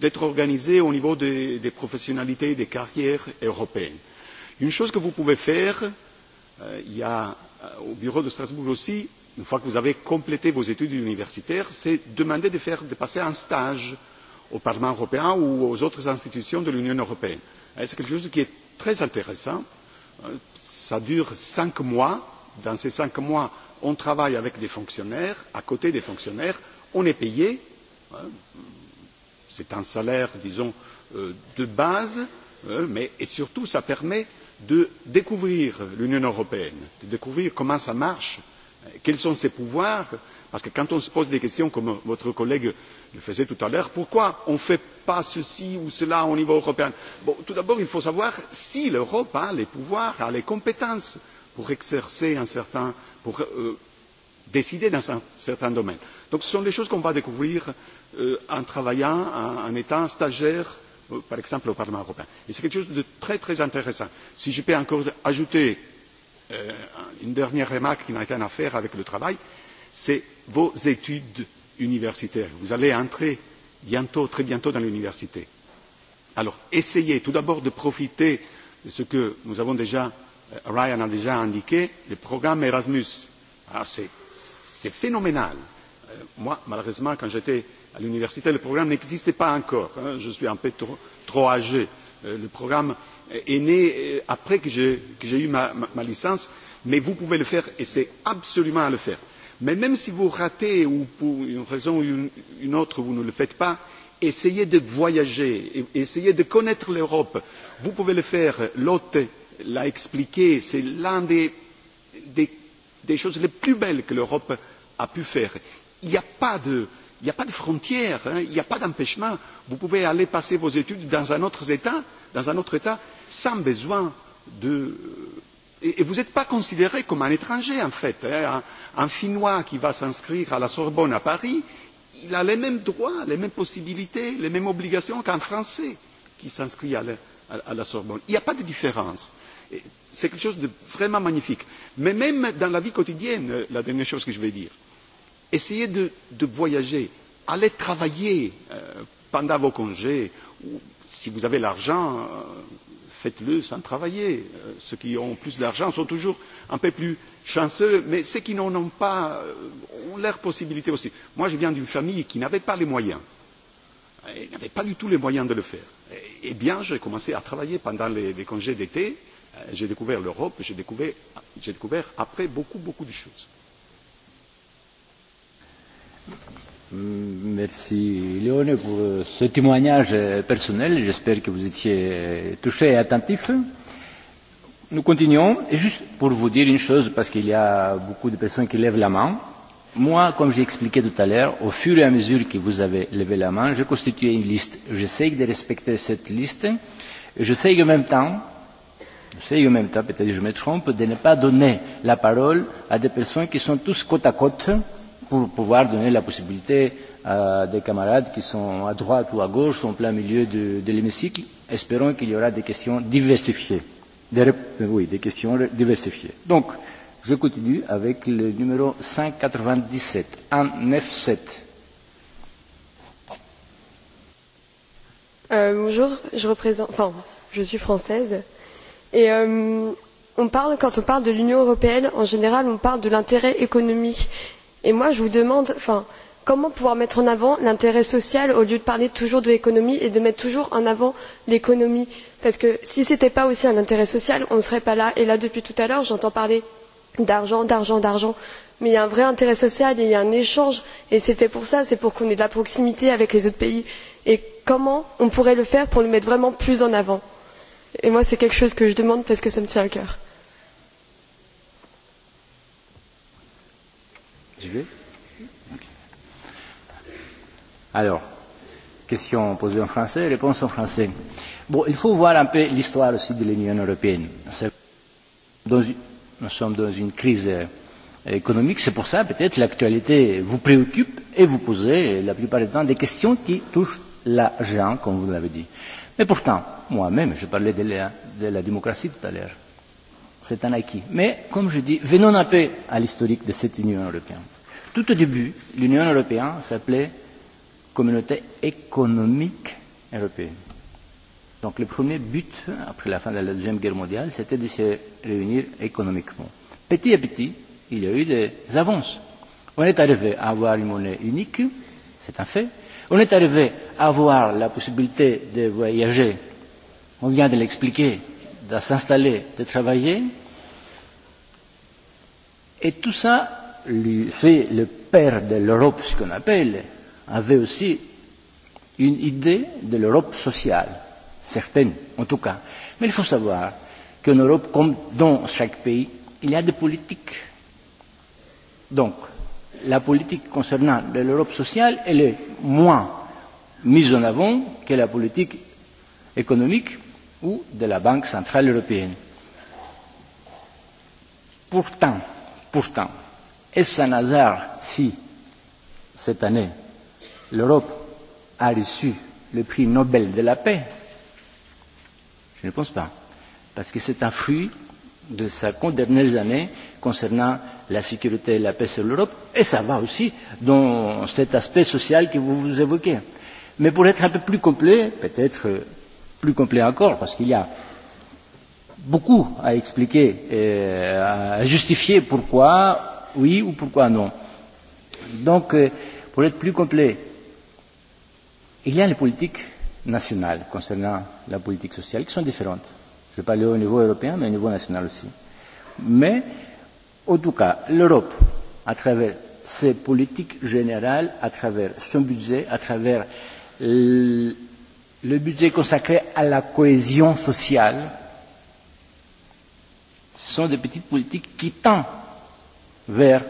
d'être organisé au niveau des professionnalités et des carrières européennes. une chose que vous pouvez faire il y a au bureau de strasbourg aussi une fois que vous avez complété vos études universitaires c'est demander de passer un stage au Parlement européen ou aux autres institutions de l'Union européenne. C'est quelque chose qui est très intéressant. Ça dure cinq mois. Dans ces cinq mois, on travaille avec des fonctionnaires, à côté des fonctionnaires, on est payé. C'est un salaire, disons, de base, mais et surtout, ça permet de découvrir l'Union européenne, de découvrir comment ça marche, quels sont ses pouvoirs, Parce que quand on se pose des questions, comme votre collègue le faisait tout à l'heure, pourquoi on ne fait pas ceci ou cela au niveau européen Tout d'abord, il faut savoir si l'Europe a les pouvoirs, a les compétences pour exercer un certain, pour décider dans un certain domaine. Donc ce sont des choses qu'on va découvrir en travaillant, en, étant stagiaire, par exemple, au Parlement européen. Et c'est quelque chose de très très intéressant. Si je peux encore ajouter une dernière remarque qui n'a rien à faire avec le travail, c'est vos études universitaires. Vous allez entrer bientôt, très bientôt dans l'université. Alors essayez tout d'abord de profiter de ce que nous avons déjà, Ryan a déjà indiqué, le programme Erasmus. c'est phénoménal. Moi, malheureusement, quand j'étais à l'université, le programme n'existait pas encore. Je suis un peu trop, âgé. Le programme est né après que j'ai eu ma, licence, mais vous pouvez le faire et c'est absolument à le faire. Mais même si vous ratez ou pour une raison ou une autre vous ne le faites pas, essayez de voyager, essayez de connaître l'Europe. Vous pouvez le faire, l'hôte l'a expliqué, c'est l'une des, choses les plus belles que l'Europe a pu faire. Il n'y a pas de, frontières, il n'y a pas d'empêchement. Vous pouvez aller passer vos études dans un autre État, dans un autre État, sans besoin de et, vous n'êtes pas considéré comme un étranger en fait. Un, un Finnois qui va s'inscrire à la Sorbonne à Paris, il a les mêmes droits, les mêmes possibilités, les mêmes obligations qu'un Français qui s'inscrit à, la Sorbonne. Il n'y a pas de différence. C'est quelque chose de vraiment magnifique. Mais même dans la vie quotidienne, la dernière chose que je vais dire, essayez de, voyager, allez travailler pendant vos congés si vous avez l'argent, faites-le sans travailler. Ceux qui ont plus d'argent sont toujours un peu plus chanceux, mais ceux qui n'en ont pas ont leurs possibilités aussi. Moi, je viens d'une famille qui n'avait pas les moyens. Elle n'avait pas du tout les moyens de le faire. Eh bien, j'ai commencé à travailler pendant les, les congés d'été. J'ai découvert l'Europe, j'ai découvert, j'ai découvert après beaucoup, beaucoup de choses. Merci Léone pour ce témoignage personnel. J'espère que vous étiez touché et attentif. Nous continuons. Et juste pour vous dire une chose, parce qu'il y a beaucoup de personnes qui lèvent la main. Moi, comme j'ai expliqué tout à l'heure, au fur et à mesure que vous avez levé la main, j'ai constitué une liste. J'essaye de respecter cette liste. Et en même temps, j'essaye en même temps, peut-être je me trompe, de ne pas donner la parole à des personnes qui sont tous côte à côte pour pouvoir donner la possibilité à des camarades qui sont à droite ou à gauche, en plein milieu de, de l'hémicycle. Espérons qu'il y aura des questions diversifiées. Des, oui, des questions diversifiées. Donc, je continue avec le numéro 197, 197. Euh, bonjour, je représente, enfin, je suis française et euh, on parle, quand on parle de l'Union européenne, en général, on parle de l'intérêt économique Et moi, je vous demande, comment pouvoir mettre en avant l'intérêt social au lieu de parler toujours de l'économie et de mettre toujours en avant l'économie Parce que si ce n'était pas aussi un intérêt social, on ne serait pas là. Et là, depuis tout à l'heure, j'entends parler d'argent, d'argent, d'argent. Mais il y a un vrai intérêt social, il y a un échange, et c'est fait pour ça, c'est pour qu'on ait de la proximité avec les autres pays. Et comment on pourrait le faire pour le mettre vraiment plus en avant Et moi, c'est quelque chose que je demande parce que ça me tient à cœur. J'y vais Alors, question posée en français, réponse en français. Bon, il faut voir un peu l'histoire aussi de l'Union européenne. Dans, nous sommes dans une crise économique, c'est pour ça peut-être l'actualité vous préoccupe et vous posez la plupart du temps des questions qui touchent l'argent, comme vous l'avez dit. Mais pourtant, moi-même, je parlais de la, de la démocratie tout à l'heure c'est un acquis. Mais, comme je dis, venons un peu à l'historique de cette Union européenne. Tout au début, l'Union européenne s'appelait Communauté économique européenne. Donc le premier but, après la fin de la Deuxième Guerre mondiale, c'était de se réunir économiquement. Petit à petit, il y a eu des avances. On est arrivé à avoir une monnaie unique, c'est un fait. On est arrivé à avoir la possibilité de voyager. On vient de l'expliquer de s'installer, de travailler. Et tout ça lui fait le père de l'Europe, ce qu'on appelle, avait aussi une idée de l'Europe sociale, certaine en tout cas. Mais il faut savoir qu'en Europe, comme dans chaque pays, il y a des politiques. Donc, la politique concernant l'Europe sociale, elle est moins mise en avant que la politique économique ou de la Banque centrale européenne. Pourtant, pourtant, est-ce un hasard si, cette année, l'Europe a reçu le prix Nobel de la paix Je ne pense pas, parce que c'est un fruit de cinquante dernières années concernant la sécurité et la paix sur l'Europe, et ça va aussi dans cet aspect social que vous évoquez. Mais pour être un peu plus complet, peut-être plus complet encore, parce qu'il y a beaucoup à expliquer, et à justifier pourquoi oui ou pourquoi non. Donc, pour être plus complet, il y a les politiques nationales concernant la politique sociale qui sont différentes. Je parle au niveau européen, mais au niveau national aussi. Mais, en tout cas, l'Europe, à travers ses politiques générales, à travers son budget, à travers le budget consacré à la cohésion sociale sont des petites politiques qui tendent vers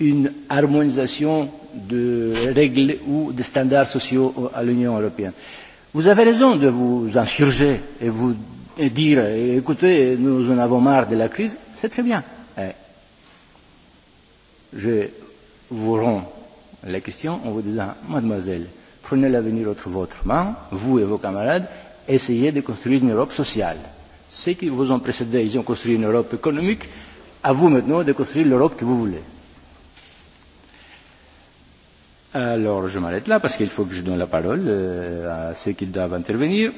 une harmonisation de règles ou de standards sociaux à l'Union européenne. Vous avez raison de vous insurger et vous dire écoutez, nous en avons marre de la crise, c'est très bien. Je vous rends la question en vous disant mademoiselle, prenez l'avenir entre votre main, vous et vos camarades, essayez de construire une Europe sociale. Ceux qui vous ont précédé, ils ont construit une Europe économique, à vous maintenant de construire l'Europe que vous voulez. Alors, je m'arrête là parce qu'il faut que je donne la parole à ceux qui doivent intervenir.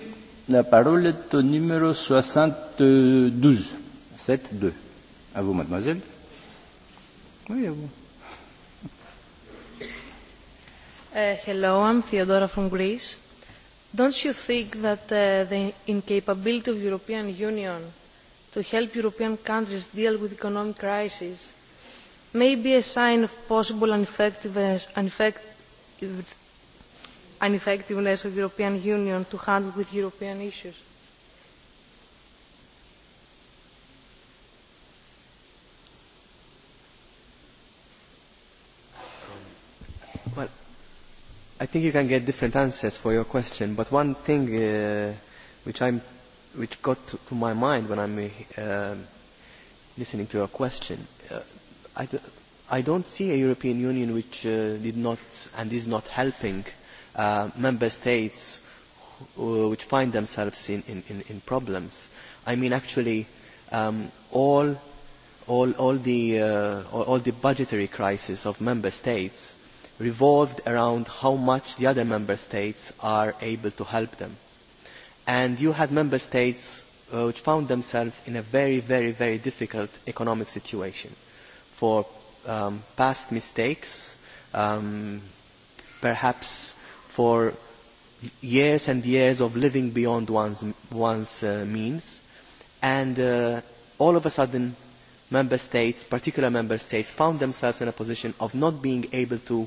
La parole est au numéro 72. 7-2. À vous, mademoiselle. Oui, à vous. hello, I'm Theodora from Greece. Don't you think that the incapability of the European Union to help European countries deal with economic crisis may be a sign of possible ineffectiveness of the European Union to handle with European issues? I think you can get different answers for your question, but one thing uh, which I'm which got to, to my mind when I'm uh, listening to your question, uh, I, d I don't see a European Union which uh, did not and is not helping uh, member states who, which find themselves in, in, in, in problems. I mean, actually, um, all all all the uh, all, all the budgetary crisis of member states revolved around how much the other member states are able to help them. And you had member states which found themselves in a very, very, very difficult economic situation for um, past mistakes, um, perhaps for years and years of living beyond one's, one's uh, means. And uh, all of a sudden, member states, particular member states, found themselves in a position of not being able to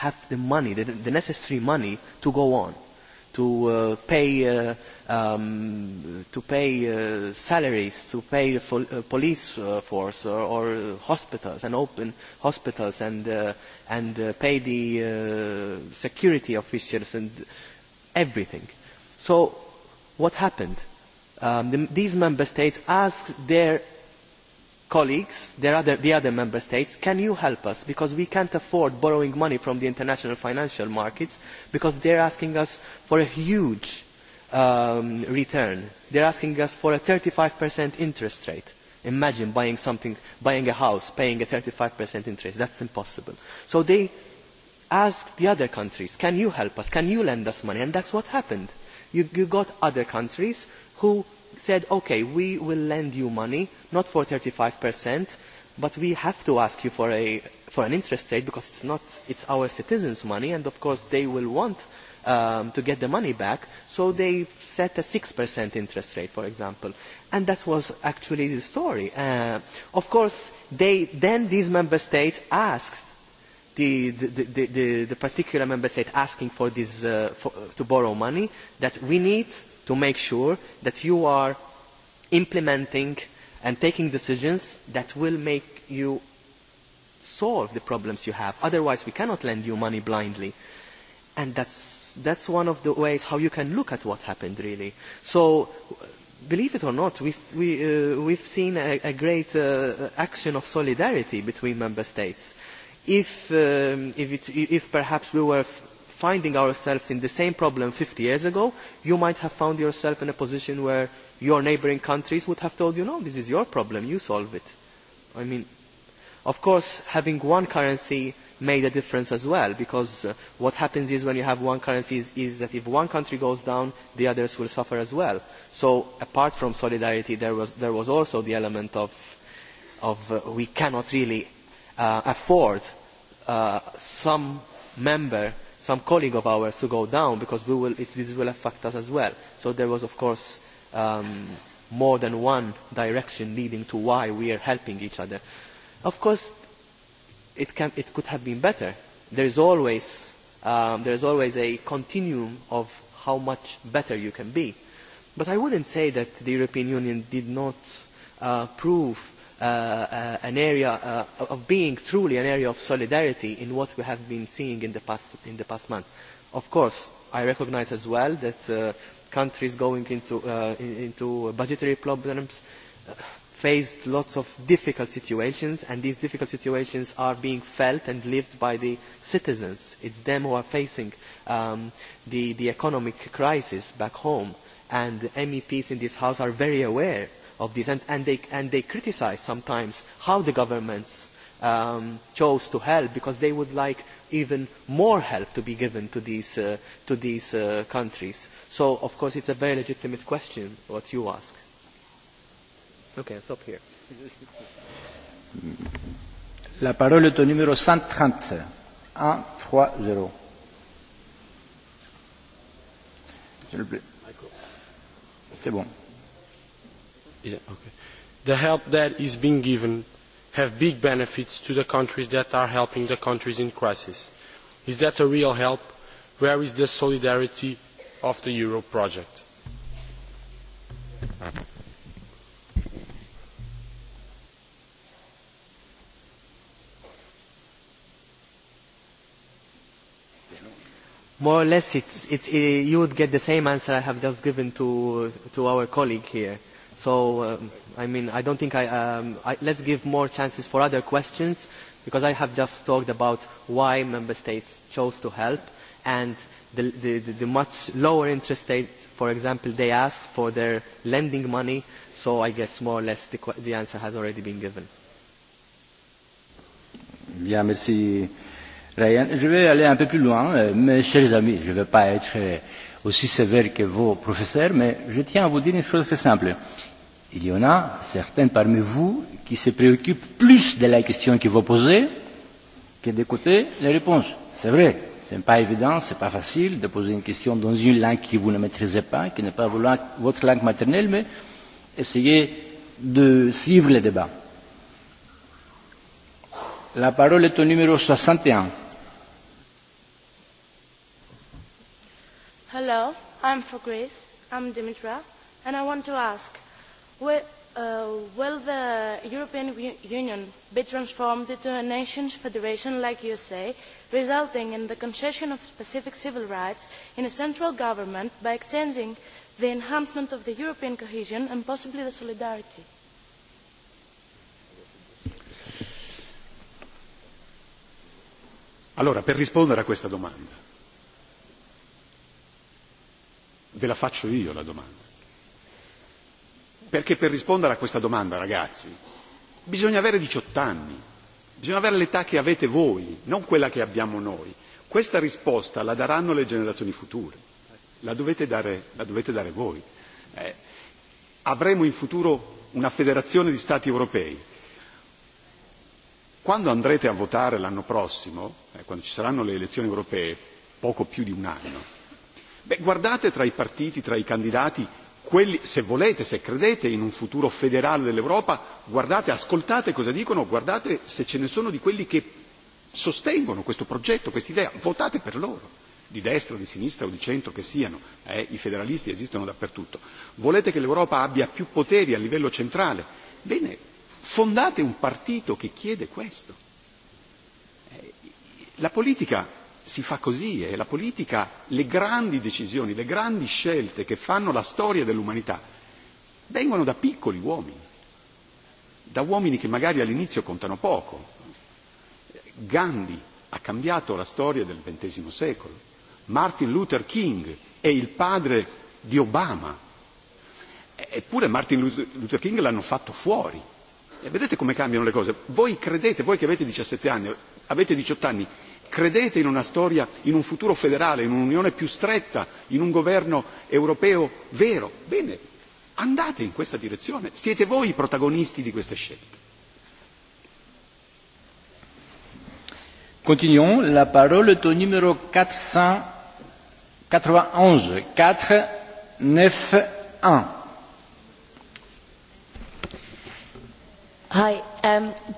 have the money, the, the necessary money to go on, to uh, pay, uh, um, to pay uh, salaries, to pay the uh, police uh, force or, or hospitals and open hospitals and, uh, and uh, pay the uh, security officials and everything. So what happened? Um, the, these member states asked their colleagues the other member states can you help us because we cannot afford borrowing money from the international financial markets because they are asking us for a huge return they are asking us for a thirty five interest rate. imagine buying something buying a house paying a thirty five interest that is impossible. so they asked the other countries can you help us can you lend us money and that is what happened. you got other countries who said, okay, we will lend you money, not for 35%, but we have to ask you for, a, for an interest rate because it's, not, it's our citizens' money, and of course they will want um, to get the money back, so they set a 6% interest rate, for example. And that was actually the story. Uh, of course, they, then these member states asked the, the, the, the, the particular member state asking for this, uh, for, to borrow money that we need – to make sure that you are implementing and taking decisions that will make you solve the problems you have. Otherwise, we cannot lend you money blindly. And that's, that's one of the ways how you can look at what happened, really. So, believe it or not, we've, we, uh, we've seen a, a great uh, action of solidarity between member states. If, um, if, it, if perhaps we were finding ourselves in the same problem fifty years ago, you might have found yourself in a position where your neighbouring countries would have told you, no, this is your problem, you solve it. I mean, of course, having one currency made a difference as well, because what happens is when you have one currency is, is that if one country goes down, the others will suffer as well. So apart from solidarity, there was, there was also the element of, of uh, we cannot really uh, afford uh, some member some colleague of ours to go down because we will, it, this will affect us as well. So there was, of course, um, more than one direction leading to why we are helping each other. Of course, it, can, it could have been better. There is always, um, there is always a continuum of how much better you can be. But I wouldn't say that the European Union did not uh, prove an area of being truly an area of solidarity in what we have been seeing in the past months. Of course, I recognise as well that countries going into budgetary problems faced lots of difficult situations and these difficult situations are being felt and lived by the citizens. It is them who are facing the economic crisis back home and MEPs in this house are very aware of these, and, and, they, and they criticize sometimes how the governments um, chose to help because they would like even more help to be given to these, uh, to these uh, countries. So, of course, it's a very legitimate question, what you ask. Okay, I'll stop here. La parole est au numéro 130. 1, 3, 0. C'est bon. The help that is being given has big benefits to the countries that are helping the countries in crisis. Is that a real help? Where is the solidarity of the Euro project? More or less, it's, it, you would get the same answer I have just given to, to our colleague here So, um, I mean, I don't think I, um, I, let's give more chances for other questions because I have just talked about why member states chose to help and the, the, the, the much lower interest rate, for example, they asked for their lending money. So I guess more or less the, the answer has already been given. Bien, merci Ryan. Je vais aller un peu plus loin, mes chers amis. Je ne vais pas être aussi sévère que vos professeurs, mais je tiens à vous dire une chose très simple Il y en a certains parmi vous qui se préoccupent plus de la question qu'ils vont poser que d'écouter les réponses. C'est vrai, ce n'est pas évident, ce n'est pas facile de poser une question dans une langue que vous ne maîtrisez pas, qui n'est pas votre langue maternelle, mais essayez de suivre le débat. La parole est au numéro 61. Hello, I'm for Greece. I'm Dimitra, and I want to ask Well, uh, will the European Union be transformed into a nations federation like say, resulting in the concession of specific civil rights in a central government by exchanging the enhancement of the European cohesion and possibly the solidarity? Allora, per rispondere a questa domanda, ve la faccio io la domanda Perché per rispondere a questa domanda, ragazzi, bisogna avere 18 anni, bisogna avere l'età che avete voi, non quella che abbiamo noi. Questa risposta la daranno le generazioni future, la dovete dare, la dovete dare voi. Eh, avremo in futuro una federazione di Stati europei. Quando andrete a votare l'anno prossimo, eh, quando ci saranno le elezioni europee, poco più di un anno, beh, guardate tra i partiti, tra i candidati, quelli, se volete, se credete in un futuro federale dell'Europa, guardate, ascoltate cosa dicono, guardate se ce ne sono di quelli che sostengono questo progetto, quest'idea, votate per loro di destra, di sinistra o di centro che siano, eh, i federalisti esistono dappertutto. Volete che l'Europa abbia più poteri a livello centrale? Bene, fondate un partito che chiede questo. La politica si fa così, è la politica, le grandi decisioni, le grandi scelte che fanno la storia dell'umanità vengono da piccoli uomini, da uomini che magari all'inizio contano poco. Gandhi ha cambiato la storia del XX secolo, Martin Luther King è il padre di Obama, eppure Martin Luther King l'hanno fatto fuori. E vedete come cambiano le cose. Voi credete, voi che avete 17 anni, avete 18 anni, credete in una storia, in un futuro federale, in un'unione più stretta, in un governo europeo vero, bene, andate in questa direzione, siete voi i protagonisti di queste scelte. Continuons, la parole est au numéro 491, 491. Hi.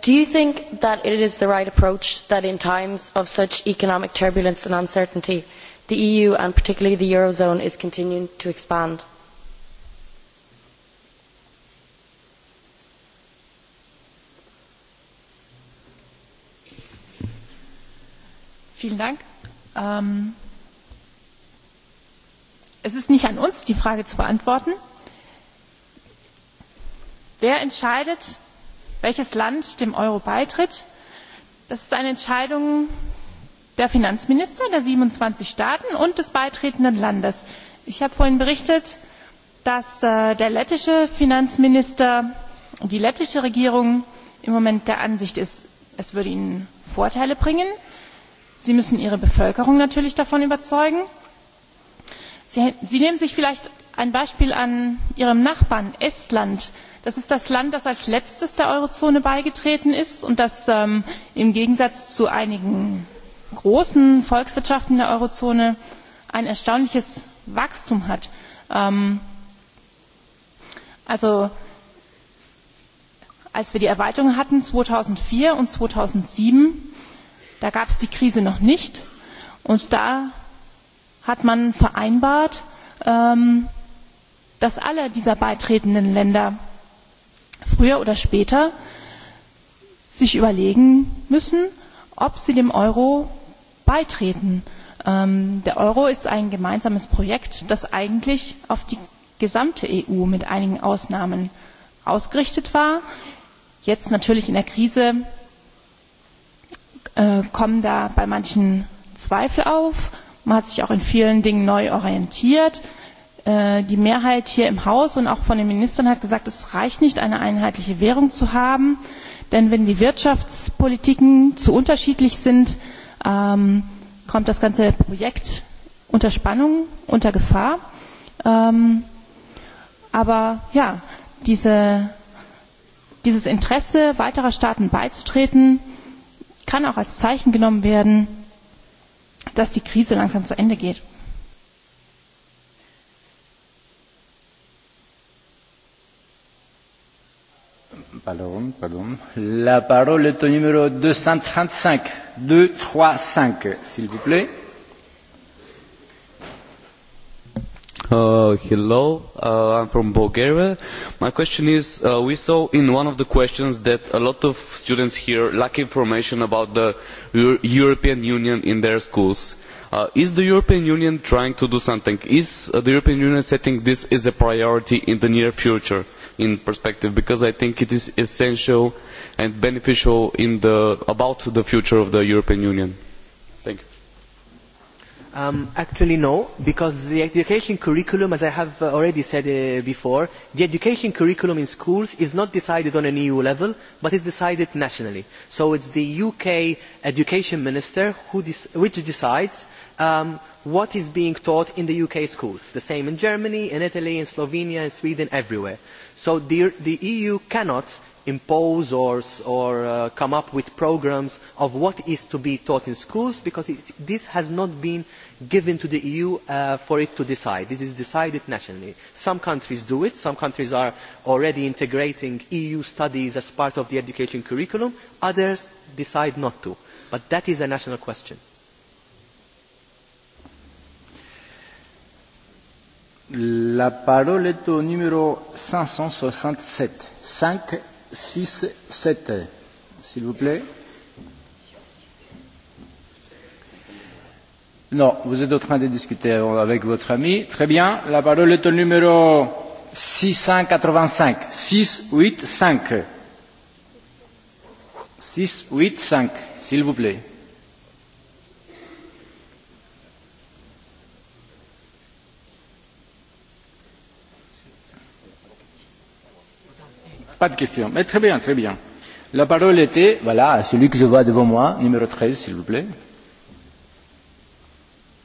do you think that it is the right approach that in times of such economic turbulence and uncertainty, the EU and particularly the Eurozone is continuing to expand? es ist nicht an uns, die Frage zu beantworten. Wer entscheidet, welches Land dem Euro beitritt. Das ist eine Entscheidung der Finanzminister der siebenundzwanzig Staaten und des beitretenden Landes. Ich habe vorhin berichtet, dass der lettische Finanzminister und die lettische Regierung im Moment der Ansicht ist, es würde ihnen Vorteile bringen. Sie müssen ihre Bevölkerung natürlich davon überzeugen. Sie, nehmen sich vielleicht ein Beispiel an Ihrem Nachbarn Estland. Das ist das Land, das als letztes der Eurozone beigetreten ist und das im Gegensatz zu einigen großen Volkswirtschaften der Eurozone ein erstaunliches Wachstum hat. also als wir die Erweiterung hatten 2004 und zweitausendsieben da gab es die Krise noch nicht und da hat man vereinbart, dass alle dieser beitretenden Länder früher oder später sich überlegen müssen, ob sie dem Euro beitreten. der Euro ist ein gemeinsames Projekt, das eigentlich auf die gesamte EU mit einigen Ausnahmen ausgerichtet war. Jetzt natürlich in der Krise kommen da bei manchen Zweifel auf. Man hat sich auch in vielen Dingen neu orientiert die Mehrheit hier im Haus und auch von den Ministern hat gesagt, es reicht nicht, eine einheitliche Währung zu haben, denn wenn die Wirtschaftspolitiken zu unterschiedlich sind, kommt das ganze Projekt unter Spannung, unter Gefahr. aber ja, dieses Interesse weiterer Staaten beizutreten, kann auch als Zeichen genommen werden, dass die Krise langsam zu Ende geht. Pardon, pardon. La parole est au numéro 235. 235, s'il vous plaît. Uh, hello, uh, I'm from Bulgaria. My question is, uh, we saw in one of the questions that a lot of students here lack information about the Euro European Union in their schools. Uh, is the European Union trying to do something? Is uh, the European Union setting this as a priority in the near future? Uh, in perspective because I think it is essential and beneficial in the, about the future of the European Union. Thank you. Um, actually, no, because the education curriculum, as I have already said uh, before, the education curriculum in schools is not decided on an EU level, but is decided nationally. So it's the UK education minister who which decides what is being taught in the UK schools. The same in Germany, in Italy, in Slovenia, in Sweden, everywhere. So the, EU cannot impose or, come up with programmes of what is to be taught in schools because this has not been given to the EU for it to decide. This is decided nationally. Some countries do it. Some countries are already integrating EU studies as part of the education curriculum. Others decide not to. But that is a national question. La parole est au numéro 567. 5, 6, 7. S'il vous plaît. Non, vous êtes en train de discuter avec votre ami. Très bien. La parole est au numéro 685. 6, 8, 5. 6, 8, 5. S'il vous plaît. Pas de questions. Mais très bien, très bien. La parole était, voilà, à celui que je vois devant moi, numéro 13, s'il vous plaît.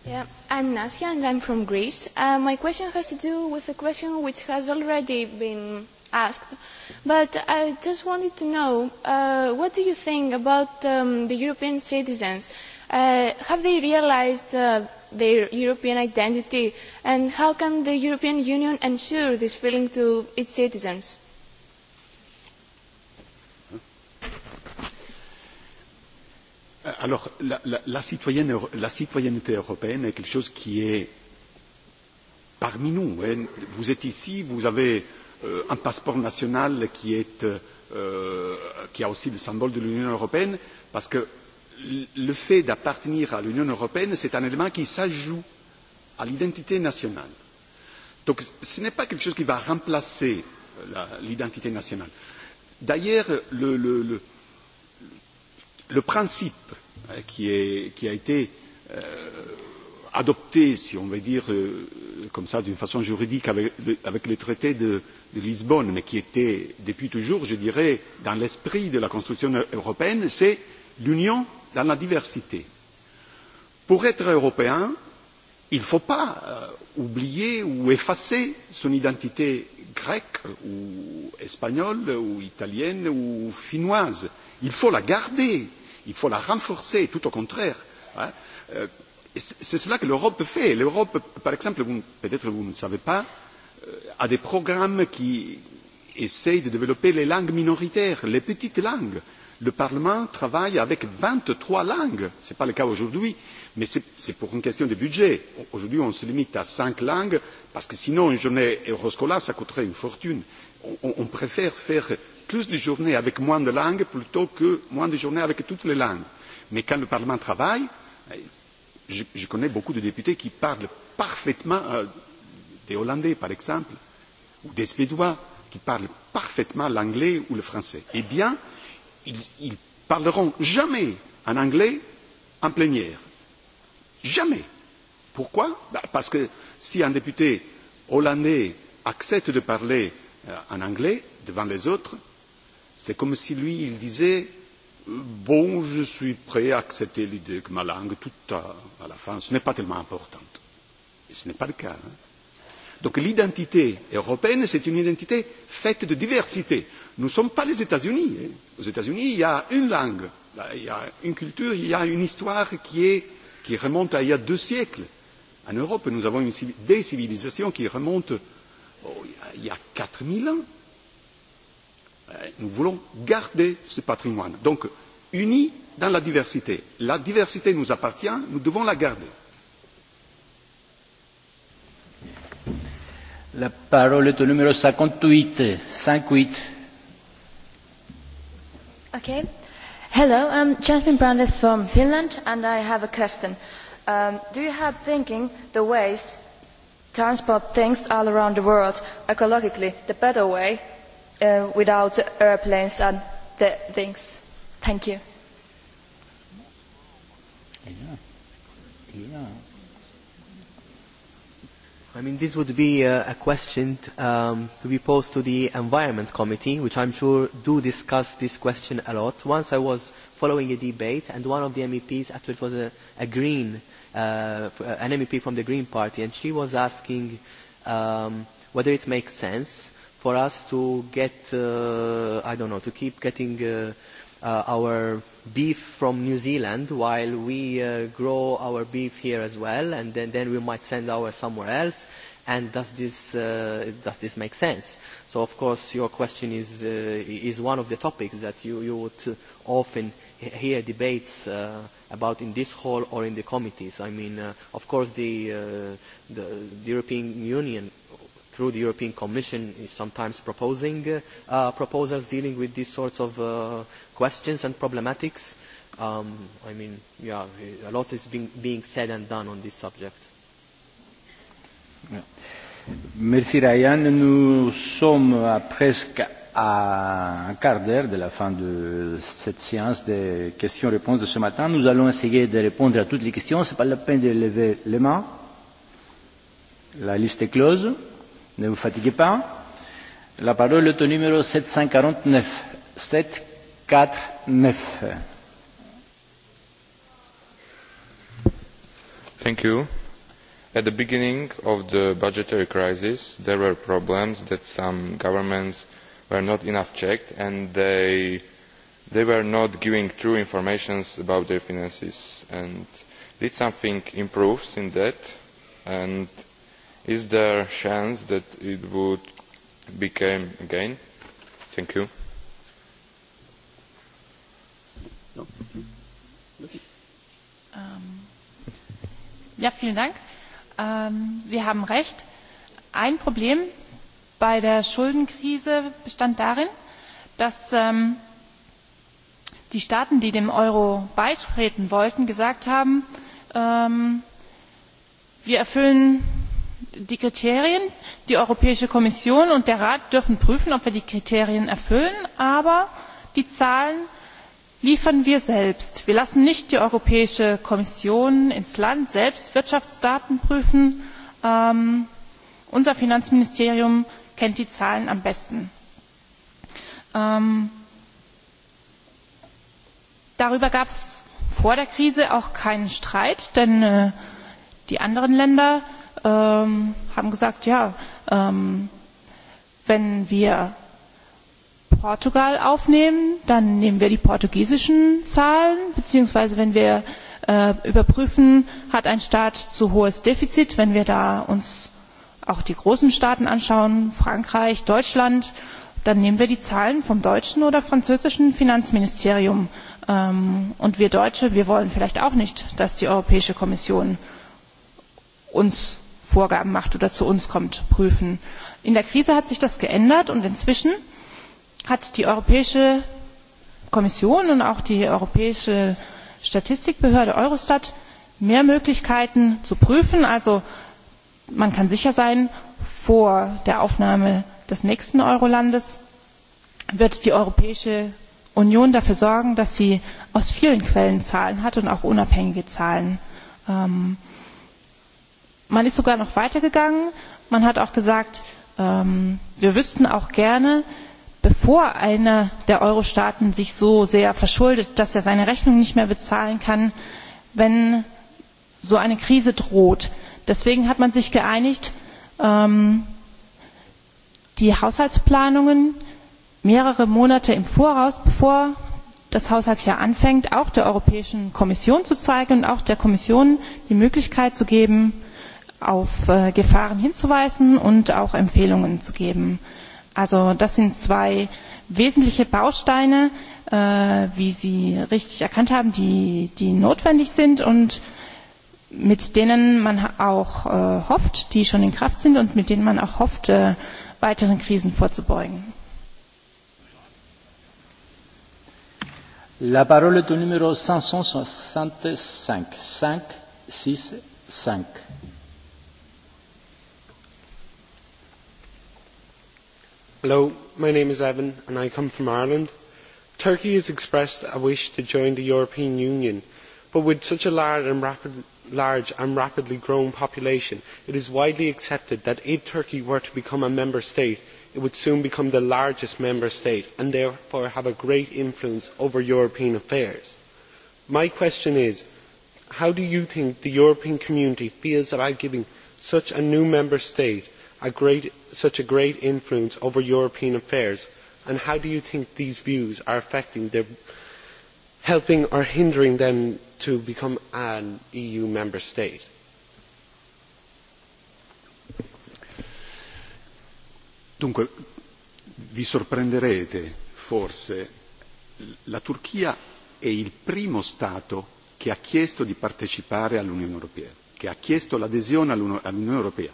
Yeah, I'm Nasia and I'm from Greece. Uh, my question has to do with a question which has already been asked, but I just wanted to know uh, what do you think about um, the European citizens? Uh, have they realized uh, their European identity, and how can the European Union ensure this feeling to its citizens? Alors, la, citoyenneté européenne est quelque chose qui est parmi nous. Vous êtes ici, vous avez un passeport national qui, a aussi le symbole de l'Union européenne, parce que le fait d'appartenir à l'Union européenne, c'est un élément qui s'ajoute à l'identité nationale. Donc ce n'est pas quelque chose qui va remplacer l'identité nationale. D'ailleurs, le, le principe qui, a été adopté, si on veut dire comme ça, d'une façon juridique avec, le traité de, Lisbonne, mais qui était depuis toujours, je dirais, dans l'esprit de la construction européenne, c'est l'union dans la diversité. Pour être européen, il ne faut pas oublier ou effacer son identité grecque ou espagnole ou italienne ou finnoise. Il faut la garder il faut la renforcer, tout au contraire. C'est cela que l'Europe fait. L'Europe, par exemple, peut-être vous ne le savez pas, a des programmes qui essayent de développer les langues minoritaires, les petites langues. Le Parlement travaille avec vingt trois langues. Ce n'est pas le cas aujourd'hui, mais c'est pour une question de budget. Aujourd'hui, on se limite à cinq langues, parce que sinon, une journée Euroscola, ça coûterait une fortune. On préfère faire plus de journées avec moins de langues plutôt que moins de journées avec toutes les langues. Mais quand le Parlement travaille, je, je connais beaucoup de députés qui parlent parfaitement euh, des Hollandais, par exemple, ou des Suédois, qui parlent parfaitement l'anglais ou le français. Eh bien, ils, ne parleront jamais en anglais en plénière. Jamais. Pourquoi Parce que si un député hollandais accepte de parler en anglais devant les autres, C'est comme si lui, il disait Bon, je suis prêt à accepter l'idée que ma langue, tout à, la fin, ce n'est pas tellement importante. Et ce n'est pas le cas. Donc l'identité européenne, c'est une identité faite de diversité. Nous ne sommes pas les États-Unis. Aux États-Unis, il y a une langue, il y a une culture, il y a une histoire qui, remonte à il y a deux siècles. En Europe, nous avons des civilisations qui remontent il y a quatre 4000 ans nous voulons garder ce patrimoine. Donc, unis dans la diversité. La diversité nous appartient, nous devons la garder. La parole est au numéro 58. 58. Okay. Hello, I'm Jasmine Brandes from Finland, and I have a question. Um, do you have thinking the ways transport things all around the world ecologically, the better way without airplanes and the things. Thank you. I mean, this would be uh, a question um, to be posed to the Environment Committee, which I'm sure do discuss this question a lot. Once I was following a debate, and one of the MEPs, actually it was a, a green, uh, an MEP from the Green Party, and she was asking um, whether it makes sense for us to get, uh, I don't know, to keep getting uh, uh, our beef from New Zealand while we uh, grow our beef here as well, and then, then we might send ours somewhere else. And does this, uh, does this make sense? So, of course, your question is, uh, is one of the topics that you, you would often hear debates uh, about in this hall or in the committees. I mean, uh, of course, the, uh, the, the European Union through the European Commission is sometimes proposing uh, proposals dealing with these sorts of uh, questions and problematics. Um, I mean, yeah, a lot is being, being said and done on this subject. Merci Ryan. Nous sommes à presque à un quart d'heure de la fin de cette séance de questions-réponses de ce matin. Nous allons essayer de répondre à toutes les questions. Ce n'est pas la peine de lever les mains. La liste est close. Ne vous fatiguez pas. La parole est au numéro 749. 749. Thank you. At the beginning of the budgetary crisis, there were problems that some governments were not enough checked and they, they were not giving true information about their finances. And did something improve in that? And Is there a chance that it would become again? Thank you. Ja, vielen Dank. Sie haben recht. Ein Problem bei der Schuldenkrise bestand darin, dass die Staaten, die dem Euro beitreten wollten, gesagt haben, wir erfüllen die Kriterien, die Europäische Kommission und der Rat dürfen prüfen, ob wir die Kriterien erfüllen, aber die Zahlen liefern wir selbst. Wir lassen nicht die Europäische Kommission ins Land selbst Wirtschaftsdaten prüfen. unser Finanzministerium kennt die Zahlen am besten. darüber gab es vor der Krise auch keinen Streit, denn die anderen Länder ähm, haben gesagt, ja, ähm, wenn wir Portugal aufnehmen, dann nehmen wir die portugiesischen Zahlen, beziehungsweise wenn wir äh, überprüfen, hat ein Staat zu hohes Defizit, wenn wir da uns auch die großen Staaten anschauen, Frankreich, Deutschland, dann nehmen wir die Zahlen vom deutschen oder französischen Finanzministerium. Ähm, und wir Deutsche, wir wollen vielleicht auch nicht, dass die Europäische Kommission uns Vorgaben macht oder zu uns kommt, prüfen. In der Krise hat sich das geändert und inzwischen hat die Europäische Kommission und auch die Europäische Statistikbehörde Eurostat mehr Möglichkeiten zu prüfen. Also man kann sicher sein, vor der Aufnahme des nächsten Eurolandes wird die Europäische Union dafür sorgen, dass sie aus vielen Quellen Zahlen hat und auch unabhängige Zahlen. Ähm, man ist sogar noch weitergegangen. Man hat auch gesagt, ähm, wir wüssten auch gerne, bevor einer der Euro-Staaten sich so sehr verschuldet, dass er seine Rechnung nicht mehr bezahlen kann, wenn so eine Krise droht. Deswegen hat man sich geeinigt, ähm, die Haushaltsplanungen mehrere Monate im Voraus, bevor das Haushaltsjahr anfängt, auch der Europäischen Kommission zu zeigen und auch der Kommission die Möglichkeit zu geben, auf äh, Gefahren hinzuweisen und auch Empfehlungen zu geben. Also das sind zwei wesentliche Bausteine, äh, wie Sie richtig erkannt haben, die, die notwendig sind und mit denen man auch äh, hofft, die schon in Kraft sind und mit denen man auch hofft, äh, weiteren Krisen vorzubeugen. La parole est au numéro 565. 5, 6, 5. Hello, my name is Evan and I come from Ireland. Turkey has expressed a wish to join the European Union, but with such a large and large and rapidly growing population, it is widely accepted that if Turkey were to become a member state, it would soon become the largest member state and therefore have a great influence over European affairs. My question is, how do you think the European community feels about giving such a new member state such a great influence over European affairs, and how do you think these views are affecting their helping or hindering them to become an EU member state? Dunque, vi sorprenderete forse, la Turchia è il primo Stato che ha chiesto di partecipare all'Unione Europea, che ha chiesto l'adesione all'Unione Europea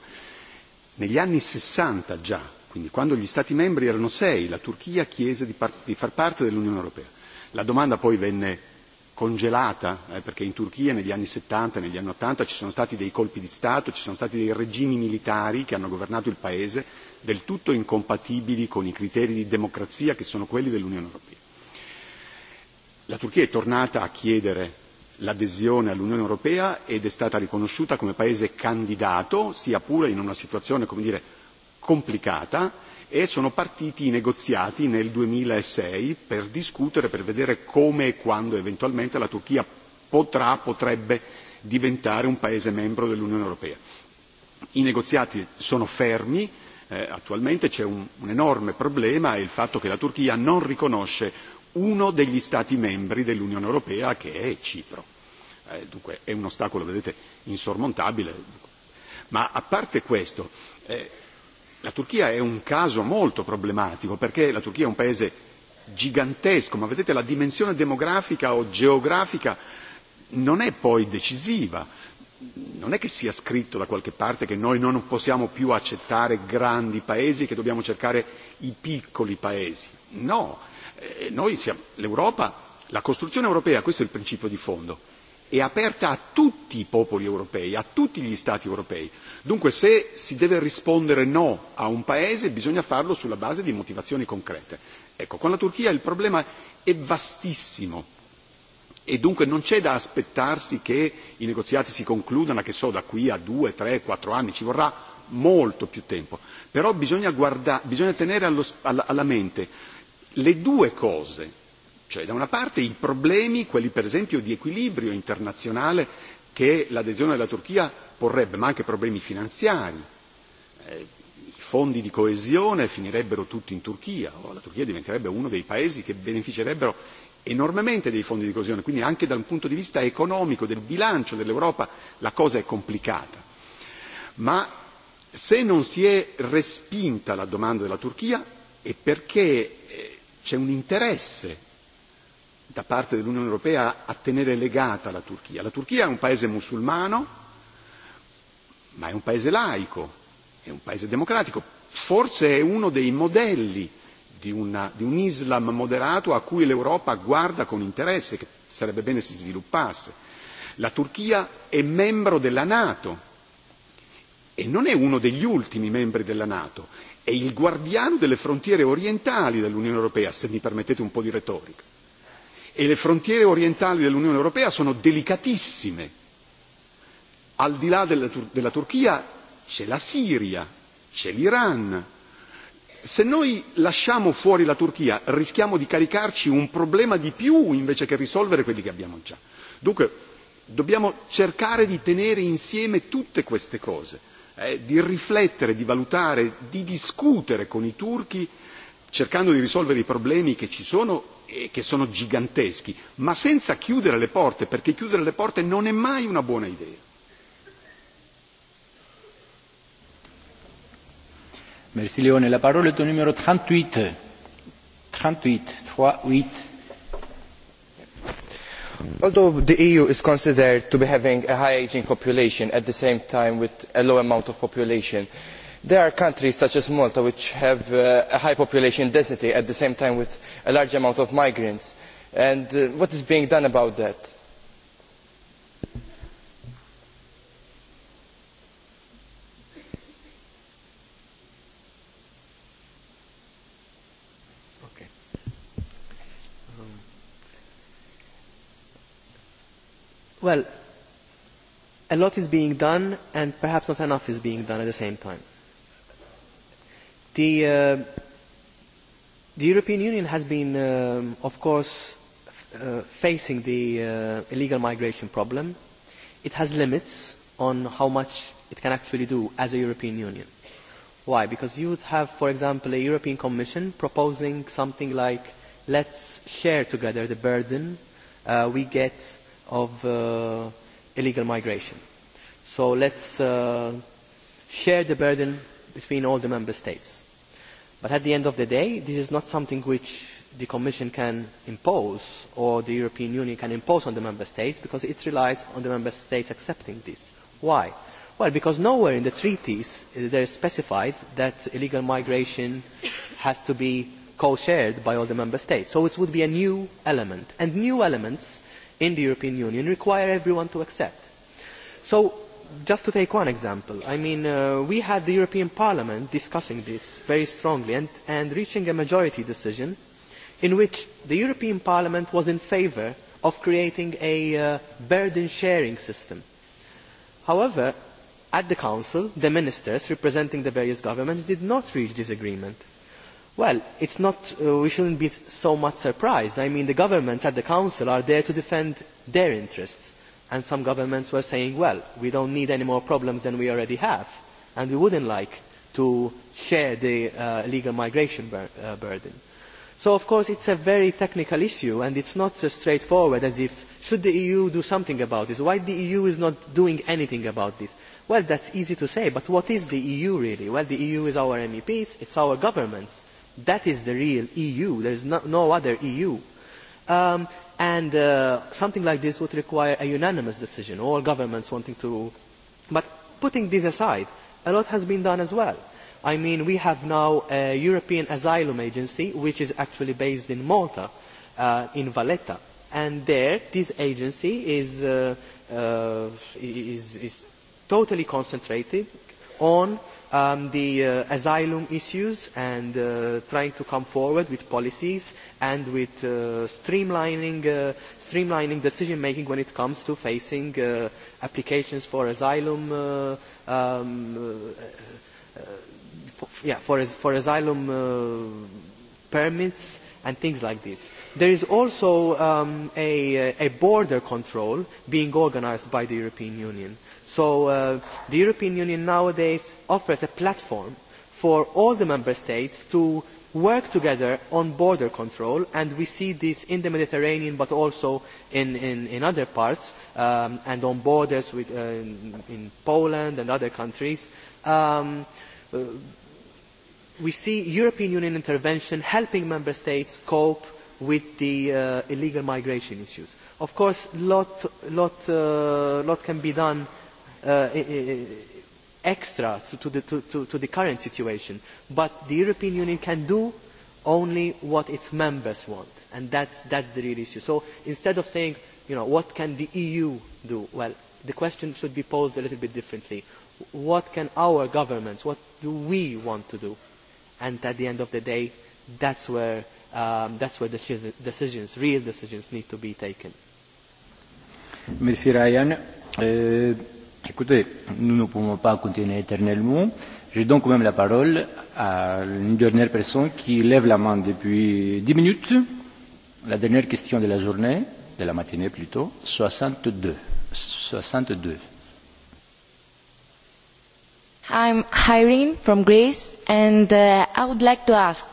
negli anni sessanta già, quindi quando gli Stati membri erano sei, la Turchia chiese di, di far parte dell'Unione Europea. La domanda poi venne congelata, eh, perché in Turchia negli anni 70, negli anni 80 ci sono stati dei colpi di Stato, ci sono stati dei regimi militari che hanno governato il Paese del tutto incompatibili con i criteri di democrazia che sono quelli dell'Unione Europea. La Turchia è tornata a chiedere l'adesione all'Unione Europea ed è stata riconosciuta come paese candidato, sia pure in una situazione, come dire, complicata, e sono partiti i negoziati nel duemilasei per discutere, per vedere come e quando eventualmente la Turchia potrà, potrebbe diventare un paese membro dell'Unione Europea. I negoziati sono fermi, attualmente c'è un, enorme problema, è il fatto che la Turchia non riconosce uno degli Stati membri dell'Unione Europea, che è Cipro eh, dunque è un ostacolo, vedete, insormontabile. Ma a parte questo, eh, la Turchia è un caso molto problematico perché la Turchia è un paese gigantesco, ma vedete la dimensione demografica o geografica non è poi decisiva. Non è che sia scritto da qualche parte che noi non possiamo più accettare grandi paesi, e che dobbiamo cercare i piccoli paesi. No, noi siamo, l'Europa, la costruzione europea, questo è il principio di fondo, è aperta a tutti i popoli europei, a tutti gli Stati europei. Dunque se si deve rispondere no a un paese bisogna farlo sulla base di motivazioni concrete. Ecco, con la Turchia il problema è vastissimo e dunque non c'è da aspettarsi che i negoziati si concludano, che so, da qui a due, tre, quattro anni, ci vorrà molto più tempo. Però bisogna, guarda- bisogna tenere allo, alla mente le due cose Cioè, da una parte i problemi, quelli per esempio di equilibrio internazionale che l'adesione della Turchia porrebbe, ma anche problemi finanziari. I fondi di coesione finirebbero tutti in Turchia, o la Turchia diventerebbe uno dei paesi che beneficerebbero enormemente dei fondi di coesione, quindi anche dal punto di vista economico, del bilancio dell'Europa, la cosa è complicata. Ma se non si è respinta la domanda della Turchia è perché c'è un interesse da parte dell'Unione Europea a tenere legata la Turchia. La Turchia è un paese musulmano, ma è un paese laico, è un paese democratico, forse è uno dei modelli di, un Islam moderato a cui l'Europa guarda con interesse, che sarebbe bene si sviluppasse. La Turchia è membro della Nato e non è uno degli ultimi membri della Nato, è il guardiano delle frontiere orientali dell'Unione Europea, se mi permettete un po' di retorica e le frontiere orientali dell'Unione Europea sono delicatissime. Al di là della Turchia c'è la Siria, c'è l'Iran. Se noi lasciamo fuori la Turchia rischiamo di caricarci un problema di più invece che risolvere quelli che abbiamo già. Dunque dobbiamo cercare di tenere insieme tutte queste cose, di riflettere, di valutare, di discutere con i turchi cercando di risolvere i problemi che ci sono che sono giganteschi, ma senza chiudere le porte, perché chiudere le porte non è mai una buona idea. Merci Leone. La parola è numero 38. 38, Although the EU is considered to be having a high aging population at the same time with a low amount of population, there are countries such as malta which have a high population density at the same time with a large amount of migrants and what is being done about that? Well, a lot is being done and perhaps not enough is being done at the same time The, uh, the European Union has been, um, of course, uh, facing the uh, illegal migration problem. It has limits on how much it can actually do as a European Union. Why? Because you would have, for example, a European Commission proposing something like, let's share together the burden uh, we get of uh, illegal migration. So let's uh, share the burden between all the member states. But at the end of the day, this is not something which the Commission can impose or the European Union can impose on the member states because it relies on the member states accepting this. Why? Well, because nowhere in the treaties there specified that illegal migration has to be co-shared by all the member states. So it would be a new element. And new elements in the European Union require everyone to accept. So just to take one example, I mean, uh, we had the European Parliament discussing this very strongly and, and reaching a majority decision in which the European Parliament was in favour of creating a uh, burden sharing system. However, at the Council, the ministers representing the various governments did not reach this agreement. Well, it's not, uh, we shouldn't be so much surprised. I mean, the governments at the Council are there to defend their interests and some governments were saying, well, we don't need any more problems than we already have, and we wouldn't like to share the uh, legal migration bur uh, burden. So, of course, it is a very technical issue, and it is not as straightforward as if, should the EU do something about this? Why the EU is not doing anything about this? Well, that's easy to say, but what is the EU really? Well, the EU is our MEPs, it's our governments. That is the real EU. There is no, no other EU. Um, and uh, something like this would require a unanimous decision, all governments wanting to... But putting this aside, a lot has been done as well. I mean, we have now a European Asylum Agency, which is actually based in Malta, uh, in Valletta. And there, this agency is, uh, uh, is, is totally concentrated on the asylum issues and trying to come forward with policies and with streamlining decision making when it comes to facing applications for asylum for asylum permits and things like this. There is also um, a, a border control being organised by the European Union. So uh, the European Union nowadays offers a platform for all the member states to work together on border control and we see this in the Mediterranean but also in, in, in other parts um, and on borders with, uh, in Poland and other countries. Um, we see European Union intervention helping member states cope with the illegal migration issues. Of course, a lot, can be done extra to, the, current situation, but the European Union can do only what its members want, and that is the real issue. So instead of saying, what can the EU do? Well, the question should be posed a little bit differently. What can our governments, what do we want to do? and at the end of the day, that's where, um, that's where the decisions, real decisions, need to be taken. Merci Ryan. Euh, écoutez, nous ne pouvons pas continuer éternellement. J'ai donc même la parole à une dernière personne qui lève la main depuis 10 minutes. La dernière question de la journée, de la matinée plutôt, 62. 62. I'm Irene from Greece, and uh, I would like to ask.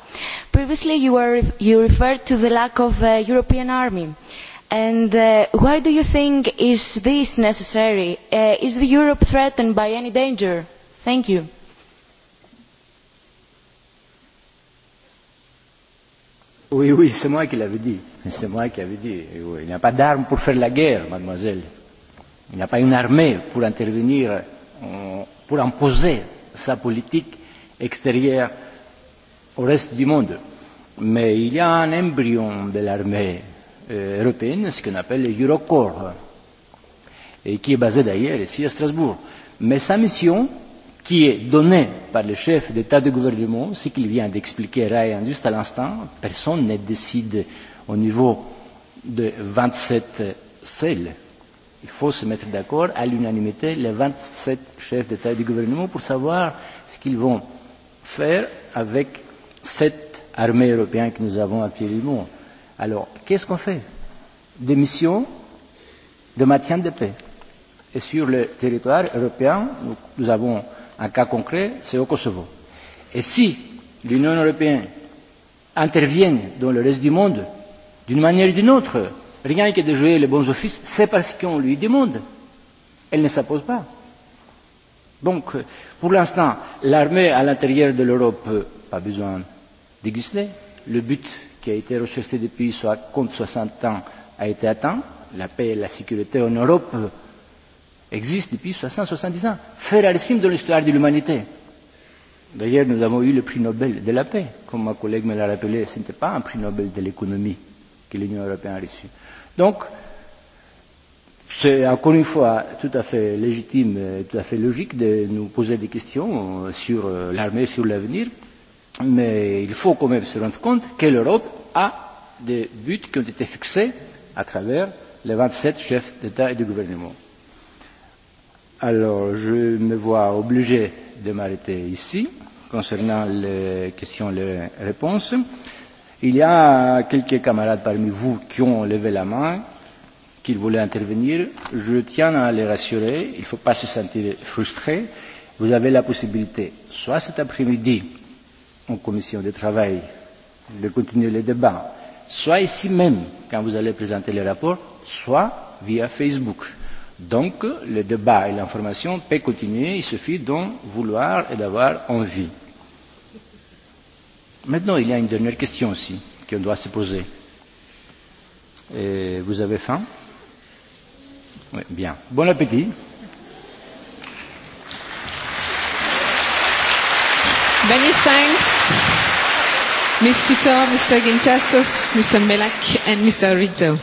Previously, you, were, you referred to the lack of a European army. And uh, why do you think is this necessary? Uh, is the Europe threatened by any danger? Thank you. Oui, oui, c'est moi qui l'avais dit. C'est moi qui l'avais dit. Il n'y a pas d'armes pour faire la guerre, mademoiselle. Il n'y a pas une armée pour intervenir pour imposer sa politique extérieure au reste du monde. Mais il y a un embryon de l'armée européenne, ce qu'on appelle le Eurocorps, et qui est basé d'ailleurs ici à Strasbourg. Mais sa mission, qui est donnée par le chef d'État de gouvernement, ce qu'il vient d'expliquer Ryan juste à l'instant, personne ne décide au niveau de 27 celles Il faut se mettre d'accord à l'unanimité, les 27 chefs d'État et de gouvernement, pour savoir ce qu'ils vont faire avec cette armée européenne que nous avons actuellement. Alors, qu'est-ce qu'on fait Des missions de maintien de paix. Et sur le territoire européen, nous, nous avons un cas concret, c'est au Kosovo. Et si l'Union européenne intervient dans le reste du monde, d'une manière ou d'une autre, rien que de jouer les bons offices, c'est parce qu'on lui demande. Elle ne s'impose pas. Donc, pour l'instant, l'armée à l'intérieur de l'Europe, n'a pas besoin d'exister. Le but qui a été recherché depuis compte 60 ans a été atteint. La paix et la sécurité en Europe existent depuis 60, 70 ans. la rarissime de l'histoire de l'humanité. D'ailleurs, nous avons eu le prix Nobel de la paix. Comme ma collègue me l'a rappelé, ce n'était pas un prix Nobel de l'économie que l'Union européenne a reçu. Donc, c'est encore une fois tout à fait légitime et tout à fait logique de nous poser des questions sur l'armée, sur l'avenir, mais il faut quand même se rendre compte que l'Europe a des buts qui ont été fixés à travers les vingt sept chefs d'État et de gouvernement. Alors, je me vois obligé de m'arrêter ici concernant les questions et les réponses. Il y a quelques camarades parmi vous qui ont levé la main, qui voulaient intervenir. Je tiens à les rassurer, il ne faut pas se sentir frustré. Vous avez la possibilité, soit cet après-midi, en commission de travail, de continuer le débat, soit ici même, quand vous allez présenter le rapport, soit via Facebook. Donc, le débat et l'information peuvent continuer, il suffit d'en vouloir et d'avoir envie. Maintenant, il y a une dernière question aussi qu'on doit se poser. Et vous avez faim Oui, bien. Bon appétit. Many thanks, Mr. Tito, Mr. Ginchasos, Mr. Melak and Mr. Rito.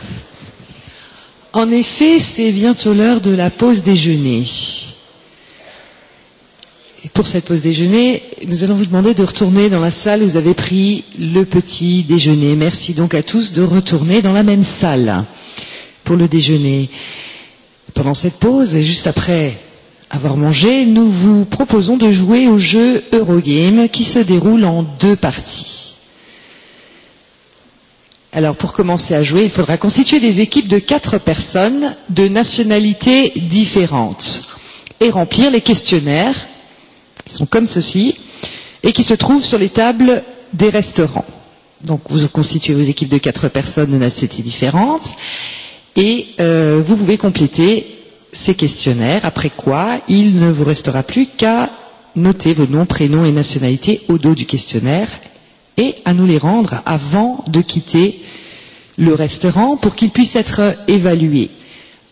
En effet, c'est bientôt l'heure de la pause déjeuner. Et pour cette pause déjeuner, nous allons vous demander de retourner dans la salle où vous avez pris le petit déjeuner. Merci donc à tous de retourner dans la même salle pour le déjeuner. Pendant cette pause et juste après avoir mangé, nous vous proposons de jouer au jeu Eurogame qui se déroule en deux parties. Alors pour commencer à jouer, il faudra constituer des équipes de quatre personnes de nationalités différentes et remplir les questionnaires qui sont comme ceci et qui se trouvent sur les tables des restaurants. Donc vous constituez vos équipes de quatre personnes de nationalités différentes et euh, vous pouvez compléter ces questionnaires, après quoi il ne vous restera plus qu'à noter vos noms, prénoms et nationalités au dos du questionnaire et à nous les rendre avant de quitter le restaurant pour qu'ils puissent être évalués.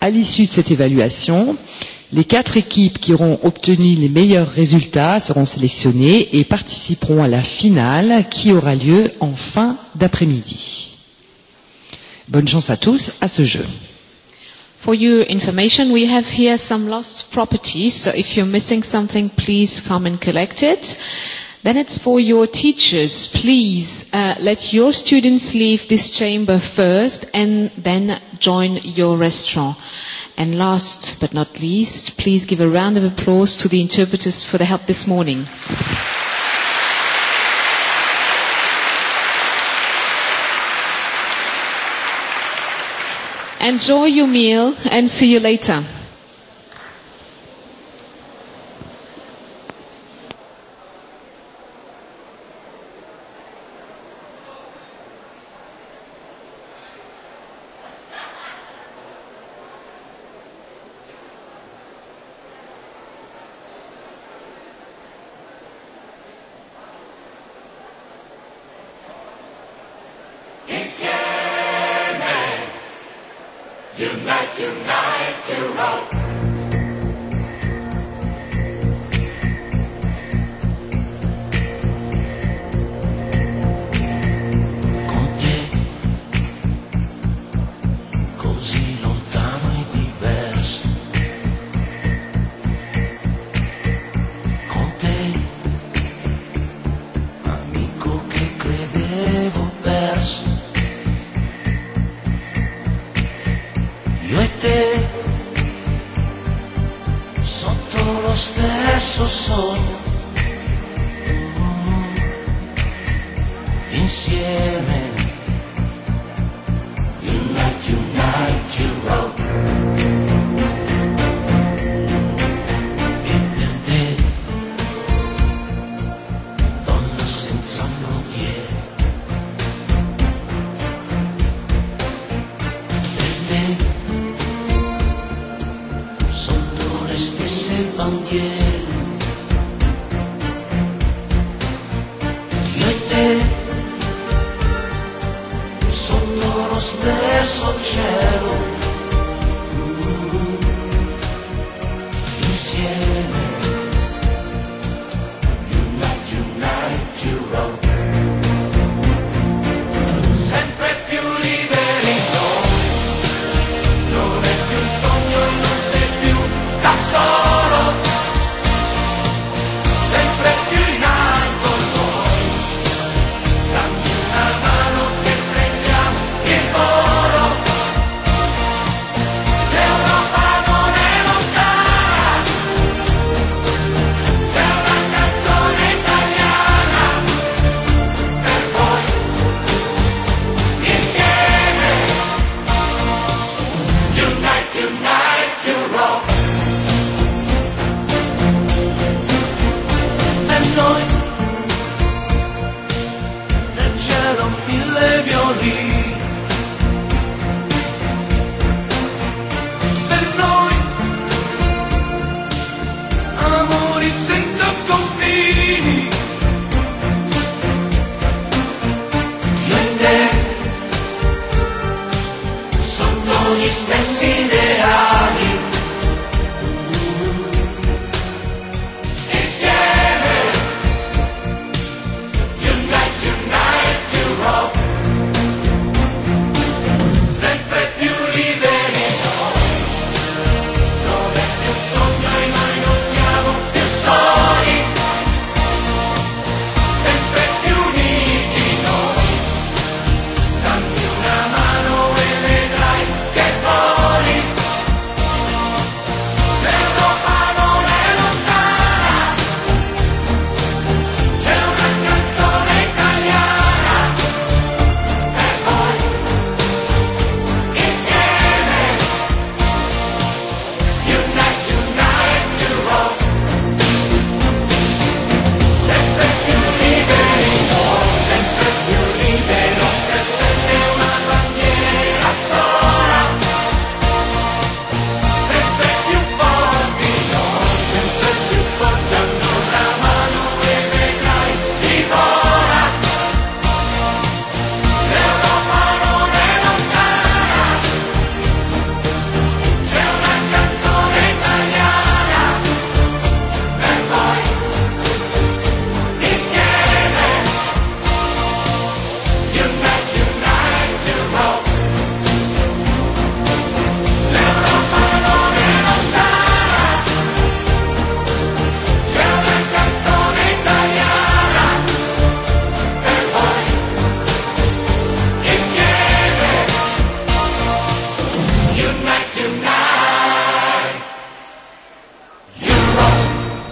À l'issue de cette évaluation, euh, Les quatre équipes qui auront obtenu les meilleurs résultats seront sélectionnées et participeront à la finale qui aura lieu en fin d'après-midi. Bonne chance à tous à ce jeu. For your information, we have here some lost properties. So if you're missing something, please come and collect it. Then it's for your teachers. Please uh, let your students leave this chamber first and then join your restaurant. And last but not least, please give a round of applause to the interpreters for the help this morning. Enjoy your meal and see you later.